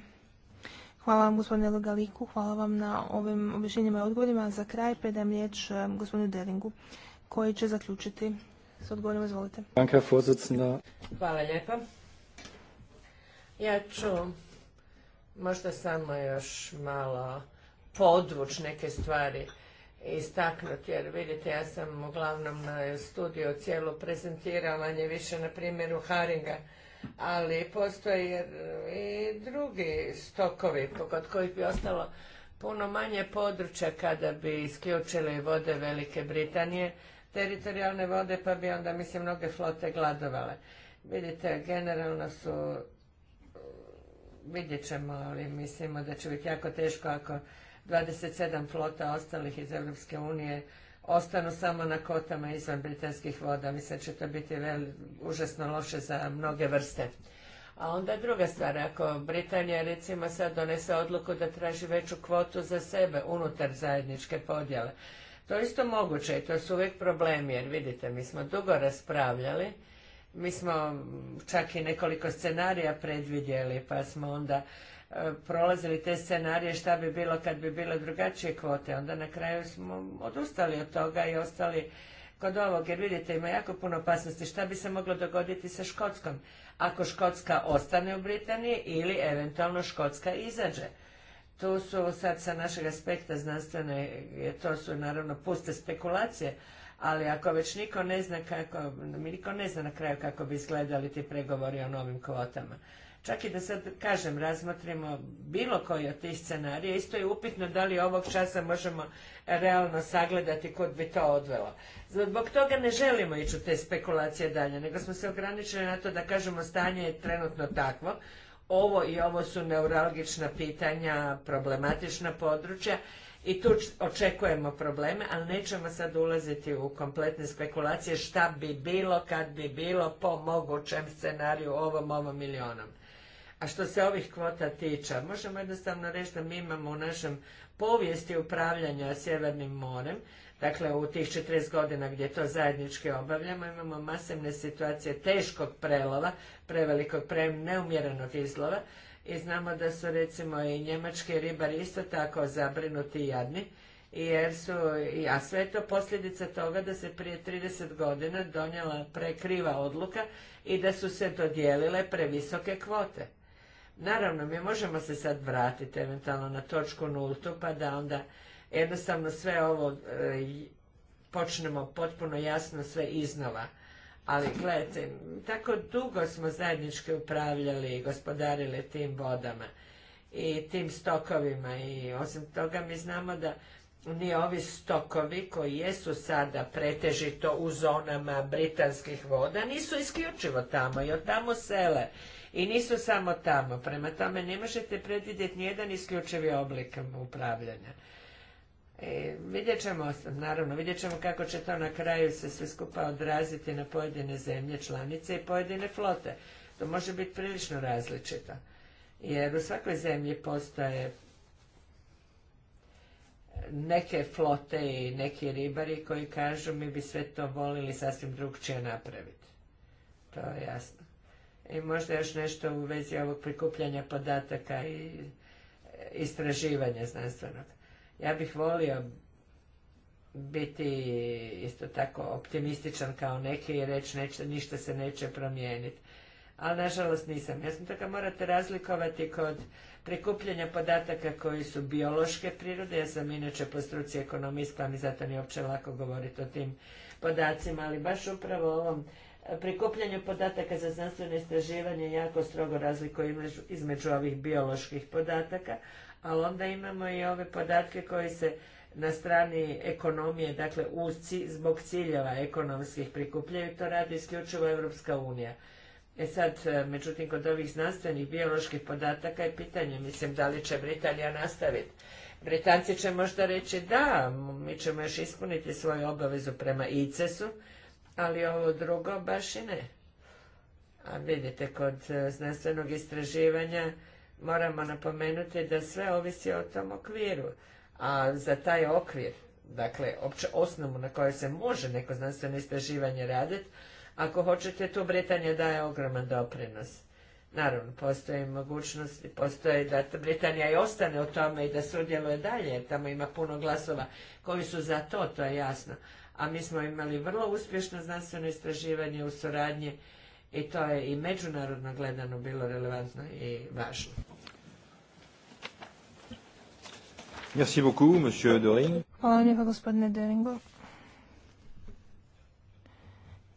Hvala vam gospodine Logaliku, hvala vam na ovim objašnjenjima i odgovorima. Za kraj predajem riječ e, gospodinu Deringu koji će zaključiti s odgovorom. Izvolite. Hvala lijepa. Ja ću možda samo još malo podvuć neke stvari istaknuti, jer vidite, ja sam uglavnom na studiju cijelu prezentirala nje više na primjeru Haringa, ali postoje i e, drugi stokovi kod kojih bi ostalo puno manje područja kada bi isključili vode Velike Britanije, teritorijalne vode, pa bi onda, mislim, mnoge flote gladovale. Vidite, generalno su, vidjet ćemo, ali mislimo da će biti jako teško ako 27 flota ostalih iz Europske unije ostanu samo na kotama izvan britanskih voda. Mislim će to biti užasno loše za mnoge vrste. A onda druga stvar, ako Britanija recimo sad donese odluku da traži veću kvotu za sebe unutar zajedničke podjele, to je isto moguće i to su uvijek problemi jer vidite, mi smo dugo raspravljali, mi smo čak i nekoliko scenarija predvidjeli pa smo onda prolazili te scenarije šta bi bilo kad bi bile drugačije kvote. Onda na kraju smo odustali od toga i ostali kod ovog, jer vidite ima jako puno opasnosti šta bi se moglo dogoditi sa Škotskom. Ako Škotska ostane u Britaniji ili eventualno Škotska izađe. Tu su sad sa našeg aspekta znanstvene, to su naravno puste spekulacije, ali ako već niko ne zna kako, niko ne zna na kraju kako bi izgledali ti pregovori o novim kvotama. Čak i da sad kažem, razmotrimo bilo koji od tih scenarija, isto je upitno da li ovog časa možemo realno sagledati kod bi to odvelo. Zbog toga ne želimo ići u te spekulacije dalje, nego smo se ograničili na to da kažemo stanje je trenutno takvo, ovo i ovo su neuralgična pitanja, problematična područja i tu očekujemo probleme, ali nećemo sad ulaziti u kompletne spekulacije šta bi bilo, kad bi bilo, po mogućem scenariju ovom, ovom ili onom. A što se ovih kvota tiče, možemo jednostavno reći da mi imamo u našem povijesti upravljanja Sjevernim morem, dakle u tih 40 godina gdje to zajednički obavljamo, imamo masivne situacije teškog prelova, prevelikog, pre, neumjerenog izlova i znamo da su recimo i njemački ribari isto tako zabrinuti i jadni, jer su, a sve je to posljedica toga da se prije 30 godina donijela prekriva odluka i da su se dodijelile previsoke kvote. Naravno, mi možemo se sad vratiti eventualno na točku nultu, pa da onda jednostavno sve ovo e, počnemo potpuno jasno sve iznova. Ali gledajte, tako dugo smo zajednički upravljali i gospodarili tim vodama i tim stokovima i osim toga mi znamo da ni ovi stokovi koji jesu sada pretežito u zonama britanskih voda nisu isključivo tamo jer tamo sele i nisu samo tamo, prema tome ne možete predvidjeti nijedan isključivi oblik upravljanja. E, vidjet ćemo, naravno, vidjet ćemo kako će to na kraju se sve skupa odraziti na pojedine zemlje, članice i pojedine flote. To može biti prilično različito. Jer u svakoj zemlji postoje neke flote i neki ribari koji kažu mi bi sve to volili sasvim drugčije napraviti. To je jasno. I možda još nešto u vezi ovog prikupljanja podataka i istraživanja znanstvenog. Ja bih volio biti isto tako optimističan kao neki i reći neće, ništa se neće promijeniti. Ali nažalost nisam. Ja sam toga morate razlikovati kod prikupljanja podataka koji su biološke prirode. Ja sam inače po struci ekonomist pa mi zato nije uopće lako govoriti o tim podacima, ali baš upravo ovom prikupljanje podataka za znanstveno istraživanje jako strogo razlikuje između ovih bioloških podataka, ali onda imamo i ove podatke koji se na strani ekonomije, dakle uzci, zbog ciljeva ekonomskih prikupljaju, to radi isključivo Europska unija. E sad, e, međutim, kod ovih znanstvenih bioloških podataka je pitanje, mislim, da li će Britanija nastaviti. Britanci će možda reći da, mi ćemo još ispuniti svoju obavezu prema ICES-u, ali ovo drugo baš i ne. A vidite, kod e, znanstvenog istraživanja moramo napomenuti da sve ovisi o tom okviru, a za taj okvir, dakle, opće osnovu na kojoj se može neko znanstveno istraživanje raditi, ako hoćete, tu Britanija daje ogroman doprinos. Naravno, postoji mogućnost i postoji da Britanija i ostane u tome i da sudjeluje dalje, jer tamo ima puno glasova koji su za to, to je jasno a mi smo imali vrlo uspješno znanstveno istraživanje u suradnji i to je i međunarodno gledano bilo relevantno i važno. Merci beaucoup, monsieur Dering. Hvala lijepa, gospodine Deringo.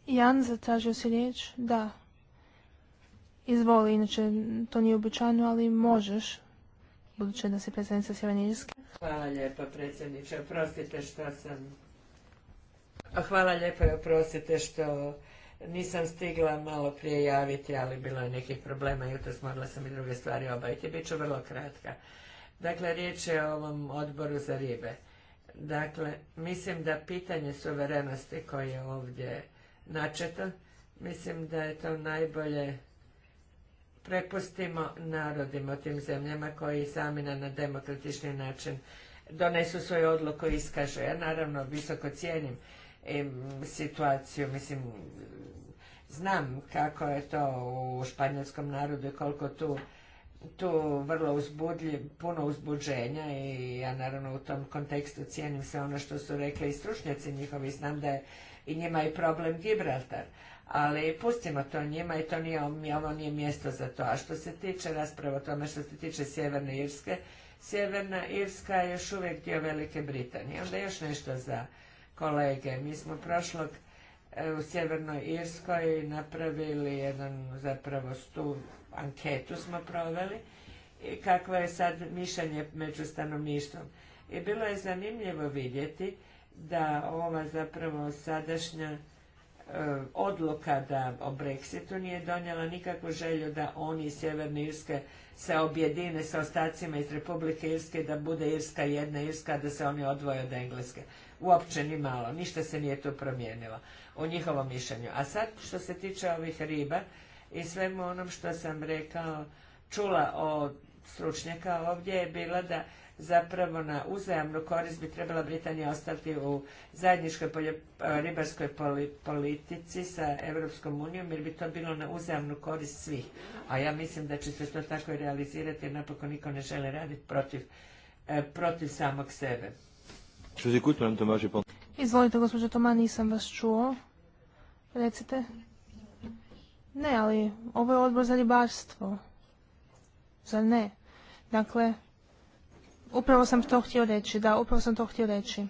Jan zatražio se riječ? Da. Izvoli, inače to nije običajno, ali možeš, budući da si predsjednica Sjevanijske. Hvala lijepa, predsjedniče. Oprostite što sam Hvala lijepo i oprostite što nisam stigla malo prije javiti, ali bilo je nekih problema, jutros morala sam i druge stvari obaviti, bit ću vrlo kratka. Dakle, riječ je o ovom odboru za ribe. Dakle, mislim da pitanje suverenosti koje je ovdje načeto, mislim da je to najbolje prepustimo narodima tim zemljama koji sami na, na demokratični način donesu svoju odluku i iskažu. Ja naravno visoko cijenim E, situaciju, mislim, znam kako je to u španjolskom narodu i koliko tu tu vrlo uzbudlje, puno uzbuđenja i ja naravno u tom kontekstu cijenim sve ono što su rekli i stručnjaci njihovi, znam da je i njima i problem Gibraltar, ali pustimo to njima i to nije, ovo nije mjesto za to. A što se tiče rasprava o tome, što se tiče Sjeverne Irske, Sjeverna Irska je još uvijek dio Velike Britanije. Onda još nešto za kolege. Mi smo prošlog e, u Sjevernoj Irskoj napravili jedan zapravo stu anketu smo proveli i kakvo je sad mišljenje među stanovništvom. I bilo je zanimljivo vidjeti da ova zapravo sadašnja e, odluka da o Brexitu nije donijela nikakvu želju da oni iz Sjeverne Irske se objedine sa ostacima iz Republike Irske da bude Irska jedna Irska, da se oni odvoje od Engleske uopće ni malo, ništa se nije tu promijenilo u njihovom mišljenju. A sad što se tiče ovih riba i svemu onom što sam rekao, čula od stručnjaka ovdje je bila da zapravo na uzajamnu korist bi trebala Britanija ostati u zajedničkoj e, ribarskoj politici sa Europskom unijom jer bi to bilo na uzajamnu korist svih. A ja mislim da će se to tako i realizirati jer napokon niko ne želi raditi protiv, e, protiv samog sebe. Izvolite, gospođo Toma, nisam vas čuo. Recite. Ne, ali ovo je odbor za ribarstvo. Zar ne? Dakle, upravo sam to htio reći. Da, upravo sam to htio reći.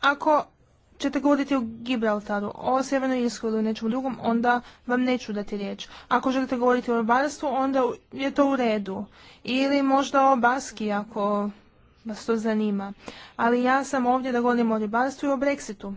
Ako ćete govoriti o Gibraltaru, o Sjevernoj Irsku ili nečemu drugom, onda vam neću dati riječ. Ako želite govoriti o ribarstvu, onda je to u redu. Ili možda o Baski, ako vas to zanima. Ali ja sam ovdje da govorim o ribarstvu i o Brexitu.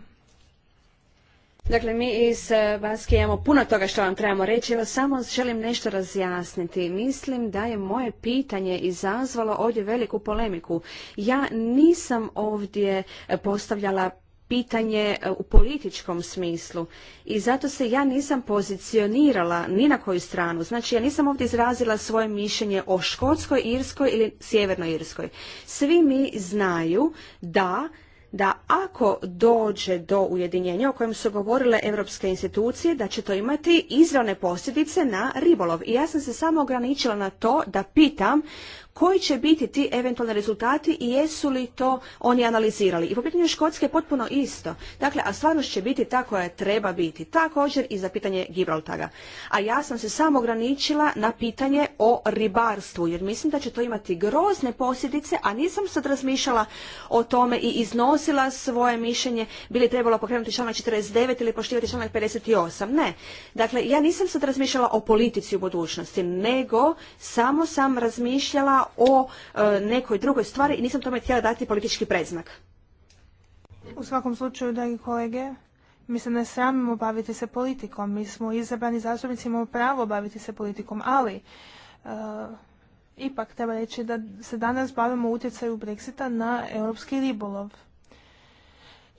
Dakle, mi iz eh, Baske imamo puno toga što vam trebamo reći, evo samo želim nešto razjasniti. Mislim da je moje pitanje izazvalo ovdje veliku polemiku. Ja nisam ovdje eh, postavljala pitanje e, u političkom smislu i zato se ja nisam pozicionirala ni na koju stranu. Znači ja nisam ovdje izrazila svoje mišljenje o Škotskoj, Irskoj ili Sjevernoj Irskoj. Svi mi znaju da da ako dođe do ujedinjenja o kojem su govorile europske institucije, da će to imati izravne posljedice na ribolov. I ja sam se samo ograničila na to da pitam koji će biti ti eventualni rezultati i jesu li to oni analizirali. I po pitanju Škotske je potpuno isto. Dakle, a stvarnost će biti ta koja treba biti. Također i za pitanje Gibraltara. A ja sam se samo ograničila na pitanje o ribarstvu, jer mislim da će to imati grozne posljedice, a nisam sad razmišljala o tome i iznosila svoje mišljenje, bili trebalo pokrenuti članak 49 ili poštivati članak 58. Ne. Dakle, ja nisam sad razmišljala o politici u budućnosti, nego samo sam razmišljala o e, nekoj drugoj stvari i nisam tome htjela dati politički predznak. U svakom slučaju, dragi kolege, mi se ne sramimo baviti se politikom. Mi smo izabrani zastupnici, imamo pravo baviti se politikom, ali e, ipak treba reći da se danas bavimo utjecaju Brexita na europski ribolov.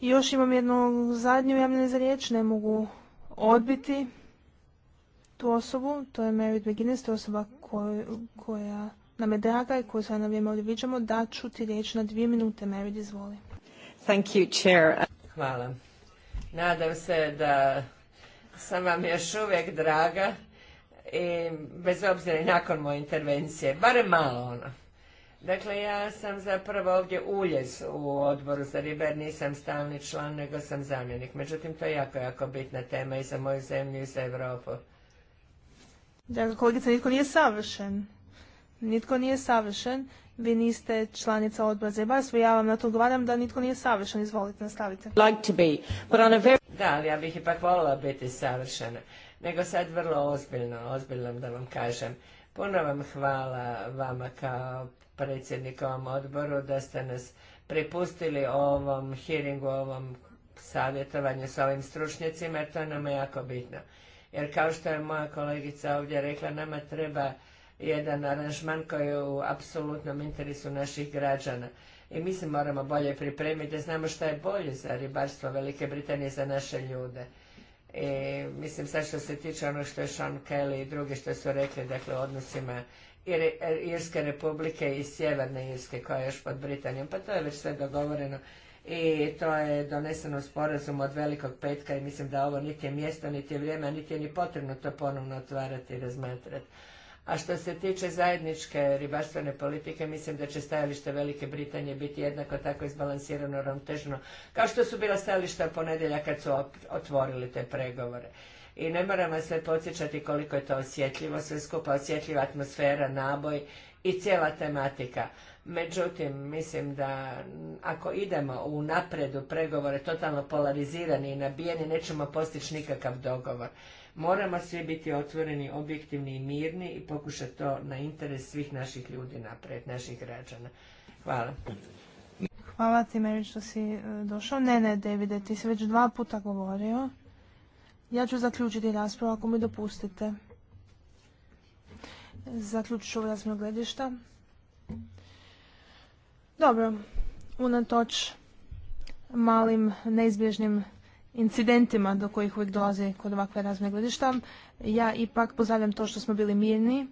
još imam jednu zadnju javnu za riječ, ne mogu odbiti tu osobu, to je Mary McGuinness, to je osoba koja nam je draga i koju sada na ovdje viđamo, da čuti ti riječ na dvije minute. Merid, izvoli. Thank you, chair. Hvala. Nadam se da sam vam još uvijek draga i bez obzira i nakon moje intervencije, barem malo ono. Dakle, ja sam zapravo ovdje uljez u odboru za riber, nisam stalni član, nego sam zamjenik. Međutim, to je jako, jako bitna tema i za moju zemlju i za Europu. Dakle, kolegica, nitko nije savršen. Nitko nije savršen. Vi niste članica odbora za ribarstvo. Ja vam na to odgovaram da nitko nije savršen. Izvolite, nastavite. Da, ali ja bih ipak volila biti savršena. Nego sad vrlo ozbiljno, ozbiljno da vam kažem. Puno vam hvala vama kao predsjednikovom odboru da ste nas prepustili ovom hearingu, ovom savjetovanju s ovim stručnjacima, jer to nam je jako bitno. Jer kao što je moja kolegica ovdje rekla, nama treba jedan aranžman koji je u apsolutnom interesu naših građana. I mi se moramo bolje pripremiti da znamo šta je bolje za ribarstvo Velike Britanije za naše ljude. I mislim sad što se tiče ono što je Sean Kelly i drugi što su rekli, dakle, odnosima Irske republike i Sjeverne Irske koja je još pod Britanijom, pa to je već sve dogovoreno i to je doneseno sporazum od velikog petka i mislim da ovo niti je mjesto, niti je vrijeme, niti je ni potrebno to ponovno otvarati i razmatrati. A što se tiče zajedničke ribarstvene politike, mislim da će stajalište Velike Britanije biti jednako tako izbalansirano, ravnotežno, kao što su bila stajališta ponedjelja kad su otvorili te pregovore. I ne moramo se podsjećati koliko je to osjetljivo, sve skupa osjetljiva atmosfera, naboj i cijela tematika. Međutim, mislim da ako idemo u napredu pregovore totalno polarizirani i nabijeni, nećemo postići nikakav dogovor. Moramo svi biti otvoreni, objektivni i mirni i pokušati to na interes svih naših ljudi napraviti, naših građana. Hvala. Hvala ti, što si e, došao. Ne, ne, Davide, ti si već dva puta govorio. Ja ću zaključiti raspravu ako mi dopustite. Zaključit ću ovaj gledišta. Dobro, unatoč malim neizbježnim incidentima do kojih uvijek dolazi kod ovakve razne gledišta. Ja ipak pozdravljam to što smo bili mirni,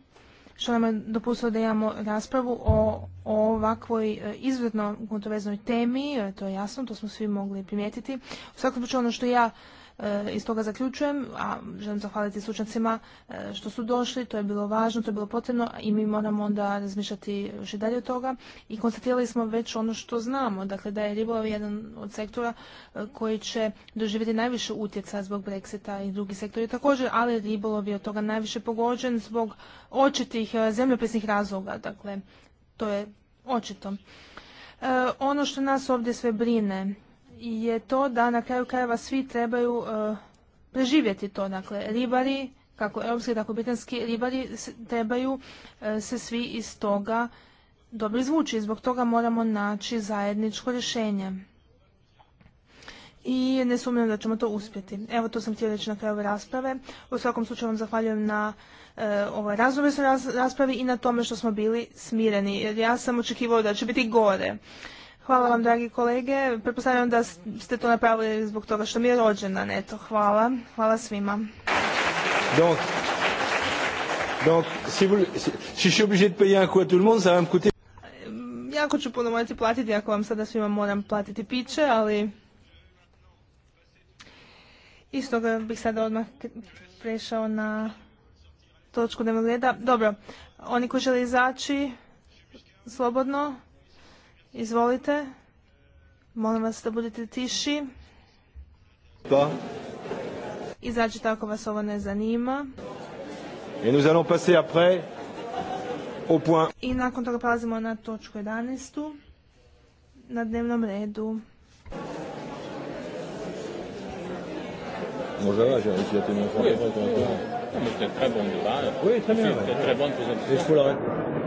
što nam je dopustilo da imamo raspravu o, ovakvoj e, izuzetno kontroverznoj temi, e, to je jasno, to smo svi mogli primijetiti. U svakom slučaju ono što ja E, iz toga zaključujem, a želim zahvaliti slučnicima e, što su došli, to je bilo važno, to je bilo potrebno i mi moramo onda razmišljati još i dalje od toga. I konstatirali smo već ono što znamo, dakle da je ribolov jedan od sektora e, koji će doživjeti najviše utjeca zbog Brexita i drugi sektori također, ali ribolov je od toga najviše pogođen zbog očitih zemljopisnih razloga, dakle to je očito. ono što nas ovdje sve brine je to da na kraju krajeva svi trebaju e, preživjeti to. Dakle, ribari, kako europski, tako britanski ribari trebaju e, se svi iz toga dobro izvući. Zbog toga moramo naći zajedničko rješenje. I ne sumnjam da ćemo to uspjeti. Evo, to sam htio reći na kraju ove rasprave. U svakom slučaju vam zahvaljujem na e, ovoj razumnoj raspravi i na tome što smo bili smireni. Jer ja sam očekivao da će biti gore. Hvala vam, dragi kolege. Pretpostavljam da ste to napravili zbog toga što mi je rođena, neto. Hvala. Hvala svima. Donc, Jako ću puno morati platiti ako vam sada svima moram platiti piće, ali... Isto ga bih sada odmah prešao na točku dnevnog Dobro, oni koji žele izaći slobodno, Izvolite. Molim vas da budete tiši. Pa. Izađite ako vas ovo ne zanima. Et nous allons passer après au point. I nakon toga prelazimo na točku 11. na dnevnom redu. Može da je j'ai réussi à Oui, oui, très bon débat. Oui, très bien. très bonne présentation. Il faut l'arrêter.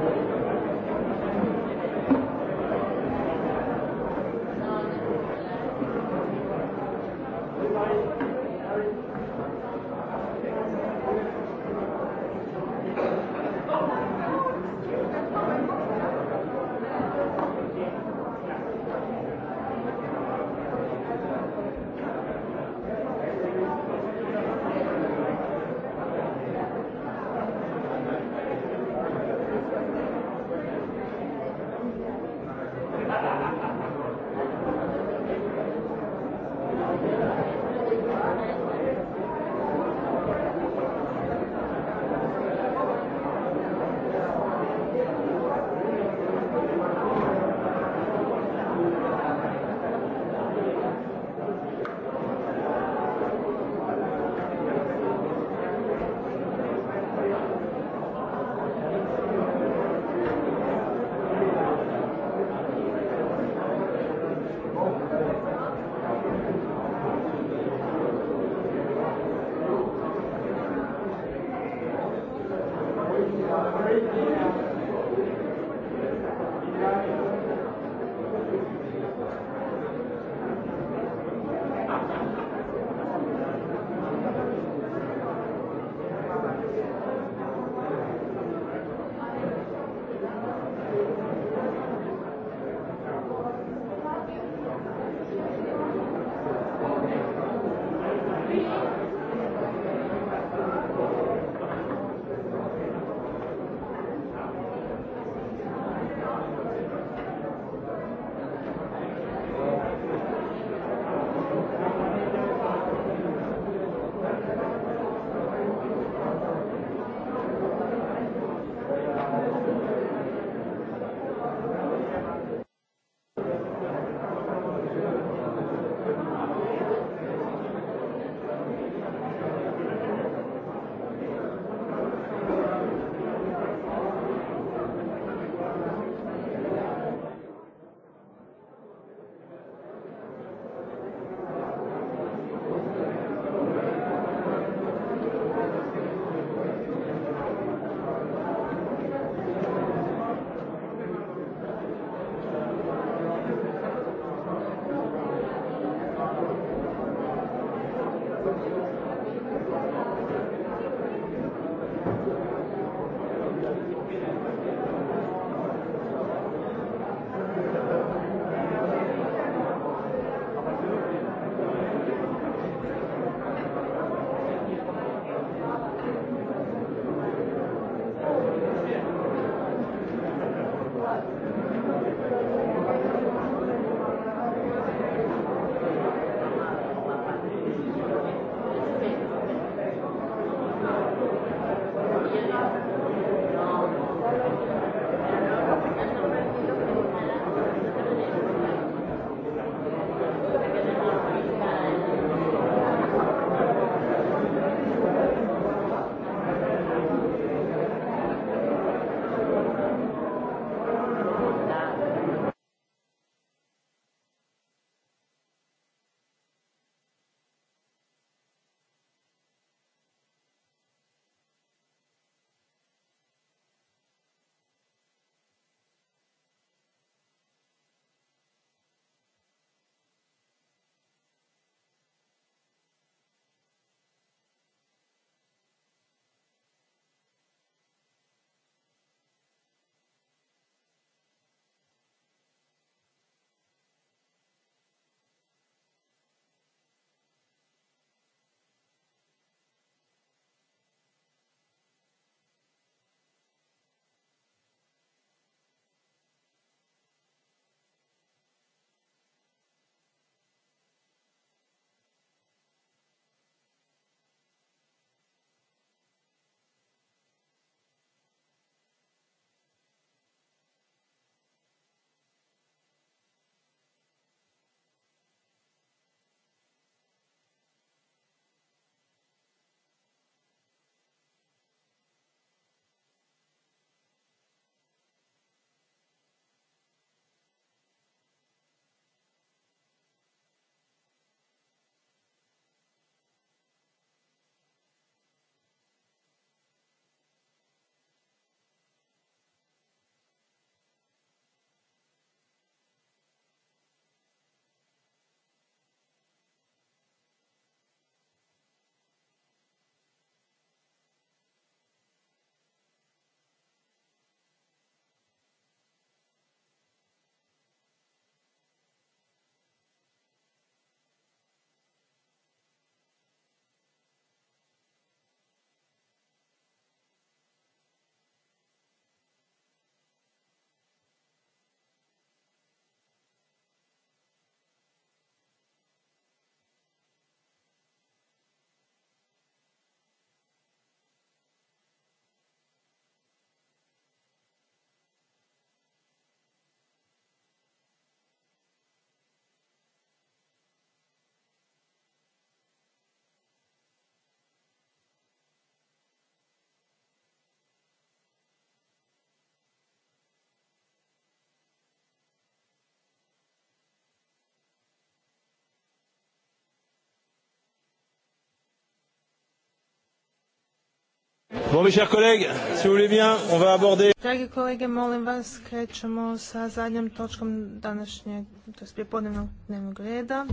Bon, mes chers collègues, si vous voulez bien, on va aborder... Dragi kolege, molim vas, krećemo sa zadnjom točkom današnje, to je prijepodnevnog dnevnog reda.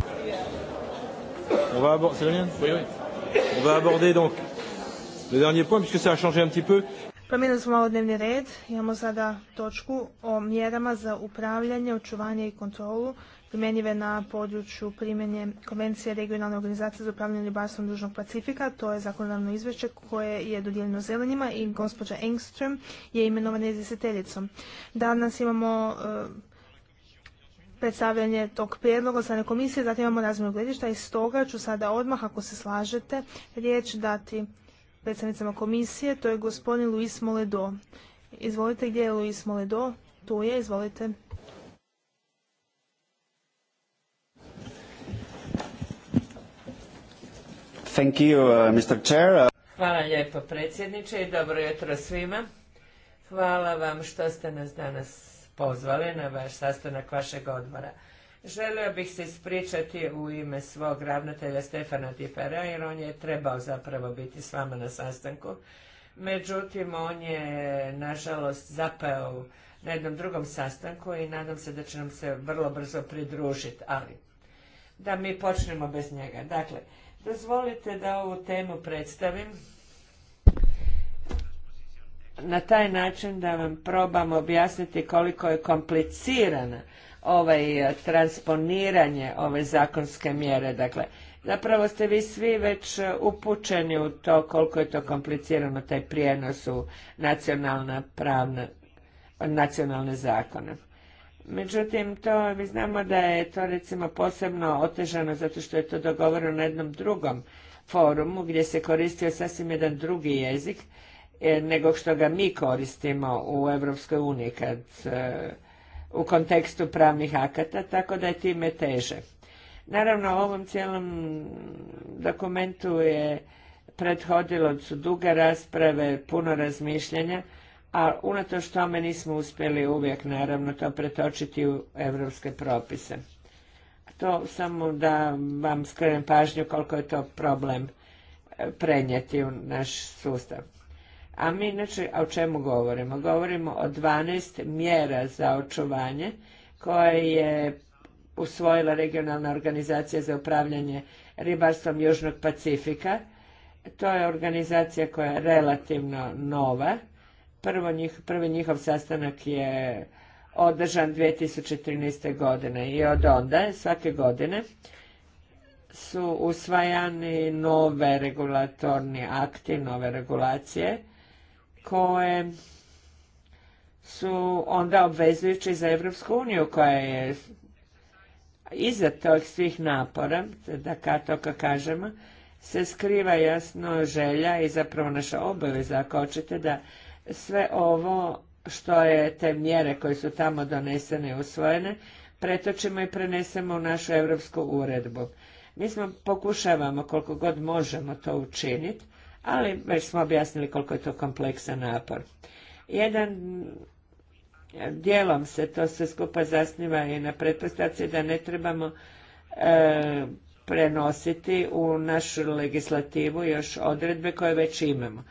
On va aborder, c'est bien Oui, oui. On va aborder donc le dernier point, puisque ça a changé un petit peu. Promijenili smo malo dnevni red, imamo sada točku o mjerama za upravljanje, očuvanje i kontrolu primjenjive na području primjenje Konvencije regionalne organizacije za upravljanje ribarstvom Dužnog Pacifika. To je zakonodavno izvješće koje je dodijeljeno zelenima i gospođa Engström je imenovana izvjestiteljicom. Danas imamo e, predstavljanje tog prijedloga od strane komisije, zatim imamo razmjenu gledišta i stoga ću sada odmah, ako se slažete, riječ dati predstavnicama komisije, to je gospodin Luis Moledo. Izvolite, gdje je Luis Moledo? Tu je, izvolite. Uh, uh, Hvala lijepo predsjedniče i dobro jutro svima. Hvala vam što ste nas danas pozvali na vaš sastanak vašeg odbora. Želio bih se ispričati u ime svog ravnatelja Stefana Tipera jer on je trebao zapravo biti s vama na sastanku. Međutim, on je nažalost zapeo na jednom drugom sastanku i nadam se da će nam se vrlo brzo pridružiti, ali da mi počnemo bez njega. Dakle, Dozvolite da ovu temu predstavim na taj način da vam probam objasniti koliko je komplicirana ovaj e, transponiranje ove zakonske mjere. Dakle, zapravo ste vi svi već e, upućeni u to koliko je to komplicirano taj prijenos u nacionalna nacionalne zakone. Međutim, to mi znamo da je to recimo posebno otežano zato što je to dogovoreno na jednom drugom forumu gdje se koristio sasvim jedan drugi jezik e, nego što ga mi koristimo u Europskoj uniji kad e, u kontekstu pravnih akata, tako da je time teže. Naravno, ovom cijelom dokumentu je prethodilo su duge rasprave, puno razmišljanja a unatoč tome nismo uspjeli uvijek naravno to pretočiti u evropske propise. To samo da vam skrenem pažnju koliko je to problem e, prenijeti u naš sustav. A mi inače o čemu govorimo? Govorimo o 12 mjera za očuvanje koje je usvojila regionalna organizacija za upravljanje ribarstvom Južnog Pacifika. To je organizacija koja je relativno nova njih, prvi njihov sastanak je održan 2013. godine i od onda svake godine su usvajani nove regulatorni akti, nove regulacije koje su onda obvezujući za Evropsku uniju koja je iza tog svih napora, da ka kažemo, se skriva jasno želja i zapravo naša obaveza ako hoćete da sve ovo što je te mjere koje su tamo donesene i usvojene, pretočimo i prenesemo u našu europsku uredbu. Mi smo pokušavamo koliko god možemo to učiniti, ali već smo objasnili koliko je to kompleksan napor. Jedan dijelom se to sve skupa zasniva i na pretpostavci da ne trebamo e, prenositi u našu legislativu još odredbe koje već imamo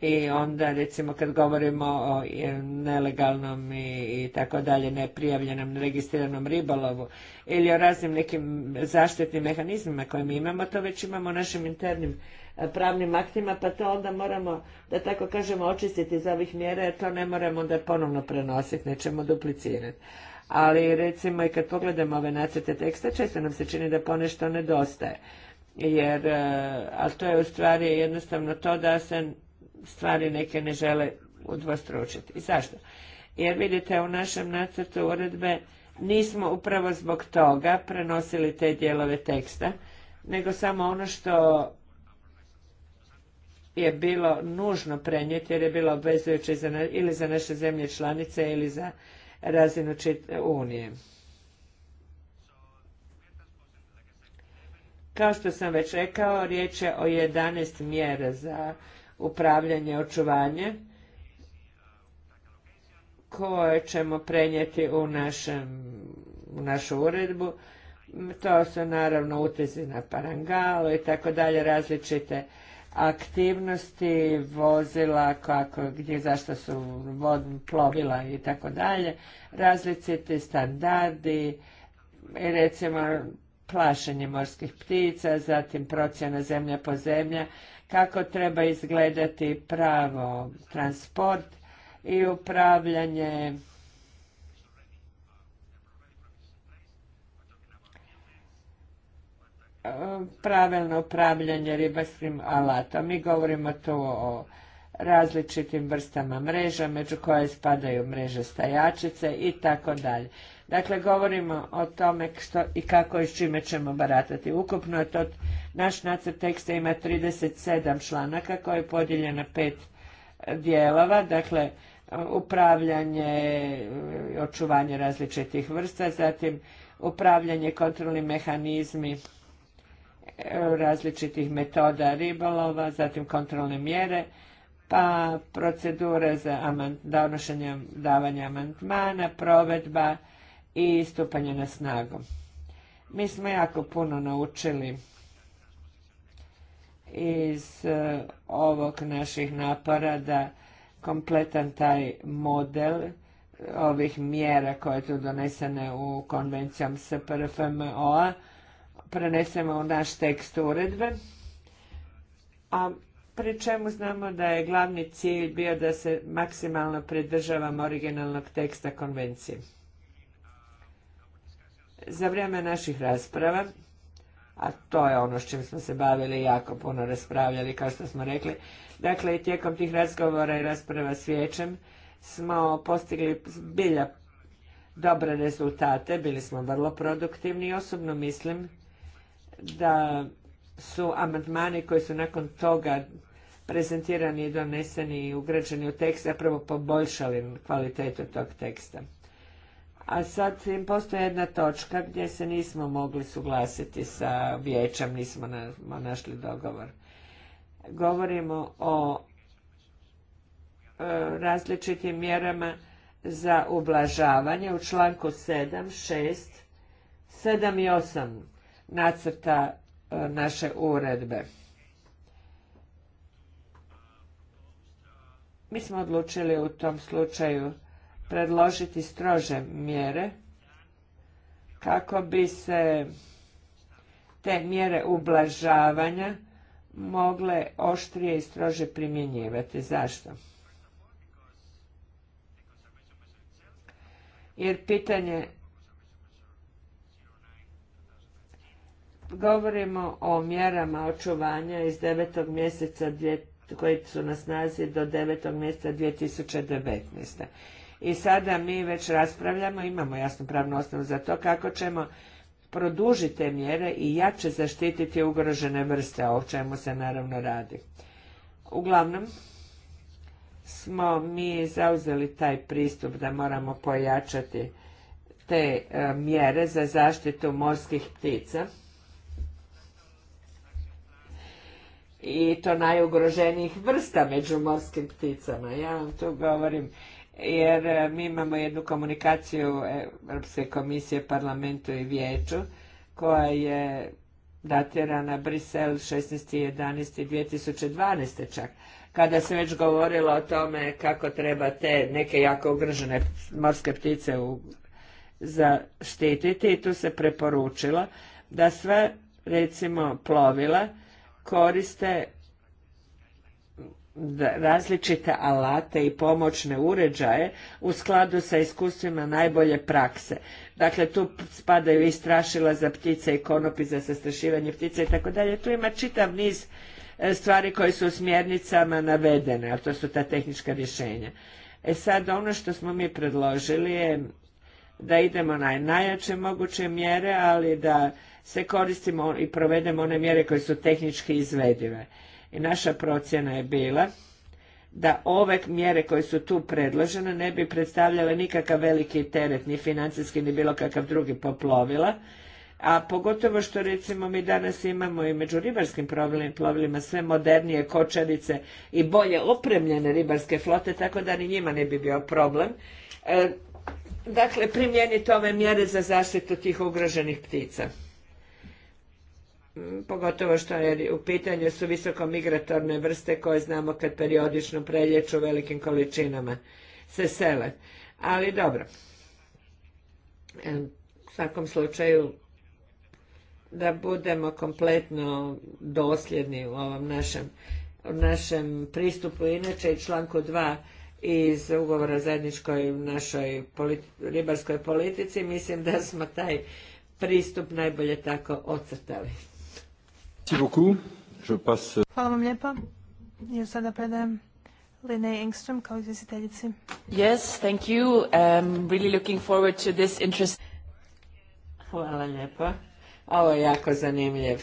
i onda recimo kad govorimo o nelegalnom i, tako dalje neprijavljenom, registriranom ribolovu ili o raznim nekim zaštitnim mehanizmima koje mi imamo, to već imamo u našim internim e, pravnim aktima, pa to onda moramo, da tako kažemo, očistiti iz ovih mjera, jer to ne moramo onda ponovno prenositi, nećemo duplicirati. Ali recimo i kad pogledamo ove nacrte teksta, često nam se čini da ponešto nedostaje. Jer, e, ali to je u stvari jednostavno to da se stvari neke ne žele udvostručiti. I zašto? Jer vidite u našem nacrtu uredbe nismo upravo zbog toga prenosili te dijelove teksta, nego samo ono što je bilo nužno prenijeti jer je bilo obvezujuće ili za naše zemlje članice ili za razinu Unije. Kao što sam već rekao, riječ je o 11 mjera za upravljanje, očuvanje koje ćemo prenijeti u, našem, u našu uredbu. To su naravno utezi na parangalu i tako dalje, različite aktivnosti vozila, kako, gdje, zašto su plovila i tako dalje, različiti standardi, recimo plašenje morskih ptica, zatim procjena zemlja po zemlja, kako treba izgledati pravo transport i upravljanje pravilno upravljanje ribarskim alatom. Mi govorimo tu o različitim vrstama mreža, među koje spadaju mreže stajačice i tako dalje. Dakle, govorimo o tome što i kako i s čime ćemo baratati. Ukupno je to, naš nacrt teksta ima 37 članaka koji je podijeljen na pet e, dijelova, dakle, upravljanje, e, očuvanje različitih vrsta, zatim upravljanje kontrolni mehanizmi e, različitih metoda ribolova, zatim kontrolne mjere, pa procedure za donošenje davanja amandmana, provedba i stupanje na snagu. Mi smo jako puno naučili iz e, ovog naših napora da kompletan taj model e, ovih mjera koje su donesene u konvencijom SPRFMO-a prenesemo u naš tekst uredbe, a pri čemu znamo da je glavni cilj bio da se maksimalno pridržavamo originalnog teksta konvencije. Za vrijeme naših rasprava, a to je ono s čim smo se bavili, jako puno raspravljali, kao što smo rekli, dakle i tijekom tih razgovora i rasprava s vijećem smo postigli bilja dobre rezultate, bili smo vrlo produktivni i osobno mislim da su amandmani koji su nakon toga prezentirani i doneseni i ugrađeni u tekst zapravo poboljšali kvalitetu tog teksta a sad im postoji jedna točka gdje se nismo mogli suglasiti sa vijećem, nismo našli dogovor. Govorimo o e, različitim mjerama za ublažavanje u članku 7, 6, 7 i 8 nacrta e, naše uredbe. Mi smo odlučili u tom slučaju predložiti strože mjere kako bi se te mjere ublažavanja mogle oštrije i strože primjenjivati. Zašto? Jer pitanje govorimo o mjerama očuvanja iz devetog mjeseca koji su na snazi do devetog mjeseca 2019 i sada mi već raspravljamo, imamo jasnu pravnu osnovu za to kako ćemo produžiti te mjere i jače zaštititi ugrožene vrste, o čemu se naravno radi. Uglavnom smo mi zauzeli taj pristup da moramo pojačati te e, mjere za zaštitu morskih ptica. I to najugroženijih vrsta među morskim pticama. Ja vam tu govorim jer e, mi imamo jednu komunikaciju Europske komisije, parlamentu i vijeću koja je datirana Brisel 16.11.2012. čak, kada se već govorilo o tome kako treba te neke jako ugrožene morske ptice u, zaštititi i tu se preporučilo da sve recimo plovila koriste različite alate i pomoćne uređaje u skladu sa iskustvima najbolje prakse. Dakle, tu spadaju i strašila za ptice i konopi za sastrašivanje ptica i tako dalje. Tu ima čitav niz e, stvari koje su u smjernicama navedene, a to su ta tehnička rješenja. E sad, ono što smo mi predložili je da idemo na najjače moguće mjere, ali da se koristimo i provedemo one mjere koje su tehnički izvedive. I naša procjena je bila da ove mjere koje su tu predložene ne bi predstavljale nikakav veliki teret, ni financijski, ni bilo kakav drugi poplovila, a pogotovo što recimo mi danas imamo i među ribarskim plovilima sve modernije kočarice i bolje opremljene ribarske flote, tako da ni njima ne bi bio problem. E, dakle, primijeniti ove mjere za zaštitu tih ugroženih ptica pogotovo što je u pitanju su visoko migratorne vrste koje znamo kad periodično preljeću velikim količinama se sele. Ali dobro, e, u svakom slučaju da budemo kompletno dosljedni u ovom našem, pristupu. Inače i članku 2 iz ugovora zajedničkoj našoj ribarskoj politici mislim da smo taj pristup najbolje tako ocrtali. Euh, Hvala vam lijepa. Ja sada predajem Lene Engström kao izvjestiteljici. Yes, thank you. I'm um, really looking forward to this interest. Hvala lijepa. Ovo je jako zanimljiv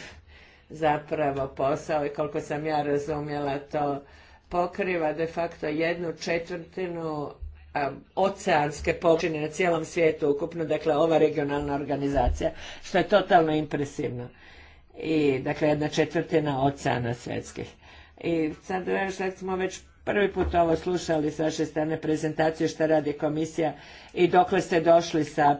zapravo posao i koliko sam ja razumjela to pokriva de facto jednu četvrtinu um, oceanske površine na cijelom svijetu ukupno, dakle ova regionalna organizacija, što je totalno impresivno i dakle jedna četvrtina oceana svjetskih. I sad smo već prvi put ovo slušali s vaše strane prezentacije što radi komisija i dokle ste došli sa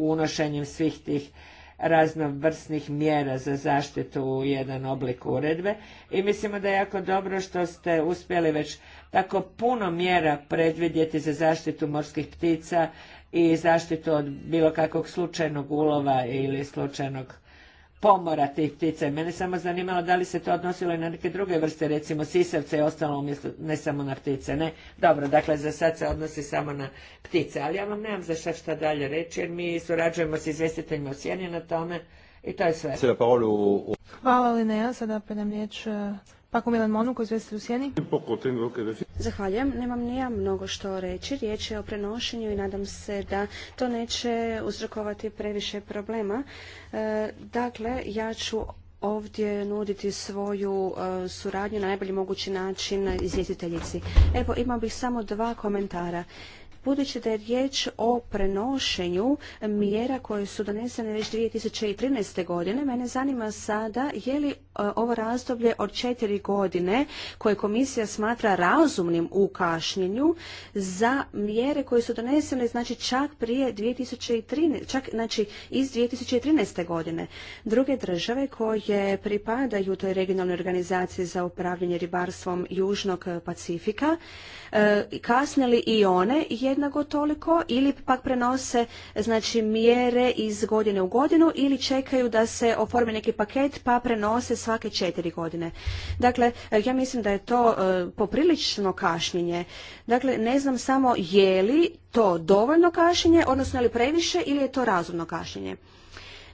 unošenjem svih tih raznovrsnih mjera za zaštitu u jedan oblik uredbe i mislimo da je jako dobro što ste uspjeli već tako puno mjera predvidjeti za zaštitu morskih ptica i zaštitu od bilo kakvog slučajnog ulova ili slučajnog pomora tih ptica. Mene samo zanimalo da li se to odnosilo i na neke druge vrste, recimo sisavce i ostalo umjesto, ne samo na ptice, ne? Dobro, dakle, za sad se odnosi samo na ptice, ali ja vam nemam za šta šta dalje reći, jer mi surađujemo s izvjestiteljima o Sjeni na tome i to je sve. Hvala sada predam riječ Zahvaljujem. Nemam ni mnogo što reći. Riječ je o prenošenju i nadam se da to neće uzrokovati previše problema. E, dakle, ja ću ovdje nuditi svoju e, suradnju na najbolji mogući način izvjestiteljici. Evo, imao bih samo dva komentara budući da je riječ o prenošenju mjera koje su donesene već 2013. godine. Mene zanima sada je li e, ovo razdoblje od četiri godine koje komisija smatra razumnim u kašnjenju za mjere koje su donesene znači čak prije 2013, čak znači iz 2013. godine. Druge države koje pripadaju toj regionalnoj organizaciji za upravljanje ribarstvom Južnog Pacifika E, kasne li i one jednako toliko ili pak prenose znači mjere iz godine u godinu ili čekaju da se oformi neki paket pa prenose svake četiri godine. Dakle, e, ja mislim da je to e, poprilično kašnjenje. Dakle, ne znam samo je li to dovoljno kašnjenje, odnosno je li previše ili je to razumno kašnjenje.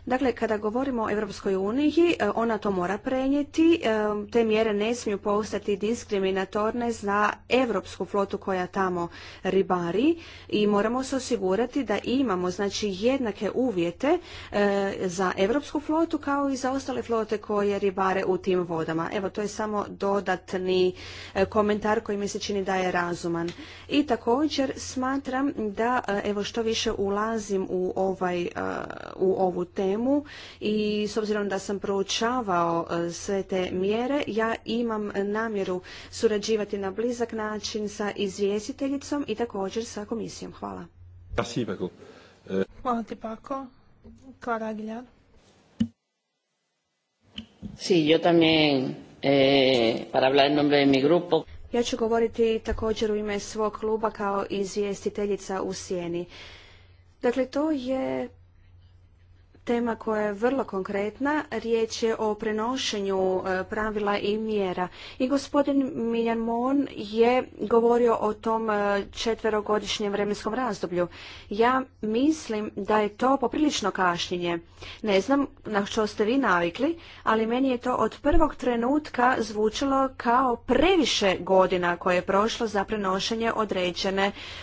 Dakle, kada govorimo o Europskoj uniji, e, ona to mora prenijeti. E, te mjere ne smiju postati diskriminatorne za europsku flotu koja tamo ribari i moramo se osigurati da imamo znači jednake uvjete e, za europsku flotu kao i za ostale flote koje ribare u tim vodama. Evo, to je samo dodatni komentar koji mi se čini da je razuman. I također smatram da evo što više ulazim u ovaj u ovu temu i s obzirom da sam proučavao e, sve te mjere, ja imam namjeru surađivati na blizak način sa izvjestiteljicom i također sa komisijom. Hvala. E, Hvala ti, Pako. Klara yo también, eh, para hablar en nombre de mi grupo. Ja ću govoriti također u ime svog kluba kao izvjestiteljica u Sjeni. Dakle, to je tema koja je vrlo konkretna. Riječ je o prenošenju e, pravila i mjera. I gospodin Miljan Mon je govorio o tom e, četverogodišnjem vremenskom razdoblju. Ja mislim da je to poprilično kašnjenje. Ne znam na što ste vi navikli, ali meni je to od prvog trenutka zvučalo kao previše godina koje je prošlo za prenošenje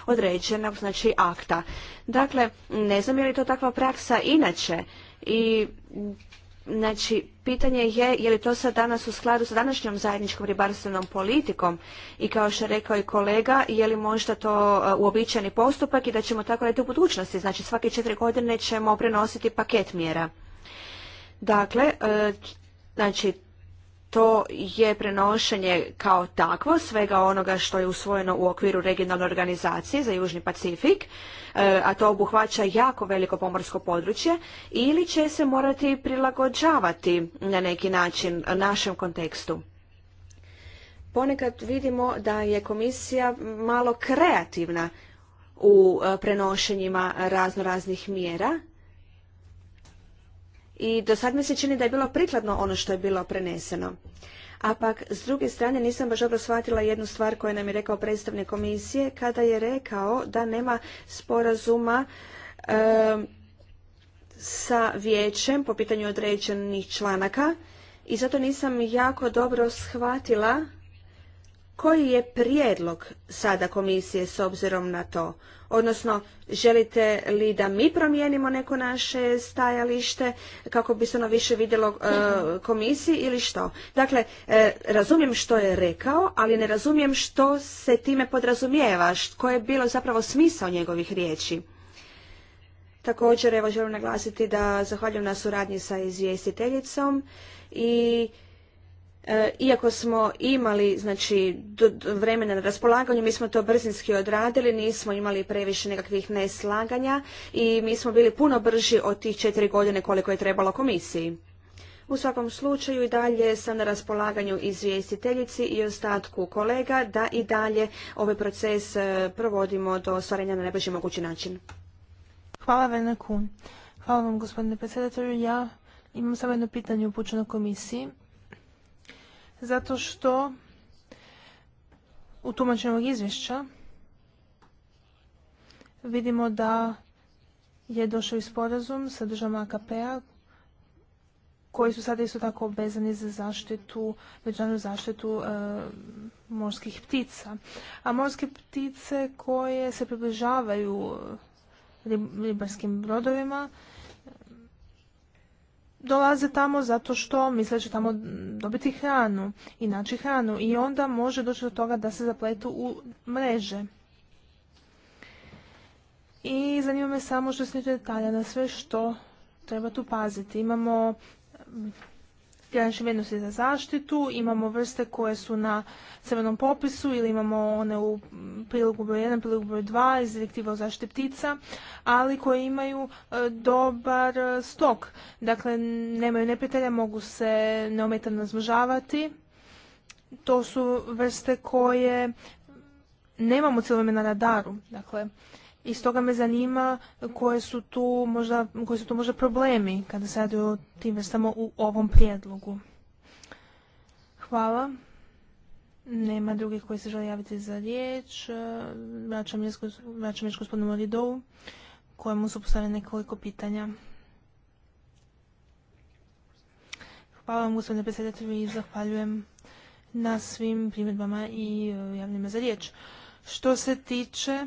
određenog znači akta. Dakle, ne znam je li to takva praksa inače i Znači, pitanje je je li to sad danas u skladu sa današnjom zajedničkom ribarstvenom politikom i kao što je rekao i kolega, je li možda to uh, uobičajeni postupak i da ćemo tako raditi u budućnosti. Znači, svake četiri godine ćemo prenositi paket mjera. Dakle, uh, znači, to je prenošenje kao takvo svega onoga što je usvojeno u okviru regionalne organizacije za Južni Pacifik, e, a to obuhvaća jako veliko pomorsko područje, ili će se morati prilagođavati na neki način našem kontekstu. Ponekad vidimo da je komisija malo kreativna u e, prenošenjima raznoraznih mjera, i do sad mi se čini da je bilo prikladno ono što je bilo preneseno. A pak, s druge strane, nisam baš dobro shvatila jednu stvar koju nam je rekao predstavnik komisije kada je rekao da nema sporazuma sa vijećem po pitanju određenih članaka i zato nisam jako dobro shvatila koji je prijedlog sada komisije s obzirom na to? Odnosno, želite li da mi promijenimo neko naše stajalište kako bi se ono više vidjelo e, komisiji ili što? Dakle, e, razumijem što je rekao, ali ne razumijem što se time podrazumijeva, koji je bilo zapravo smisao njegovih riječi. Također, evo, želim naglasiti da zahvaljujem na suradnji sa izvjestiteljicom i E, iako smo imali znači vremena na raspolaganju, mi smo to brzinski odradili, nismo imali previše nekakvih neslaganja i mi smo bili puno brži od tih četiri godine koliko je trebalo komisiji. U svakom slučaju i dalje sam na raspolaganju izvjestiteljici i ostatku kolega da i dalje ovaj proces e, provodimo do ostvarenja na najbolji mogući način. Hvala Hvala vam gospodine predsjedatelju. Ja imam samo jedno pitanje upućeno komisiji zato što u tumačenju ovog izvješća vidimo da je došao i sporazum sa državama AKP-a koji su sada isto tako obezani za zaštitu, međunarodnu zaštitu e, morskih ptica. A morske ptice koje se približavaju ribarskim brodovima dolaze tamo zato što misle će tamo dobiti hranu i naći hranu i onda može doći do toga da se zapletu u mreže. I zanima me samo što se detalja na sve što treba tu paziti. Imamo granične vrijednosti za zaštitu, imamo vrste koje su na crvenom popisu ili imamo one u prilogu broj 1, prilogu broj 2 iz direktiva o zaštiti ptica, ali koje imaju e, dobar e, stok. Dakle, nemaju neprijatelja, mogu se neometano razmnožavati. To su vrste koje nemamo vrijeme na radaru. Dakle, i stoga me zanima koje su tu možda, koji su tu možda problemi kada se radi o tim vrstama u ovom prijedlogu. Hvala. Nema drugih koji se žele javiti za riječ. Vraćam riječ gospodinu Moridovu kojemu su postavljene nekoliko pitanja. Hvala vam gospodine predsjedatelju i zahvaljujem na svim primjedbama i e, javnima za riječ. Što se tiče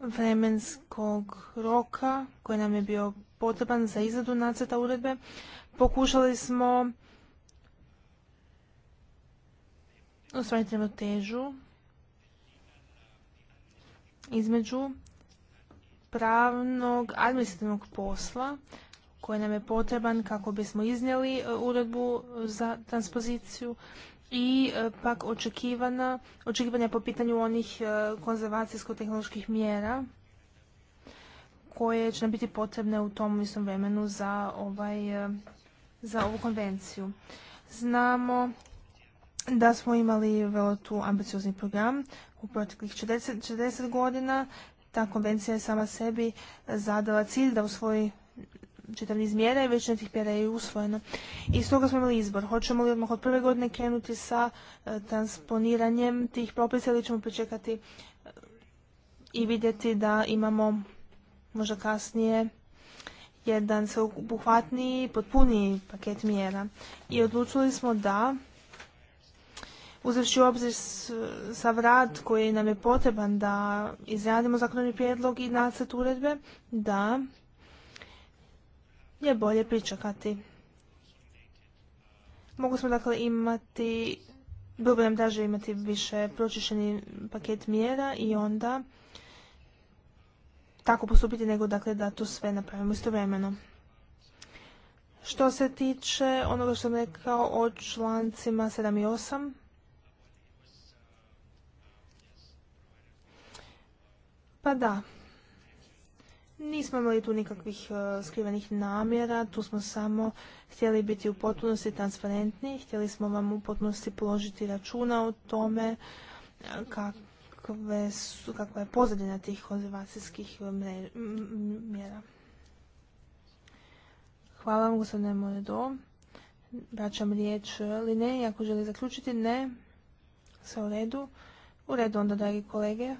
vremenskog roka koji nam je bio potreban za izradu nacrta uredbe. Pokušali smo ostvariti ravnotežu između pravnog administrativnog posla koji nam je potreban kako bismo iznijeli e, uredbu za transpoziciju i e, pak očekivana, očekivanja po pitanju onih e, konzervacijsko-tehnoloških mjera koje će nam biti potrebne u tom istom vremenu za, ovaj, e, za ovu konvenciju. Znamo da smo imali vrlo tu ambiciozni program u proteklih 40, 40 godina. Ta konvencija je sama sebi zadala cilj da u svoj čitav niz mjera i većina tih mjera je usvojeno. I stoga smo imali izbor. Hoćemo li odmah od prve godine krenuti sa e, transponiranjem tih propisa ili ćemo pričekati e, i vidjeti da imamo možda kasnije jedan sveobuhvatniji, potpuniji paket mjera. I odlučili smo da uzevši obzir sa vrat koji nam je potreban da izradimo zakonodavni prijedlog i nacrt uredbe, da je bolje pričekati. Mogu smo dakle imati, bilo bi nam draže imati više pročišćeni paket mjera i onda tako postupiti nego dakle da to sve napravimo istovremeno. Što se tiče onoga što sam rekao o člancima 7 i 8, pa da, Nismo imali tu nikakvih e, skrivenih namjera, tu smo samo htjeli biti u potpunosti transparentni, htjeli smo vam u potpunosti položiti računa o tome e, kakva je pozadina tih konzervacijskih e, mjera. Hvala vam, gospodine Moredo. Vraćam riječ Lineji, ako želi zaključiti, ne. Sve u redu. U redu onda, dragi kolege.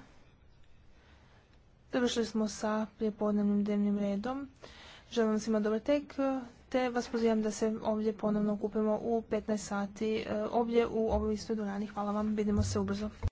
Završili smo sa prijepodnevnim dnevnim redom. Želim vam svima dobar tek, te vas pozivam da se ovdje ponovno kupimo u 15 sati, e, ovdje u ovoj istoj dvorani. Hvala vam, vidimo se ubrzo.